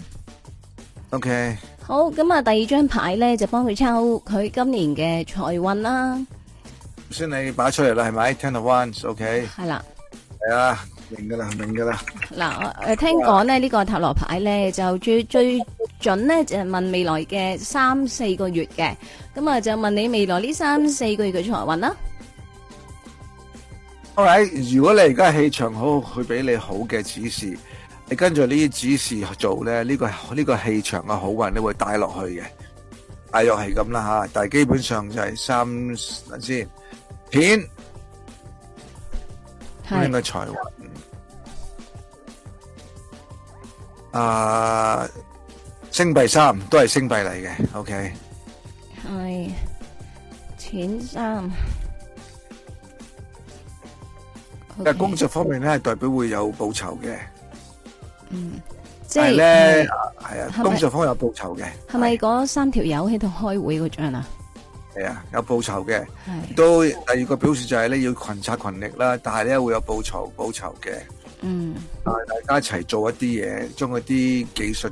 B: O K。
A: 好，咁啊，第二張牌咧就幫佢抽佢今年嘅財運啦。
B: 先你擺出嚟啦，係咪？Ten of Wands，O K。係啦。係啊，明噶啦，明噶啦。
A: 嗱，誒，聽講咧呢個塔羅牌咧就最最準咧，就係問未來嘅三四個月嘅，咁啊就問你未來呢三四個月嘅財運啦。
B: Okay, 如果你而家氣場好，佢俾你好嘅指示，你跟住呢啲指示做咧，呢、這個呢、這個氣場嘅好運你會帶落去嘅，大約係咁啦吓。但係基本上就係三，等先，片，應該財運，啊，uh, 星幣三都係星幣嚟嘅，OK。係，
A: 錢三。Okay. 工作方面
B: 咧，係代表會有報酬嘅。
C: 嗯，
A: 即係咧，
B: 係啊，啊是是，工作方面有報酬嘅。
A: 係咪嗰三條友喺度開會嗰張啊？
B: 係啊，有報酬嘅。都第二個表示就係咧，要群策群力啦。但係咧會有報酬，報酬嘅。嗯，大家一齊做一啲嘢，將嗰啲技術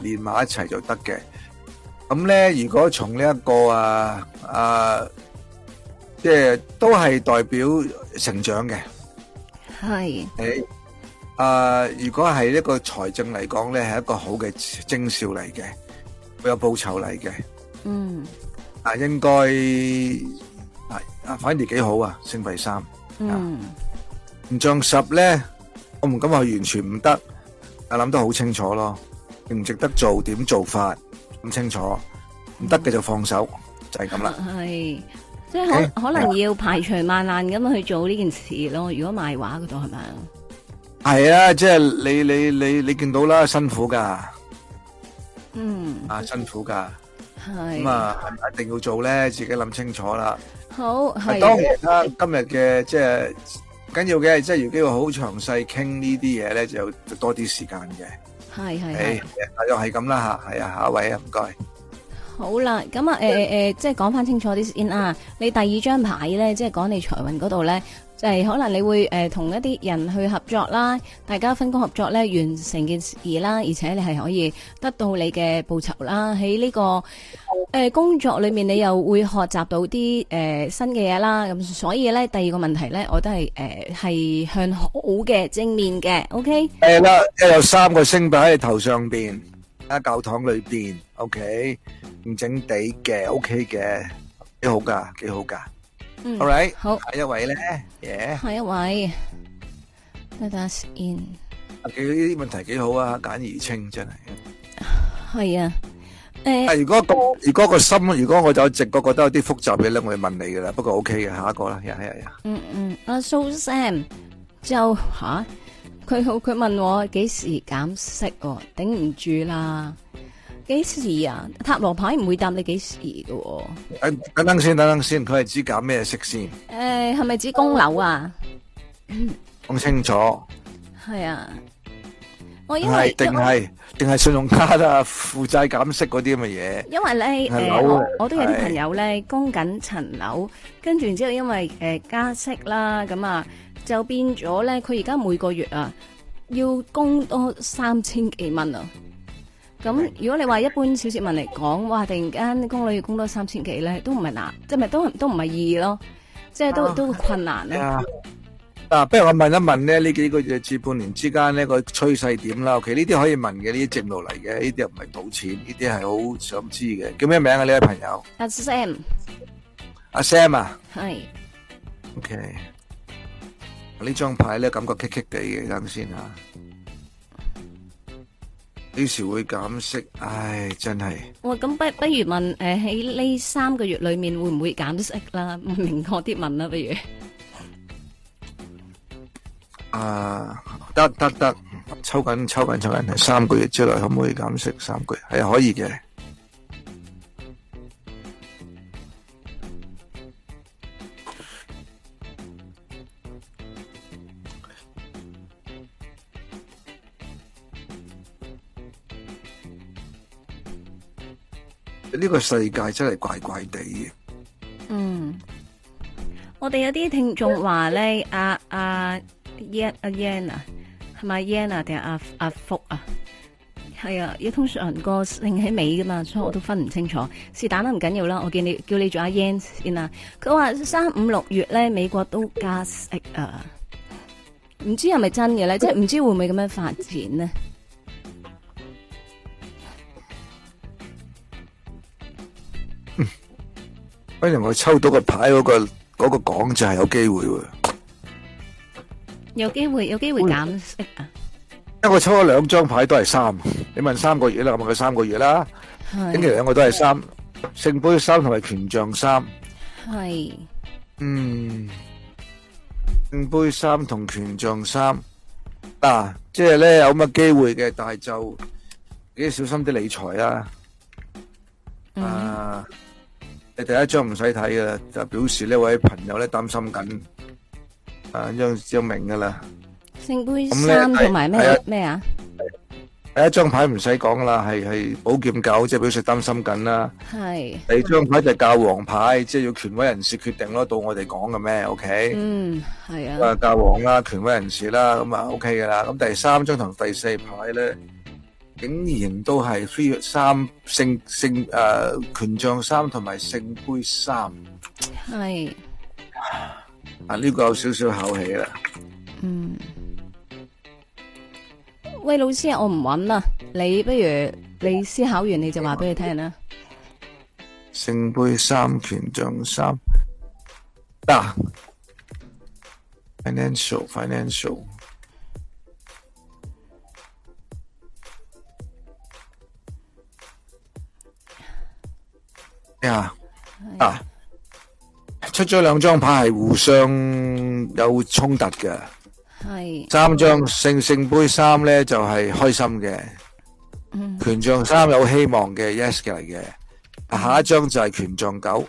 B: 連埋一齊就得嘅。咁咧，如果從呢一個啊、啊、即係、都係代表成長嘅。係，誒，啊，如果係一個財政嚟講咧，係一個好嘅徵兆嚟嘅，會有報酬嚟嘅，嗯，啊，應該係啊，反而幾好啊，升為三，嗯，唔像十咧，我唔敢話完全唔得，啊，諗得好清楚咯，值唔值得做點做法咁清楚，唔得嘅就放手，就係咁啦。係。
A: 即係可、欸、可能要排除萬難咁去做呢件事咯。如果賣畫嗰度係咪啊？
B: 係啊，即係你你你你見到啦，辛苦噶。
A: 嗯。
B: 嗯啊，辛苦噶。
A: 係。咁啊，
B: 係咪一定要做咧，自己諗清楚啦。
A: 好係。當然
B: 啦，今日嘅即係緊要嘅，即係如果要好詳細傾呢啲嘢咧，就有多啲時間嘅。係係係。又係咁啦吓，係啊，下一位啊，唔該。
A: 好啦，咁啊，誒、呃、誒、呃，即係講翻清楚啲先啊！你第二張牌咧，即係講你財運嗰度咧，就係、是、可能你會誒同、呃、一啲人去合作啦，大家分工合作咧，完成件事啦，而且你係可以得到你嘅報酬啦。喺呢、這個誒、呃、工作裏面，你又會學習到啲誒、呃、新嘅嘢啦。咁所以咧，第二個問題咧，我都係誒係向好嘅正面嘅，OK？係、嗯、啦，有
B: 三個星幣喺你頭上邊。喺教堂裏邊，OK，唔整地嘅 OK 嘅，幾好噶，幾好噶。好，Alright，下一位咧，
A: 係一位，Let us in。
B: 啊，幾呢啲問題幾好啊，簡而清真係。
A: 係啊，誒，如
B: 果咁，如果個心，如果我就直覺覺得有啲複雜畀你，我哋問你噶啦。不過 OK 嘅，下一個啦，呀呀呀。嗯
A: 嗯，啊，Susan，就吓。佢好，佢問我幾時減息？頂唔住啦！幾時啊？塔羅牌唔會答你幾時噶。
B: 等等等先，等等先，佢係指減咩息
A: 先？誒，係咪指供樓啊？講清楚。係啊。係，定係
B: 定係信用卡啊，負債減息嗰啲咁嘅嘢。因為咧，誒，我都有啲朋友
A: 咧供緊層樓，跟住然之後因為誒加息啦，咁啊就變咗咧，佢而家每個月啊要供多三千幾蚊啊。咁如果你話一般小市民嚟講，哇！突然間供到要供多三千幾咧，都唔係難，即係咪都都唔係易咯，即係都都困難啊。
B: 嗱，不如我問一問咧，呢幾個月至半年之間呢個趨勢點啦？其實呢啲可以問嘅，呢啲正路嚟嘅，呢啲又唔係賭錢，呢啲係好想知嘅。叫咩名啊？呢位朋友？
A: 阿 Sam，阿 Sam 啊？係
B: ，OK，呢張牌咧感覺棘棘地嘅，等陣先啊。幾時會減息？唉，真係。
A: 哇，咁不不如問誒喺呢三個月裏面會唔會減息啦？明確啲問啦，不如。
B: 啊，得得得，抽緊抽緊抽緊，係三個月之內可唔可以減息？三個月係可以嘅。呢個世界真係怪怪地。嗯，
A: 我哋有啲聽眾話咧，阿阿。阿 y n 啊，係咪 yen 啊定係阿阿福啊？係啊，一、啊、通常個姓喺尾噶嘛，所以我都分唔清楚。是但啦，唔緊要啦。我叫你叫你做阿 y n 先啦。佢話三五六月咧，美國都加息啊，唔知係咪真嘅咧？即係唔知道會唔會咁樣發展咧？
B: 不如我抽到個牌、那個，嗰、那個個講就係有機會喎。
A: 有機
B: 會，有機會減息啊！因為我抽咗兩張牌都係三，你問三個月啦，我問佢三個月啦。
A: 星期
B: 兩個都係三，聖杯三同埋權杖三。係。嗯，聖杯三同權杖三，嗱，即係咧有乜機會嘅，但係就，你要小心啲理財啊。嗯。你第一張唔使睇噶，就表示呢位朋友咧擔心緊。啊，張張明噶啦，
A: 聖杯三同埋咩咩啊？
B: 第一張牌唔使講噶啦，係係寶劍九，即係表示擔心緊啦。係。第二張牌就教皇牌，即係要權威人士決定咯，到我哋講嘅咩？O K？
C: 嗯，係啊。啊，教皇
B: 啦，權威人士啦，咁啊 O K 噶啦。咁第三張同第四牌咧，竟然都係 three 三聖聖誒權杖三同埋聖杯三。
A: 係。
B: 啊！呢、個有少少考起啦。嗯。
A: 喂，老師，我唔揾啦。你不如你思考完，你就話畀佢聽啦。
B: 聖杯三權杖三。嗱、啊。Financial，financial financial。哎、呀。啊。哎出咗兩張牌係互相有衝突嘅，係三張聖聖杯三咧就係開心嘅，嗯，權杖三有希望嘅 yes 嚟嘅，下一張就係權杖九，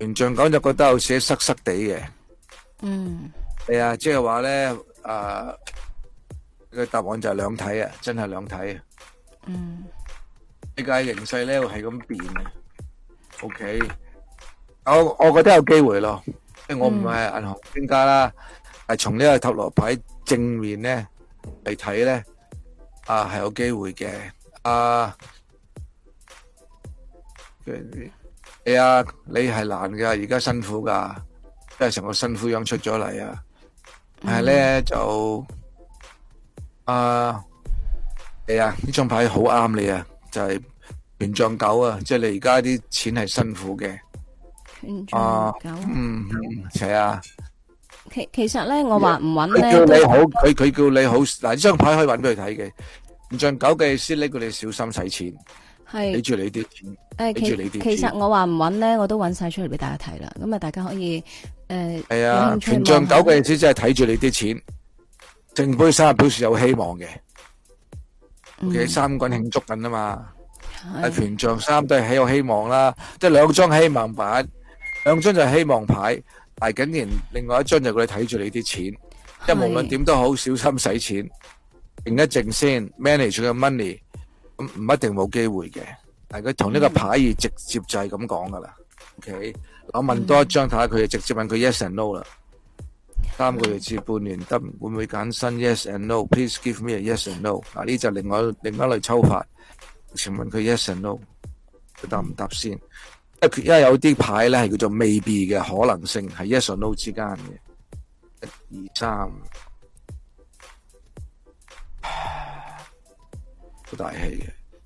B: 權杖九就覺得好似啲塞塞地
C: 嘅，
B: 嗯，係啊，即係話咧，誒，個答案就係兩睇啊，真係兩睇啊，
C: 嗯，
B: 世界形勢咧係咁變啊，OK。我我覺得有機會咯，因為我唔係銀行專家啦，係從呢個塔羅牌正面咧嚟睇咧，啊係有機會嘅。啊，係啊，你係、啊、難噶，而家辛苦噶，即係成個辛苦樣出咗嚟、嗯、啊。
A: 但係咧
B: 就啊，係啊，呢張牌好啱你、就是、權杖九啊，就係權杖九啊，即係你而家啲錢係辛苦嘅。
A: 啊，
C: 嗯，
B: 係啊。
A: 其其實咧，我話唔搵咧，叫你好
B: 佢佢叫你好嗱，呢張牌可以搵俾佢睇嘅。權杖九嘅意思呢？叫你小心使錢，
A: 係俾住你啲，欸、住你啲。其實我話唔搵咧，我都搵晒出嚟俾大家睇啦。咁啊，大家可以誒，係、呃、啊，權杖九嘅意思
B: 即係睇住你啲錢。聖杯三表示有希望嘅，
C: 其、嗯、實
B: 三個人慶祝緊啊嘛，
C: 係權
B: 杖三都係起有希望啦，即係兩張希望牌。兩張就係希望牌，但竟然另外一張就佢睇住你啲錢，
A: 即係無論點
B: 都好小心使錢，靜一靜先 manage 嘅 money 唔、嗯、一定冇機會嘅，但係佢同呢個牌而直接就係咁講噶啦。OK，我問多一張睇下佢直接問佢 yes and no 啦，三個月至半年得會唔會減薪 yes and no，please give me a yes and no。啊呢就另外另一類抽法，詢問佢 yes and no，答唔答先？嗯因為有啲牌咧係叫做 maybe 嘅，可能性係 yes or no 之間嘅，一、二、三，唉，好大氣嘅。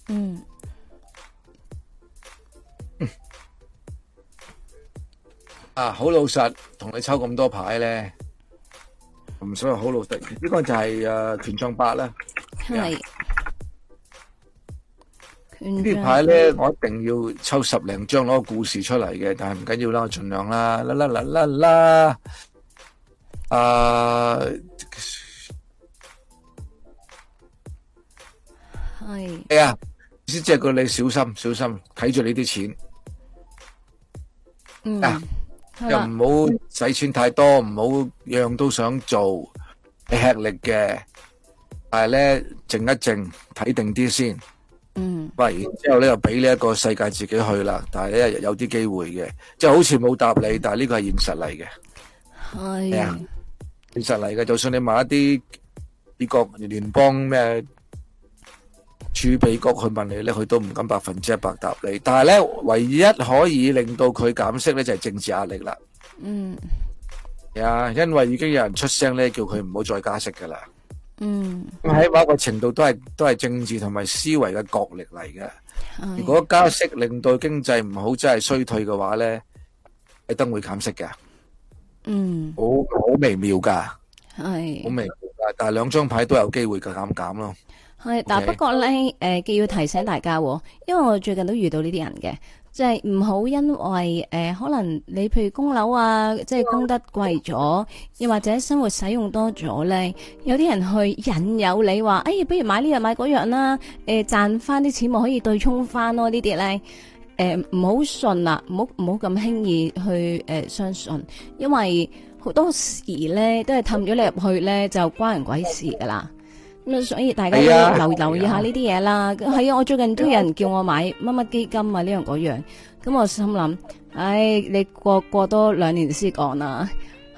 B: 嗯。啊，好老實，同你抽咁多牌咧，唔想話好老實，呢個就係誒團狀八啦。
A: 係、嗯。呢排咧，
B: 我一定要抽十零張攞個故事出嚟嘅，但係唔緊要啦，我盡量啦，啦啦啦啦啦，啊，係，哎呀，即係叫你小心小心，睇住你啲錢，嗯，又唔好使錢太多，唔好樣都想做，你吃力嘅，但係咧靜一靜，睇定啲先。嗯，唔係，之後咧又俾呢一個世界自己去啦。但係咧有啲機會嘅，即係好似冇答你，但係呢個係現實嚟嘅，
A: 係啊、嗯，
B: 現實嚟嘅。就算你買一啲啲國聯邦咩儲備局去問你咧，佢都唔敢百分之一百答你。但係咧，唯一可以令到佢減息咧，就係、是、政治壓力啦。嗯，呀，因為已經有人出聲咧，叫佢唔好再加息噶啦。嗯，喺某個程度都係都係政治同埋思維嘅角力嚟嘅。
C: 如果加息
B: 令到經濟唔好，真係衰退嘅話咧，係都會減息噶
C: 嗯，
B: 好好微妙噶係
A: 好微
B: 妙噶但係兩張牌都有機會嘅減減咯。係
A: ，okay？但不過咧，誒，既要提醒大家，因為我最近都遇到呢啲人嘅。即係唔好因為誒、呃，可能你譬如供樓啊，即係供得貴咗，又或者生活使用多咗咧，有啲人去引誘你話，哎呀，不如買呢、這、樣、個、買嗰樣啦，誒賺翻啲錢，咪可以對沖翻咯。呢啲咧誒唔好信啦，唔好唔好咁輕易去誒、呃、相信，因為好多時咧都係氹咗你入去咧，就關人鬼事噶啦。所以大家要留留意下呢啲嘢啦，係啊！我最近都有人叫我買乜乜基金啊，呢樣嗰樣，咁我心諗，唉，你過過多兩年先講啦，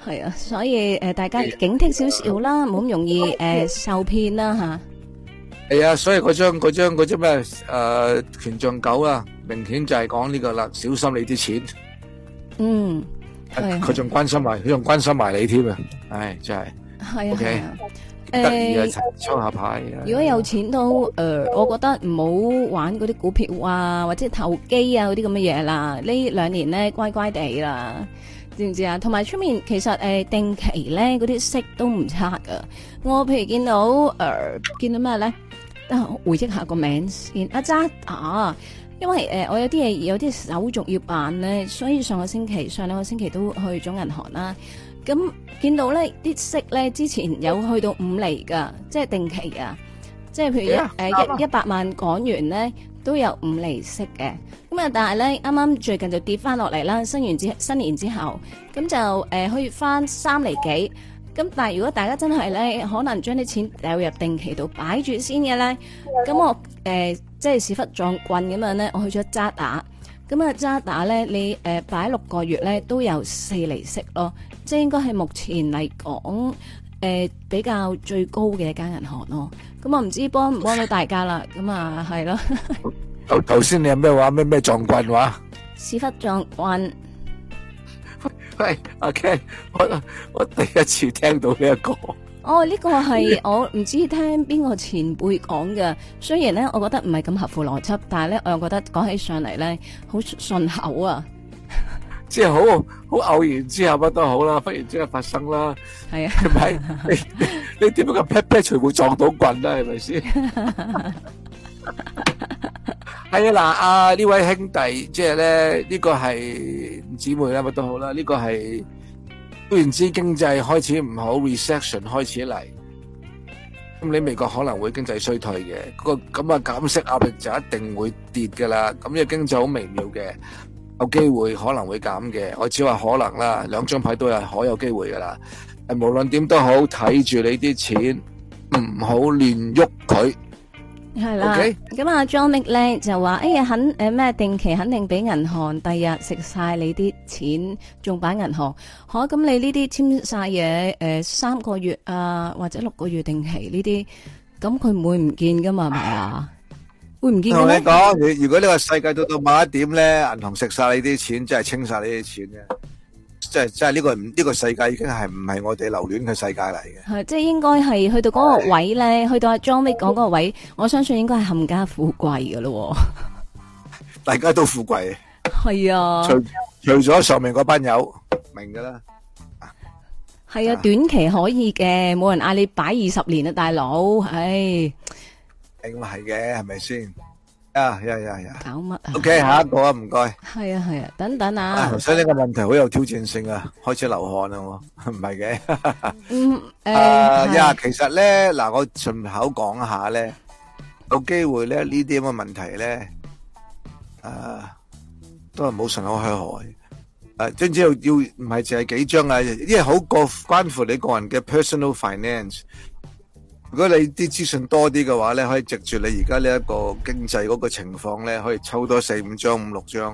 A: 係啊！所以誒，大家警惕少少啦，唔好咁容易誒受騙啦吓。
B: 係啊，所以嗰張嗰張嗰張咩誒權杖九啊，明顯就係講呢個啦，小心你啲錢。嗯，
A: 佢仲
B: 關心埋，佢仲關心埋你添啊！唉，真係。係啊。
A: 誒、啊，搓下、欸、牌。如果有錢都，誒、呃嗯，我覺得唔好玩嗰啲股票啊，或者投機啊嗰啲咁嘅嘢啦。兩呢兩年咧乖乖地啦，知唔知啊？同埋出面，其實誒、呃、定期咧嗰啲息都唔差噶。我譬如見到，誒、呃，見到咩咧？得、啊、回憶下個名先。阿渣，啊，因為誒、呃、我有啲嘢有啲手續要辦咧，所以上個星期上兩個星期都去咗銀行啦。咁見到咧啲息咧，之前有去到五厘噶，即係定期㗎、啊。即係譬如一誒一一百萬港元咧，都有五厘息嘅。咁啊，但係咧啱啱最近就跌翻落嚟啦。新年之新年之後，咁就誒、呃、去翻三厘幾。咁但係如果大家真係咧，可能將啲錢掉入定期度擺住先嘅咧，咁我誒、呃、即係屎忽撞棍咁樣咧，我去咗渣打。咁啊渣打咧，你誒、呃、擺六個月咧都有四厘息咯。即係應該係目前嚟講，誒比較最高嘅一間銀行咯。咁我唔知幫唔幫到大家啦。咁啊係咯。
B: 頭頭先你有咩話？咩咩撞棍話？
A: 屎忽撞棍。
B: 喂，OK，我我第一次聽到呢一個。
A: 哦，呢個係我唔知聽邊個前輩講嘅。 雖然咧，我覺得唔係咁合乎邏輯，但係咧，我又覺得講起上嚟咧，好順口啊。
B: 即係好好偶然之下乜都好啦，忽然之間發生啦，
A: 係啊，係咪？
B: 你點解個 pat pat 會撞到棍咧？係咪先？係啊，嗱，阿呢位兄弟，即係咧，呢個係姊妹啦，乜都好啦，呢個係雖然之經濟開始唔好，recession 開始嚟，咁你美國可能會經濟衰退嘅，個咁啊減息壓力就一定會跌噶啦，咁呢個經濟好微妙嘅。有機會可能會減嘅，我只話可能啦。兩張牌都有可有機會噶啦。無論點都好，睇住你啲錢，唔好亂喐佢。
A: 係啦，OK，咁阿 Johnny 咧就話，哎呀，肯誒咩、呃、定期肯定俾銀行第日食晒你啲錢，仲擺銀行。好，咁你呢啲簽晒嘢，誒、呃、三個月啊或者六個月定期呢啲，咁佢唔會唔見噶嘛？係咪啊？同你講，
B: 如果呢個世界到到某一點咧，銀行食晒你啲錢，真係清晒你啲錢嘅，即係即係呢個呢、呢個世界已經係唔係我哋留戀嘅世界嚟嘅。
A: 係即係應該係去到嗰個位咧，去到阿 Johnny 講嗰個位，我相信應該係冚家富貴噶咯。
B: 大家都富貴，
A: 係啊，除
B: 除咗上面嗰班友，明噶啦。
A: 係啊，短期可以嘅，冇人嗌你擺二十年啊，大佬，唉。
B: 咁啊係嘅，係咪先？係啊係啊係啊，搞乜啊？OK，下一個啊，唔該。
A: 係啊係啊，等等啊。頭先
B: 呢個問題好有挑戰性啊，開始流汗啦，唔係嘅。嗯
A: 誒呀，
B: 其實咧嗱，我順口講下咧，有機會咧呢啲咁嘅問題咧，誒，都係冇順口開河。誒，總之要要唔係淨係幾張啊，因為好過關乎你個人嘅 personal finance。如果你啲資訊多啲嘅話咧，可以藉住你而家呢一個經濟嗰個情況咧，可以抽多四五張五六張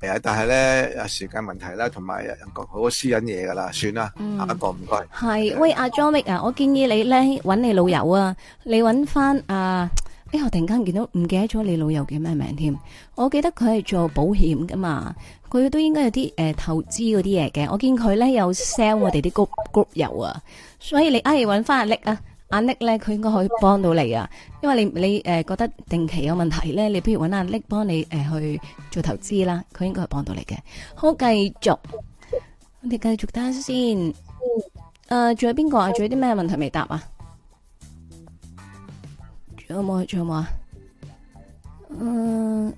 B: 係啊。但係咧，時間問題啦，同埋個好私隱嘢噶啦，算啦，嗯。下一個唔該
A: 係，喂，阿 Joe 啊，我建議你咧，揾你老友啊，你揾翻啊，哎呀，我突然間見到唔記得咗你老友叫咩名添？我記得佢係做保險噶嘛，佢都應該有啲、啊、投資嗰啲嘢嘅。我見佢咧有 sell 我哋啲 group group 友啊，所以你哎揾翻阿力啊。阿 Nick 咧，佢應該可以幫到你啊，因為你你誒、呃、覺得定期有問題咧，你不如搵阿 Nick 幫你誒、呃、去做投資啦，佢應該係幫到你嘅。好，繼續，我哋繼續睇下先。誒、呃，仲有邊個啊？仲有啲咩問題未答啊？仲有冇？仲有冇啊？嗯、呃。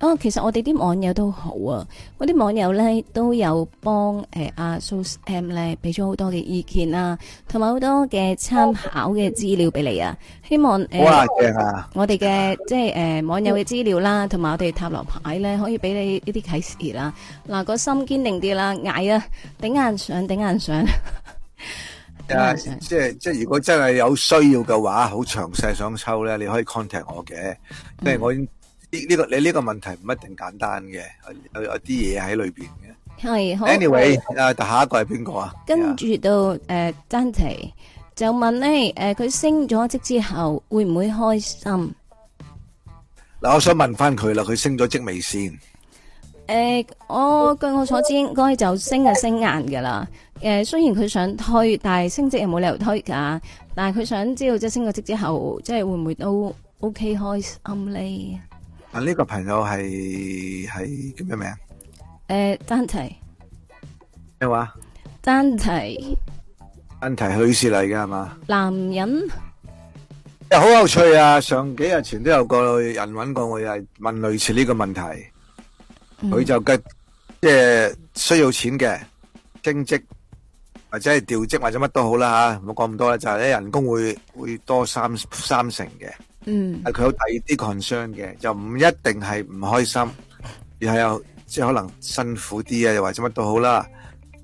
A: 哦，其實我哋啲網友都好啊，我啲網友咧都有幫誒阿 Sosam 咧俾咗好多嘅意見啦、啊，同埋好多嘅參考嘅資料俾你啊，希望誒、呃，我哋嘅即係誒、呃、網友嘅資料啦，同、嗯、埋我哋塔羅牌咧可以俾你呢啲啟示啦。嗱、呃，個心堅定啲啦，嗌啊，頂硬上，頂硬上，、啊、 頂硬上。
B: 即係即係，如果真係有需要嘅話，好詳細想抽咧，你可以 contact 我嘅、嗯，即係我已。呢呢個你呢個問題唔一定簡單嘅，有有啲嘢，喺裏邊
A: 嘅。係。Anyway，
B: 誒，下一個係邊個啊？
A: 跟住到誒，Dante 就問咧，誒，佢升咗職之後會唔會開心？
B: 嗱，我想問翻佢啦，佢升咗職未先？
A: 誒，我據我所知，應該就升啊升硬噶啦。誒，雖然佢想推，但係升職又冇理由推噶。但係佢想知道，即係升咗職之後，即係會唔會都 OK 開心咧？
B: 啊！呢個朋友係係叫咩名？
A: 誒，張齊。
B: 咩話？
A: 張齊。
B: 問題女士嚟嘅係嘛？
A: 男人。
B: 好有趣啊！上幾日前都有個人揾過我，又係問類似呢個問題。
C: 佢就
B: 嘅即係需要錢嘅升職，或者係調職，或者乜都好啦吓，唔好講咁多啦。就係咧，人工會會多三三成嘅。嗯，係佢有第二啲 concern 嘅，就唔一定係唔開心，而係又有即係可能辛苦啲啊，又或者乜都好啦。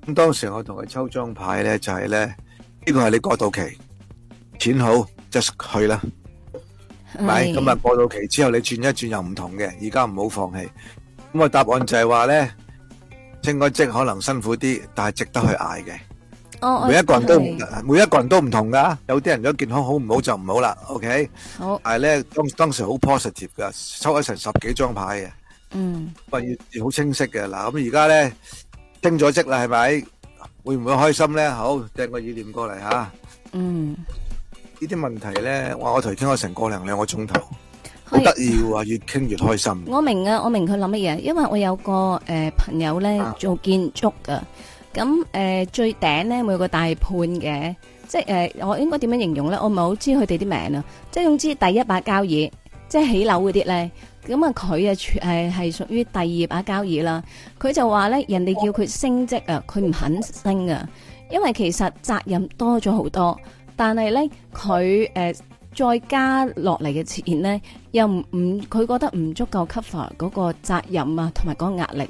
B: 咁當時我同佢抽張牌咧，就係、是、咧呢、呢個係你過到期，錢好，just 去啦。
C: 咪，今日
B: 過到期之後你轉一轉又唔同嘅，而家唔好放棄。咁啊，答案就係話咧，升個職可能辛苦啲，但係值得去挨嘅。
C: 每一個人都唔，
B: 每一個人都唔同噶。有啲人如果健康好唔好就唔好啦。OK，好。但係咧當當時好 positive 噶，抽咗成十幾張牌。
C: 嘅。
B: 嗯，問要好清晰嘅。嗱，咁而家咧升咗職啦，係咪？會唔會開心咧？好，掟個意念過嚟吓。嗯，呢啲問題咧，我我同佢傾咗成個零兩個鐘頭，
A: 好得意
B: 喎，越傾越開心。
A: 我明啊，我明佢諗乜嘢，因為我有個誒朋友咧做建築噶。咁誒、呃，最頂咧，每個大判嘅，即係誒、呃，我應該點樣形容咧？我唔係好知佢哋啲名啊，即係總之第一把交椅，即係起樓嗰啲咧。咁啊，佢、呃、啊，係係屬於第二把交椅啦。佢就話咧，人哋叫佢升職啊，佢唔肯升啊，因為其實責任多咗好多。但係咧，佢誒、呃、再加落嚟嘅錢咧，又唔唔，佢覺得唔足夠 cover 嗰個責任啊，同埋嗰個壓力。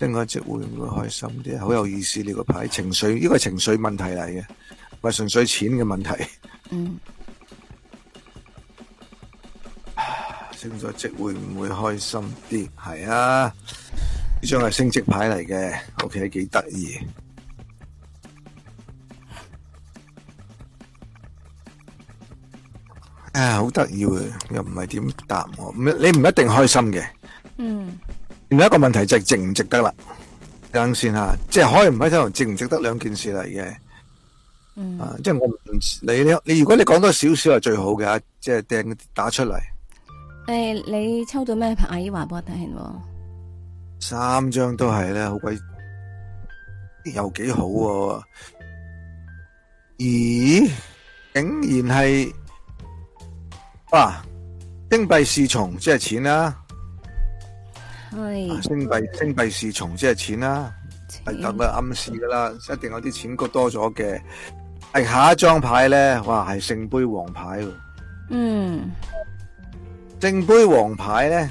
B: 升咗職會唔會開心啲？好有意思呢個牌，情緒呢個係情緒問題嚟嘅，唔係純粹錢嘅問題。
C: 嗯。
B: 啊、升咗職會唔會開心啲？係啊，呢張係升職牌嚟嘅。OK，幾得意。啊，好得意啊！又唔係點答我？唔，你唔一定開心嘅。嗯。另外一個問題就係值唔值得啦，等先下，即係開唔開頭、值唔值得兩件事嚟嘅。
A: 嗯，
B: 啊，即係我你你如果你講多少少係最好嘅，即係掟打出嚟。
A: 誒、欸，你抽到咩牌？阿姨話俾我睇，
B: 三張都係咧，有好鬼又幾好。咦、欸？竟然係，哇金幣侍從即係錢啦、啊。星幣星幣侍從即係錢啦，係咁嘅暗示噶啦，一定有啲錢谷多咗嘅。係下一張牌咧，哇，係聖杯王牌。嗯，聖杯王牌咧，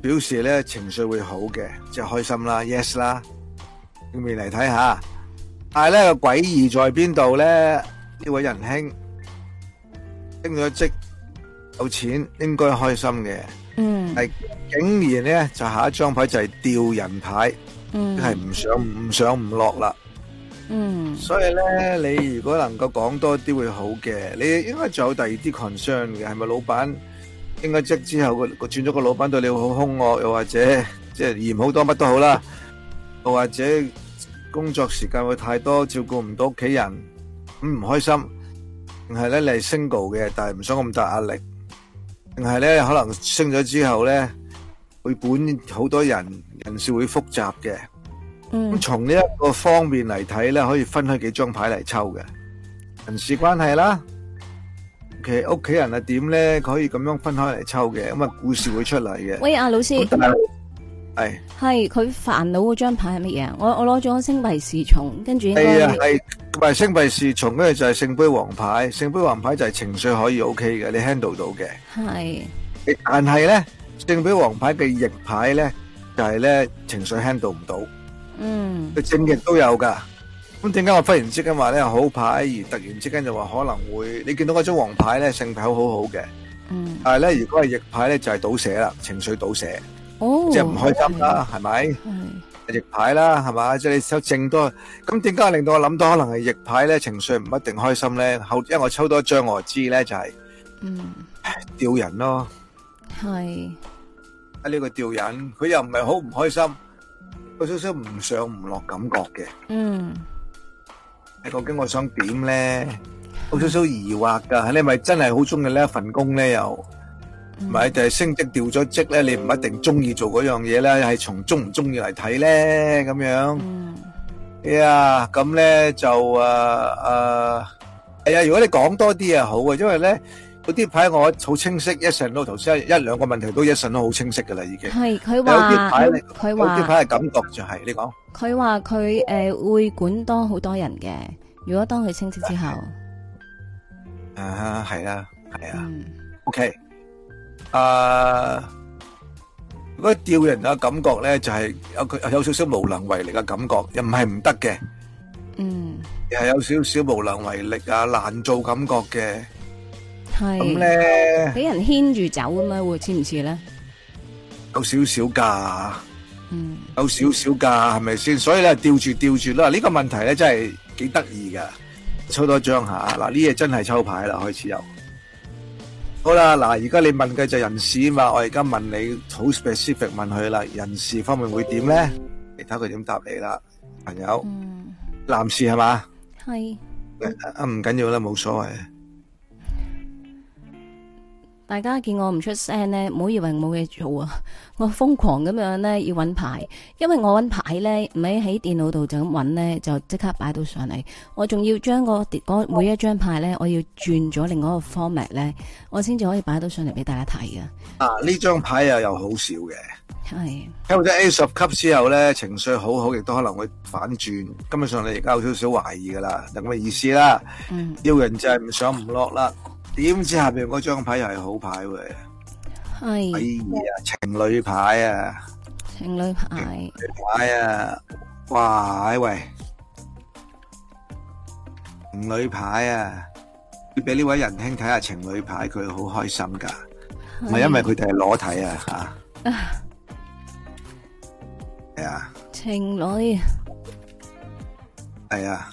B: 表示咧，情緒會好嘅，即係開心啦、嗯，yes 啦。未嚟，睇下，但係咧個詭異在邊度咧？呢位仁兄升咗職，有錢應該開心嘅。嗯，係竟然咧，就下一張牌就係吊人牌，係唔上唔想唔落啦。嗯，所以咧，你如果能夠講多啲會好嘅，你應該仲有第二啲 concern 嘅，係咪老闆應該即之後個轉咗個老闆對你會好凶惡，又或者即係嫌好多乜都好啦，又或者工作時間會太多，照顧唔到屋企人咁唔開心，係咧你係 single 嘅，但係唔想咁大壓力。定係咧，可能升咗之後咧，會本好多人人事會複雜嘅。嗯。咁從呢一個方面嚟睇咧，可以分開幾張牌嚟抽嘅。人事關係啦，其實屋企人係點咧，可以咁樣分開嚟抽嘅。咁啊，故事會出嚟嘅。喂，
A: 阿老師。係，係佢煩惱嗰張牌係乜嘢啊？我我攞咗星幣侍從，跟住應該係啊，
B: 係唔係星幣侍從咧？是就係聖杯王牌，聖杯王牌就係情緒可以 O K 嘅，你 handle 到嘅。係，但係咧聖杯王牌嘅逆牌咧就係、是、咧情緒 handle 唔到。嗯，正逆都有噶。咁點解我忽然之間話咧好牌，而突然之間就話可能會你見到嗰張王牌咧性牌好好嘅。嗯，但係咧如果係逆牌咧就係、是、倒瀉啦，情緒倒瀉。即係唔開心啦，係咪？逆牌啦，係嘛？即係你抽正多，咁點解令到我諗到可能係逆牌咧？情緒唔一定開心咧。後因為我抽多一張，我知咧就係，嗯，
A: 吊人咯。係喺
B: 呢個吊人，佢又唔係好唔開心，有少少唔上唔落感覺嘅。嗯，係究竟我想點咧？我少少疑惑噶，你咪真係好中意呢一份工咧又？唔係就係升職調咗職咧，你唔一定中意做嗰樣嘢咧，係從中唔中意嚟睇咧咁樣。嗯，哎呀，咁咧就誒誒，係啊！如果你講多啲啊好啊，因為咧嗰啲牌我好清晰，一陣都頭先一兩個問題都一陣都好清晰噶啦已經。
A: 係佢話，佢話，佢話係
B: 感覺就係你講。
A: 佢話佢誒會管多好多人嘅，如果當佢升職之後，
B: 啊係啊係啊，OK。啊！如果吊人嘅感覺咧，就係有佢有少少無能為力嘅感覺，又唔係唔得嘅，嗯，又係有少少無能為力啊，難做感覺嘅，
A: 係咁咧，俾人牽住走咁樣，會似唔似咧？
B: 有少少噶，嗯，有少少噶，係咪先？所以咧，吊住吊住啦，呢個問題咧，真係幾得意噶，抽多張吓，嗱，呢嘢真係抽牌啦，開始有。好啦，嗱，而家你問嘅就人事嘛，我而家問你好 specific 問佢啦，人事方面會點咧？你睇佢點答你啦，朋友。嗯，男士係嘛？係。啊，唔緊要啦，冇所謂。
A: 大家見我唔出聲咧，唔好以為冇嘢做啊！我瘋狂咁樣咧要揾牌，因為我揾牌咧唔係喺電腦度就咁揾咧，就即刻擺到上嚟。我仲要將個每一張牌咧，我要轉咗另外一個 format 咧，我先至可以擺到上嚟俾大家睇嘅。
B: 啊，呢張牌又又好少嘅。係睇到啲 A 十級之後咧，情緒好好，亦都可能會反轉。今日上嚟，而家有少少懷疑噶啦，就咁、是、嘅意思啦。嗯，要人就係唔想唔落啦。點知下邊嗰張牌又係好牌喎？
A: 係啊，
B: 情侶牌啊，
A: 情侶牌，
B: 牌啊，哇！喂，情侶牌啊，你俾呢位仁兄睇下情侶牌，佢好開心噶，
A: 唔係因為
B: 佢哋係裸體啊
A: 吓？係啊，情侶
B: 係啊，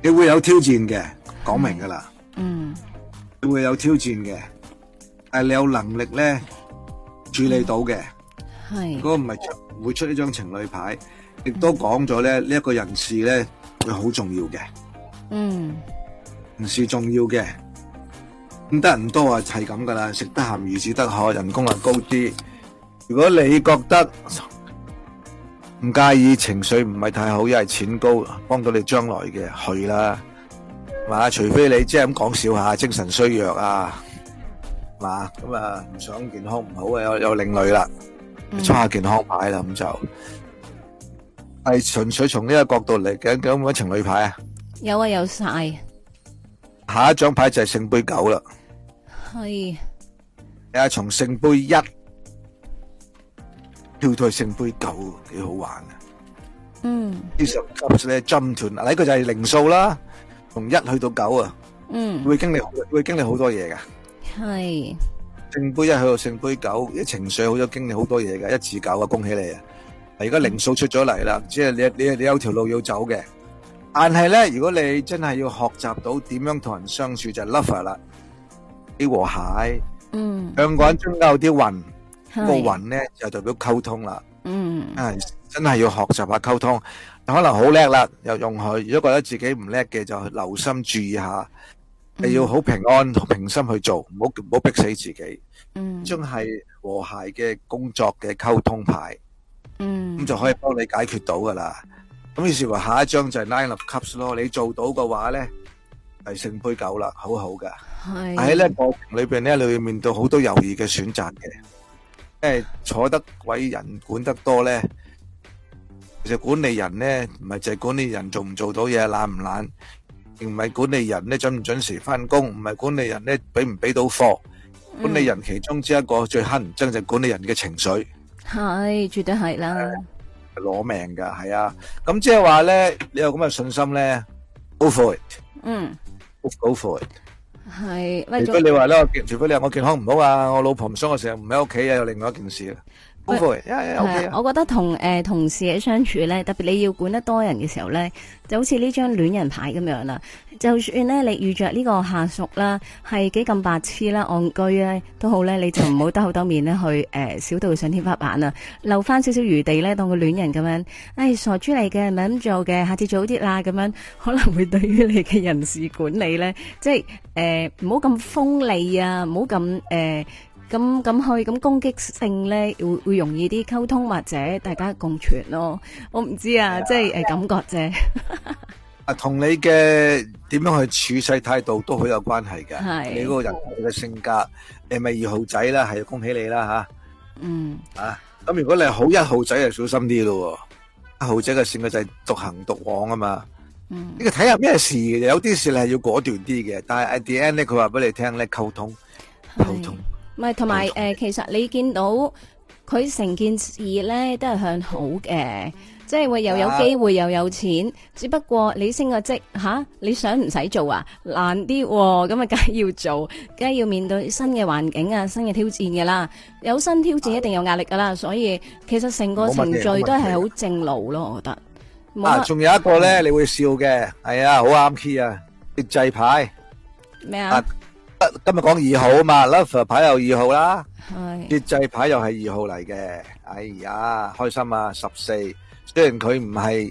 B: 你會有挑戰嘅，講明噶啦，嗯。會有挑戰嘅，但、啊、你有能力咧處理到嘅，係嗰個唔係會出呢張情侶牌，亦、嗯、都講咗咧呢一個人事咧會好重要嘅，嗯，人事重要嘅，咁得人多啊，係咁噶啦，食得鹹魚抵得渴，人工啊高啲，如果你覺得唔介意情緒唔係太好，因為錢高，幫到你將來嘅去啦。嘛，除非你即係咁講笑吓，精神衰弱啊，嘛咁啊唔想健康唔好啊，有有另類，啦，抽下健康牌啦，咁就係純粹從呢個角度嚟嘅，咁有冇情侶牌啊？
A: 有啊，有晒，
B: 下一張牌就係聖杯九啦，係啊，從聖杯一跳到聖杯九幾好玩
A: 嘅，
B: 嗯，呢十級咧 jump turn，呢個就係靈數啦。從一去到九啊，
A: 嗯，會經
B: 歷，會經歷好多嘢㗎，
A: 係
B: 聖杯一去到聖杯九，啲情緒好多經歷好多嘢㗎，一至九啊，恭喜你啊！而家靈數出咗嚟啦，即係你你你有條路要走嘅。但係咧，如果你真係要學習到點樣同人相處，就係 lover 啦，啲和諧，
C: 嗯，兩
B: 個人中間有啲雲，
C: 個雲
B: 咧就代表溝通啦，嗯，係真係要學習下溝通。可能好叻啦，又用佢，如果覺得自己唔叻嘅，就留心注意下、嗯，你要好平安、平心去做，唔好唔好逼死自己。嗯，將係和諧嘅工作嘅溝通牌，
C: 嗯，咁就可以
B: 幫你解決到噶啦。咁於是乎，下一張就係 Nine of Cups 咯。你做到嘅話咧，係聖杯九啦，好好噶。
C: 係喺呢
B: 個裏邊咧，你要面對好多猶豫嘅選擇嘅，即係坐得鬼人管得多咧。其實管理人咧，唔係淨係管理人做唔做到嘢懶唔懶，而唔係管理人咧準唔準時翻工，唔係管理人咧俾唔俾到貨，
A: 管理人
B: 其中之一個最乞人憎，就係管理人嘅情緒。
A: 係，絕對係啦，
B: 攞命噶，係啊。咁即係話咧，你有咁嘅信心咧，Go for it。嗯，Go for it。
A: 係，如果你話咧，
B: 除非你話我健康唔好啊，我老婆唔想我成日唔喺屋企啊，有另外一件事。Yeah,
A: yeah, okay、我覺得同誒、呃、同事嘅相處呢，特別你要管得多人嘅時候呢，就好似呢張戀人牌咁樣啦。就算咧你遇着呢個下屬啦，係幾咁白痴啦、戇居咧都好呢，你就唔好得好多面咧去誒、呃，小到上天花板啊，留翻少少餘地呢。當個戀人咁樣。唉、哎，傻豬嚟嘅，咪咁做嘅，下次早啲啦咁樣，可能會對於你嘅人事管理呢，即係誒唔好咁鋒利啊，唔好咁誒。呃咁咁去咁攻擊性咧，會會容易啲溝通或者大家共存咯。我唔知啊，即係誒感覺啫。
B: 啊，同你嘅點樣去處世態度都好有關係嘅。係你嗰個人嘅性格，誒咪二號仔啦，係要恭喜你啦吓。嗯啊，咁如果你係好一號仔，就小心啲咯。一號仔嘅性格就係獨行獨往啊嘛。
A: 嗯，
C: 呢
B: 個睇下咩事，有啲事你係要果斷啲嘅。但係誒，at the end 咧，佢話俾你聽咧，溝通
A: 溝通。唔係，同埋誒，其實你見到佢成件事咧都係向好嘅，即係會又有機會又有錢，啊。只不過你升個職吓，啊，你想唔使做啊難啲，哦，咁啊梗係要做，梗係要面對新嘅環境啊，新嘅挑戰嘅啦。有新挑戰一定有壓力噶啦，所以其實成個程序都係好正路咯，我覺得。啊，仲有一個咧，嗯，你
B: 會笑嘅，係、哎、啊，好啱 key 啊，啲掣牌。
A: 咩啊？
B: 今日講二號啊嘛，Lover 牌又二號啦，節制牌又係二號嚟嘅，哎呀，開心啊！十四，雖然佢唔係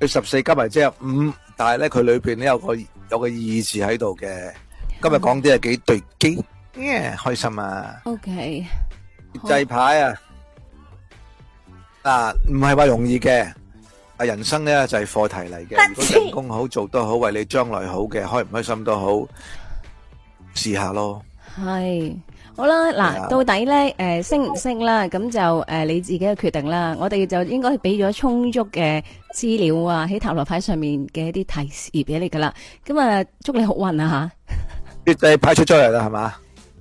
B: 佢十四加埋即係五，但係咧佢裏邊咧有個有個意二字喺度嘅。今日講啲係幾對機，開心啊
A: ！O、okay, K，節制
B: 牌啊，嗱，唔係話容易嘅，係人生咧就係、是、課題嚟嘅。如果成功好，做都好，為你將來好嘅，開唔開心都好。試下咯，
A: 係好啦，嗱，到底咧誒升唔升啦？咁就誒你自己嘅決定啦。我哋就應該俾咗充足嘅資料啊，喺塔羅牌上面嘅一啲提示俾你噶啦。咁啊，祝你好運啊吓！
B: 絕對派出咗嚟啦，係嘛？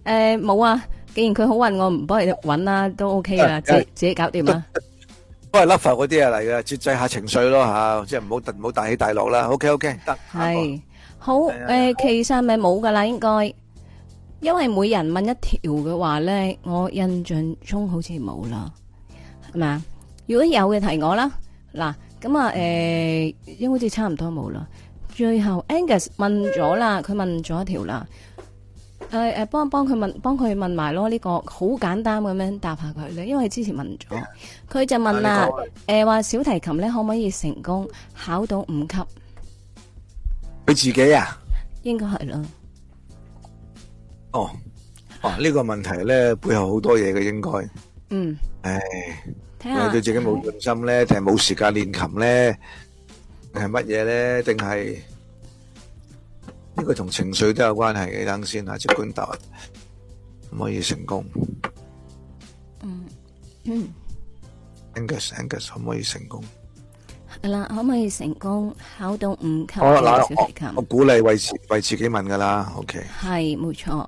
A: 誒冇啊，既然佢好運，我唔幫你揾啦，都 OK 噶，自自己搞掂啦。
B: 都係 level 嗰啲啊嚟嘅，節制下情緒咯吓，即係唔好唔好大起大落啦。OK OK，得
A: 係好誒，其實咪冇噶啦，應該。因為每人問一條嘅話咧，我印象中好似冇啦，係咪啊？如果有嘅提我啦，嗱咁啊，誒、呃，應該好似差唔多冇啦。最後 Angus 問咗啦，佢問咗一條啦，誒、呃、誒，幫幫佢問，幫佢問埋咯。呢、這個好簡單咁樣答下佢咧，因為之前問咗，佢就問啦，誒、啊、話、呃、說小提琴咧可唔可以成功考到五級？
B: 佢自己啊，
A: 應該係啦。
B: 哦，哦，呢個問題咧，背後好多嘢，嘅應該，
C: 嗯，唉，對自己冇信
B: 心咧，定係冇時間練琴咧，定係乜嘢咧？定係呢個同情緒都有關係嘅。等先啊，接官豆可唔可以成功？嗯，嗯，Angus，Angus 可唔可以成功？
A: 係啦，可唔可以成功考到五級？我
B: 我鼓勵為為自己問噶啦，OK，
A: 係，冇錯。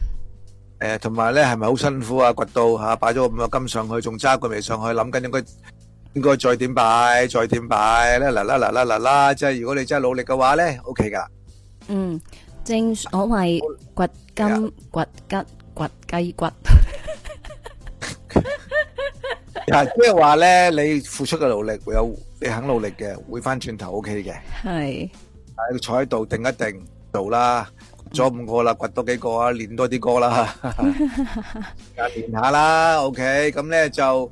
B: 誒，同埋咧，係咪好辛苦啊？掘到吓，擺咗五個金上去，仲揸佢未上去，諗緊應該應該再點擺，再點擺咧？啦啦啦啦啦啦！即係如果你真係努力嘅話咧，O K 噶。嗯，
A: 正所謂掘金掘吉掘雞骨。嗱，即係話咧，你
B: 付出嘅努力，會有你肯努力嘅，會翻轉頭 O K 嘅。係。你坐喺度，定一定做啦。咗五個啦，掘多幾個啊，練多啲歌啦，時間練下啦。OK，咁咧就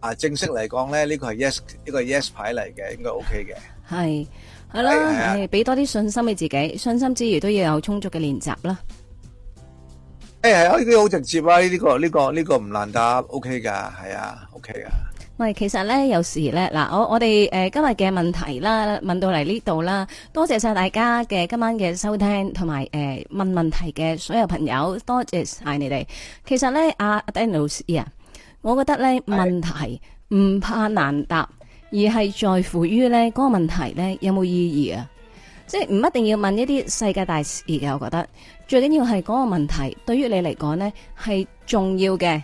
B: 啊，正式嚟講咧，呢個係 yes，呢個係 yes 牌嚟嘅，應該 OK 嘅。
A: 係係啦，係俾多啲信心俾自己，信心之餘都要有充足嘅練習啦。
B: 誒係啊，呢啲好直接啊，呢個呢個呢個唔難答，OK 噶，係啊，OK 噶。
A: 其實咧，有時咧，嗱，我我哋誒今日嘅問題啦，問到嚟呢度啦，多謝晒大家嘅今晚嘅收聽，同埋誒問問題嘅所有朋友，多謝晒你哋。其實咧，阿 Danny 老師啊，我覺得咧問題唔怕難答，而係在乎於咧嗰個問題咧有冇意義啊，即係唔一定要問一啲世界大事嘅，我覺得最緊要係嗰個問題對於你嚟講咧係重要嘅。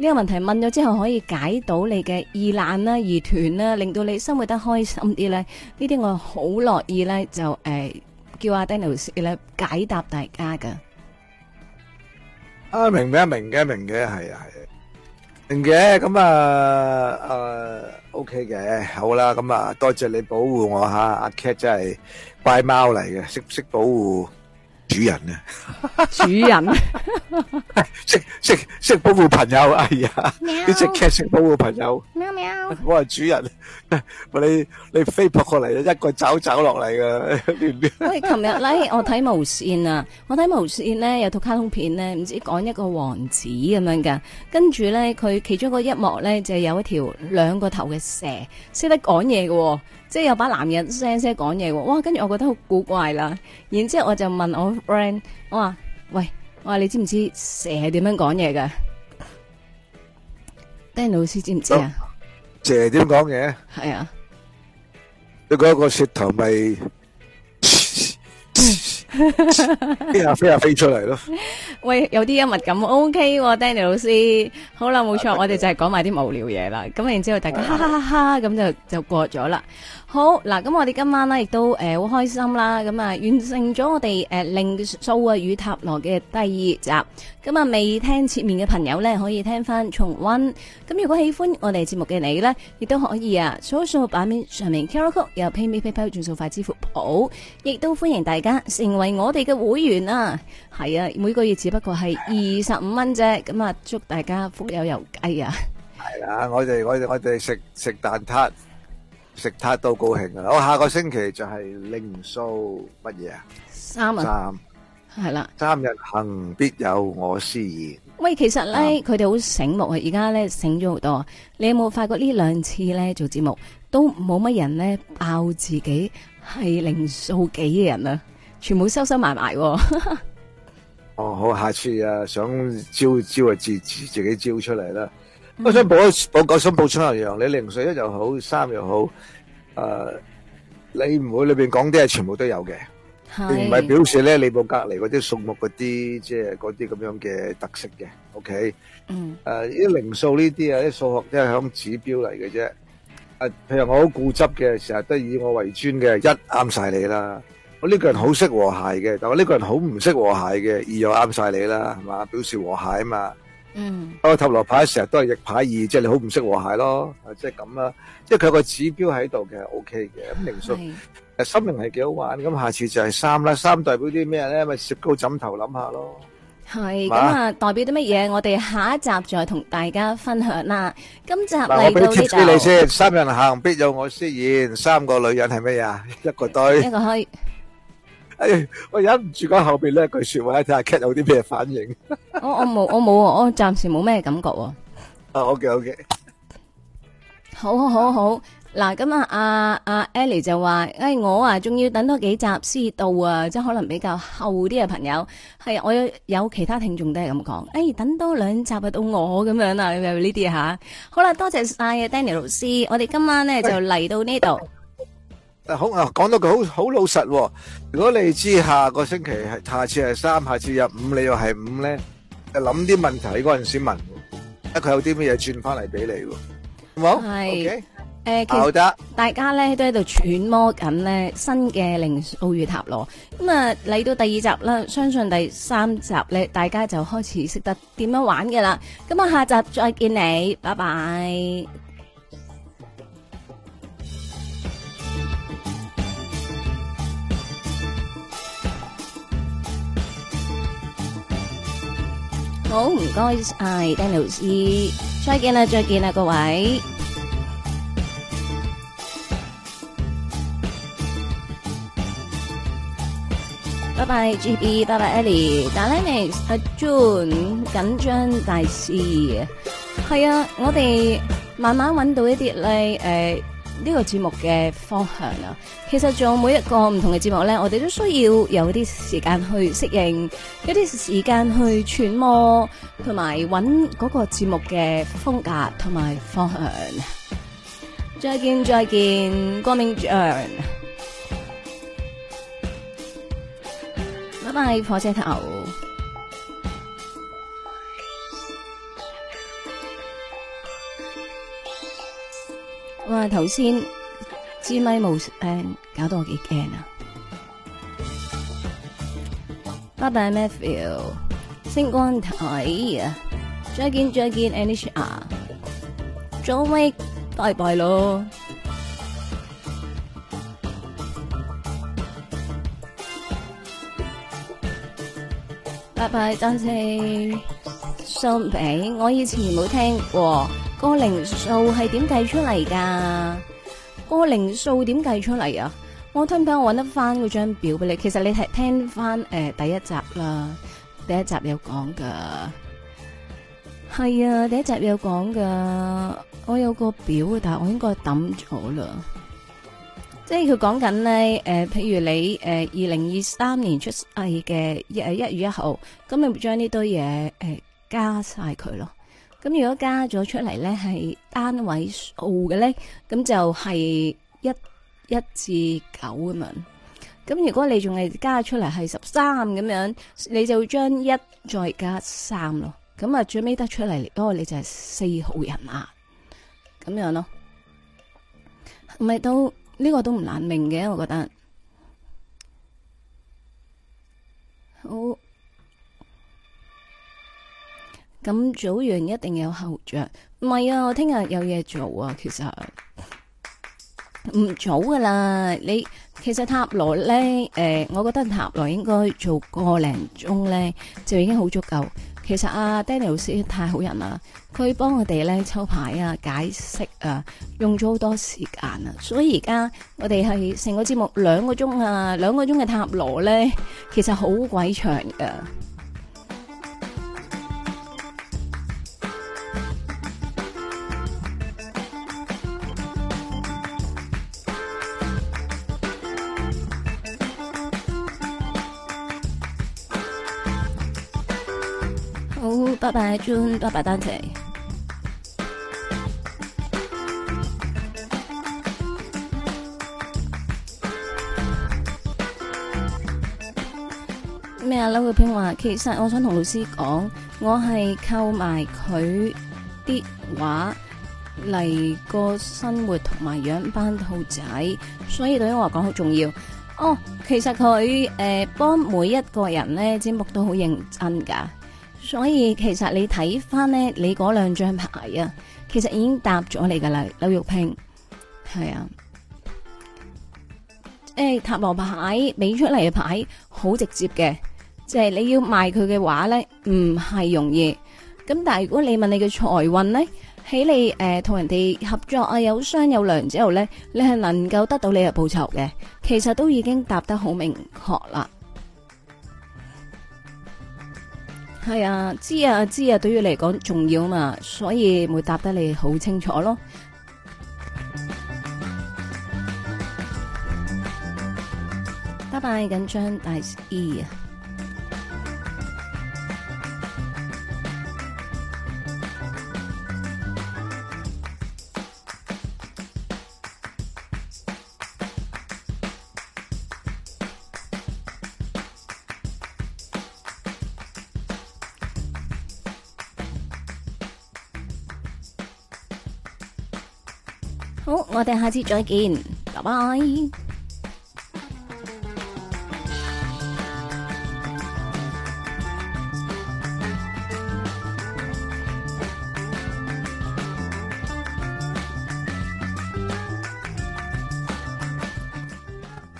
A: 呢個問題問咗之後，可以解到你嘅疑難啦、疑團啦，令到你生活得開心啲咧。呢啲我好樂意咧，就誒叫阿 Danny 咧解答大家嘅。
B: 啊，明嘅，明嘅，明嘅，係啊，係啊。明嘅，咁啊，誒，OK 嘅，好啦，咁啊，多謝你保護我嚇，阿 Cat 真係乖貓嚟嘅，識唔識保護主人啊！
A: 主人，
B: 識識識保護朋友，哎呀！你識識保護朋友？喵喵！我係主人，我你你飛撲過嚟，一個走走落嚟噶，喂，我
A: 哋琴日，咧，我睇無綫啊，我睇無綫呢，有套卡通片呢，唔知講一個王子咁樣噶，跟住咧佢其中嗰一幕咧就有一條兩個頭嘅蛇，識得講嘢嘅。即係有把男人聲聲講嘢喎，哇！跟住我覺得好古怪啦，然之後我就問我 friend，我話喂，我話你知唔知蛇係點樣講嘢嘅？Danny 老師知唔知啊？
B: 蛇點講嘢？係啊，你講個舌頭咪飛下飛下飛出嚟咯。
A: 喂，有啲幽默感，O、OK、K，Danny、啊、老師，好啦，冇錯，我哋就係講埋啲無聊嘢啦。咁然之後大家哈哈哈咁哈就就過咗啦。好，嗱，咁我哋今晚咧，亦都誒好、呃、開心啦。咁、嗯、啊，完成咗我哋誒靈數啊與塔羅嘅第二集。咁、嗯、啊，未聽前面嘅朋友咧，可以聽翻重溫。咁、嗯、如果喜歡我哋節目嘅你咧，亦都可以啊。掃一掃版面上面 QR code 又 PayMe PayPal 轉數快支付寶，亦都歡迎大家成為我哋嘅會員啊。係啊，每個月只不過係二十五蚊啫，咁啊，祝大家福有油雞啊！
B: 係啊，我哋我哋我哋食食蛋撻，食撻都高興啊！我下個星期就係靈數乜嘢啊？三啊，係啦，三日行必有我師矣。
A: 喂，其實咧，佢哋好醒目啊！而家咧醒咗好多，你有冇發覺這兩呢兩次咧做節目都冇乜人咧爆自己係靈數幾嘅人啊？全部收收埋埋、啊。
B: 哦，好，下次啊，想招招啊，自自己招出嚟啦、嗯。我想補補想補充內、就、容、是。你靈數一又好，三又好，誒、呃，你唔會裏邊講啲係全部都有嘅，並唔係表示咧你冇隔籬嗰啲數目嗰啲，即係嗰啲咁樣嘅特色嘅。O、okay? K，嗯，誒、呃，啲靈數呢啲啊，啲數學都係響指標嚟嘅啫。誒、呃，譬如我好固執嘅，成日都以我為尊嘅，一啱晒你啦。我呢個人好識和諧嘅，但係我呢個人好唔識和諧嘅，二又啱晒你啦，係嘛？表示和諧啊嘛。嗯，我塔羅牌成日都係逆牌二，即係你好唔識和諧咯，即係咁啦。即係佢有個指標喺度嘅，O K 嘅咁。靈數誒，心靈係幾好玩？咁下次就係三啦。三代表啲咩咧？咪攝高枕頭諗下咯。
A: 係咁啊，代表啲乜嘢？我哋下一集再同大家分享啦。今集我俾貼俾你先。
B: 三人行必有我師焉。三個女人係咩啊？一個堆，一個虛。誒、哎，我忍唔住講後邊呢一句說話，睇下 cat 有啲咩反應。
A: 我我冇，我冇，我暫時冇咩感覺。啊、oh，OK OK，好好好好，嗱咁啊，阿、啊、阿 Ellie 就話，哎我啊，仲要等多幾集先到啊，即係可能比較後啲嘅朋友。係，我有有其他聽眾都係咁講，哎，等多兩集啊，到我咁樣啊，有呢啲吓。好啦，多謝晒啊 Danny 老師，我哋今晚咧就嚟到呢度。哎
B: 好啊！講到佢好好老實喎、哦，如果你知下個星期係下次係三，下次入五，你又係五咧，諗啲問題嗰陣先問，佢有啲咩嘢轉翻嚟俾你喎、
A: okay? 呃，好係，誒，好得，大家咧都喺度揣摩緊咧新嘅靈數與塔羅，咁啊嚟到第二集啦，相信第三集咧，大家就開始識得點樣玩嘅啦，咁啊下集再見你，拜拜。好唔該，係 Daniel C，再見啦，再見啦，各位，拜拜，GB，拜拜，Ellie，打咧 Miss，阿 June 緊張大事，係啊，我哋慢慢揾到一啲咧，誒。呢個節目嘅方向啊，其實做每一個唔同嘅節目咧，我哋都需要有啲時間去適應，有啲時間去揣摩，同埋揾嗰個節目嘅風格同埋方向。再見，再見，光明，拜拜，火車頭。哇！頭先支咪冇誒，搞到我幾驚啊！拜拜，Matthew，星光體啊！再見再見 Anisha，Joey 拜拜咯！拜拜，張氏，收皮！我以前冇聽過。個靈數係點計出嚟噶？個靈數點計出嚟啊？我聽唔睇？我搵得翻嗰張表俾你。其實你係聽翻誒、呃、第一集啦，第一集有講噶。係啊，第一集有講噶。我有個表，但係我應該抌咗啦。即係佢講緊咧，誒、呃，譬如你誒二零二三年出世嘅，誒一月一號，咁你咪將呢堆嘢誒加晒佢咯。咁如果加咗出嚟呢，係單位數嘅呢，咁就係一一至九咁樣。咁如果你仲係加出嚟係十三咁樣，你就將一再加三咯。咁啊，最尾得出嚟嗰個你就係四號人啊。咁樣咯，唔係都呢個都唔難明嘅，我覺得。好。咁、嗯、早完一定有後着，唔係啊！我聽日有嘢做啊，其實唔早噶啦。你其實塔羅咧，誒、呃，我覺得塔羅應該做個零鐘咧就已經好足夠。其實阿、啊、Daniel 老師太好人啦，佢幫我哋咧抽牌啊、解釋啊，用咗好多時間啊。所以而家我哋係成個節目兩個鐘啊，兩個鐘嘅塔羅咧，其實好鬼長噶。拜拜 June，拜拜丹姐咩啊？柳月平話，其實我想同老師講，我係購買佢啲畫嚟過生活，同埋養班兔仔，所以對於我嚟講好重要。哦，其實佢誒幫每一個人咧，節目都好認真噶。所以其實你睇翻呢，你嗰兩張牌啊，其實已經答咗你噶啦，劉玉平，係啊，誒、哎、塔羅牌俾出嚟嘅牌好直接嘅，即、就、係、是、你要賣佢嘅話呢，唔係容易。咁但係如果你問你嘅財運呢，喺你誒同、呃、人哋合作啊有商有量之後呢，你係能夠得到你嘅報酬嘅，其實都已經答得好明確啦。係啊，知啊，知啊，對於你嚟講重要啊嘛，所以會答得你好清楚咯。拜拜， 緊張 nice 二。 我哋下次再見，拜拜，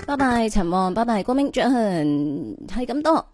A: 拜拜陳望，拜拜光明卓，係咁多。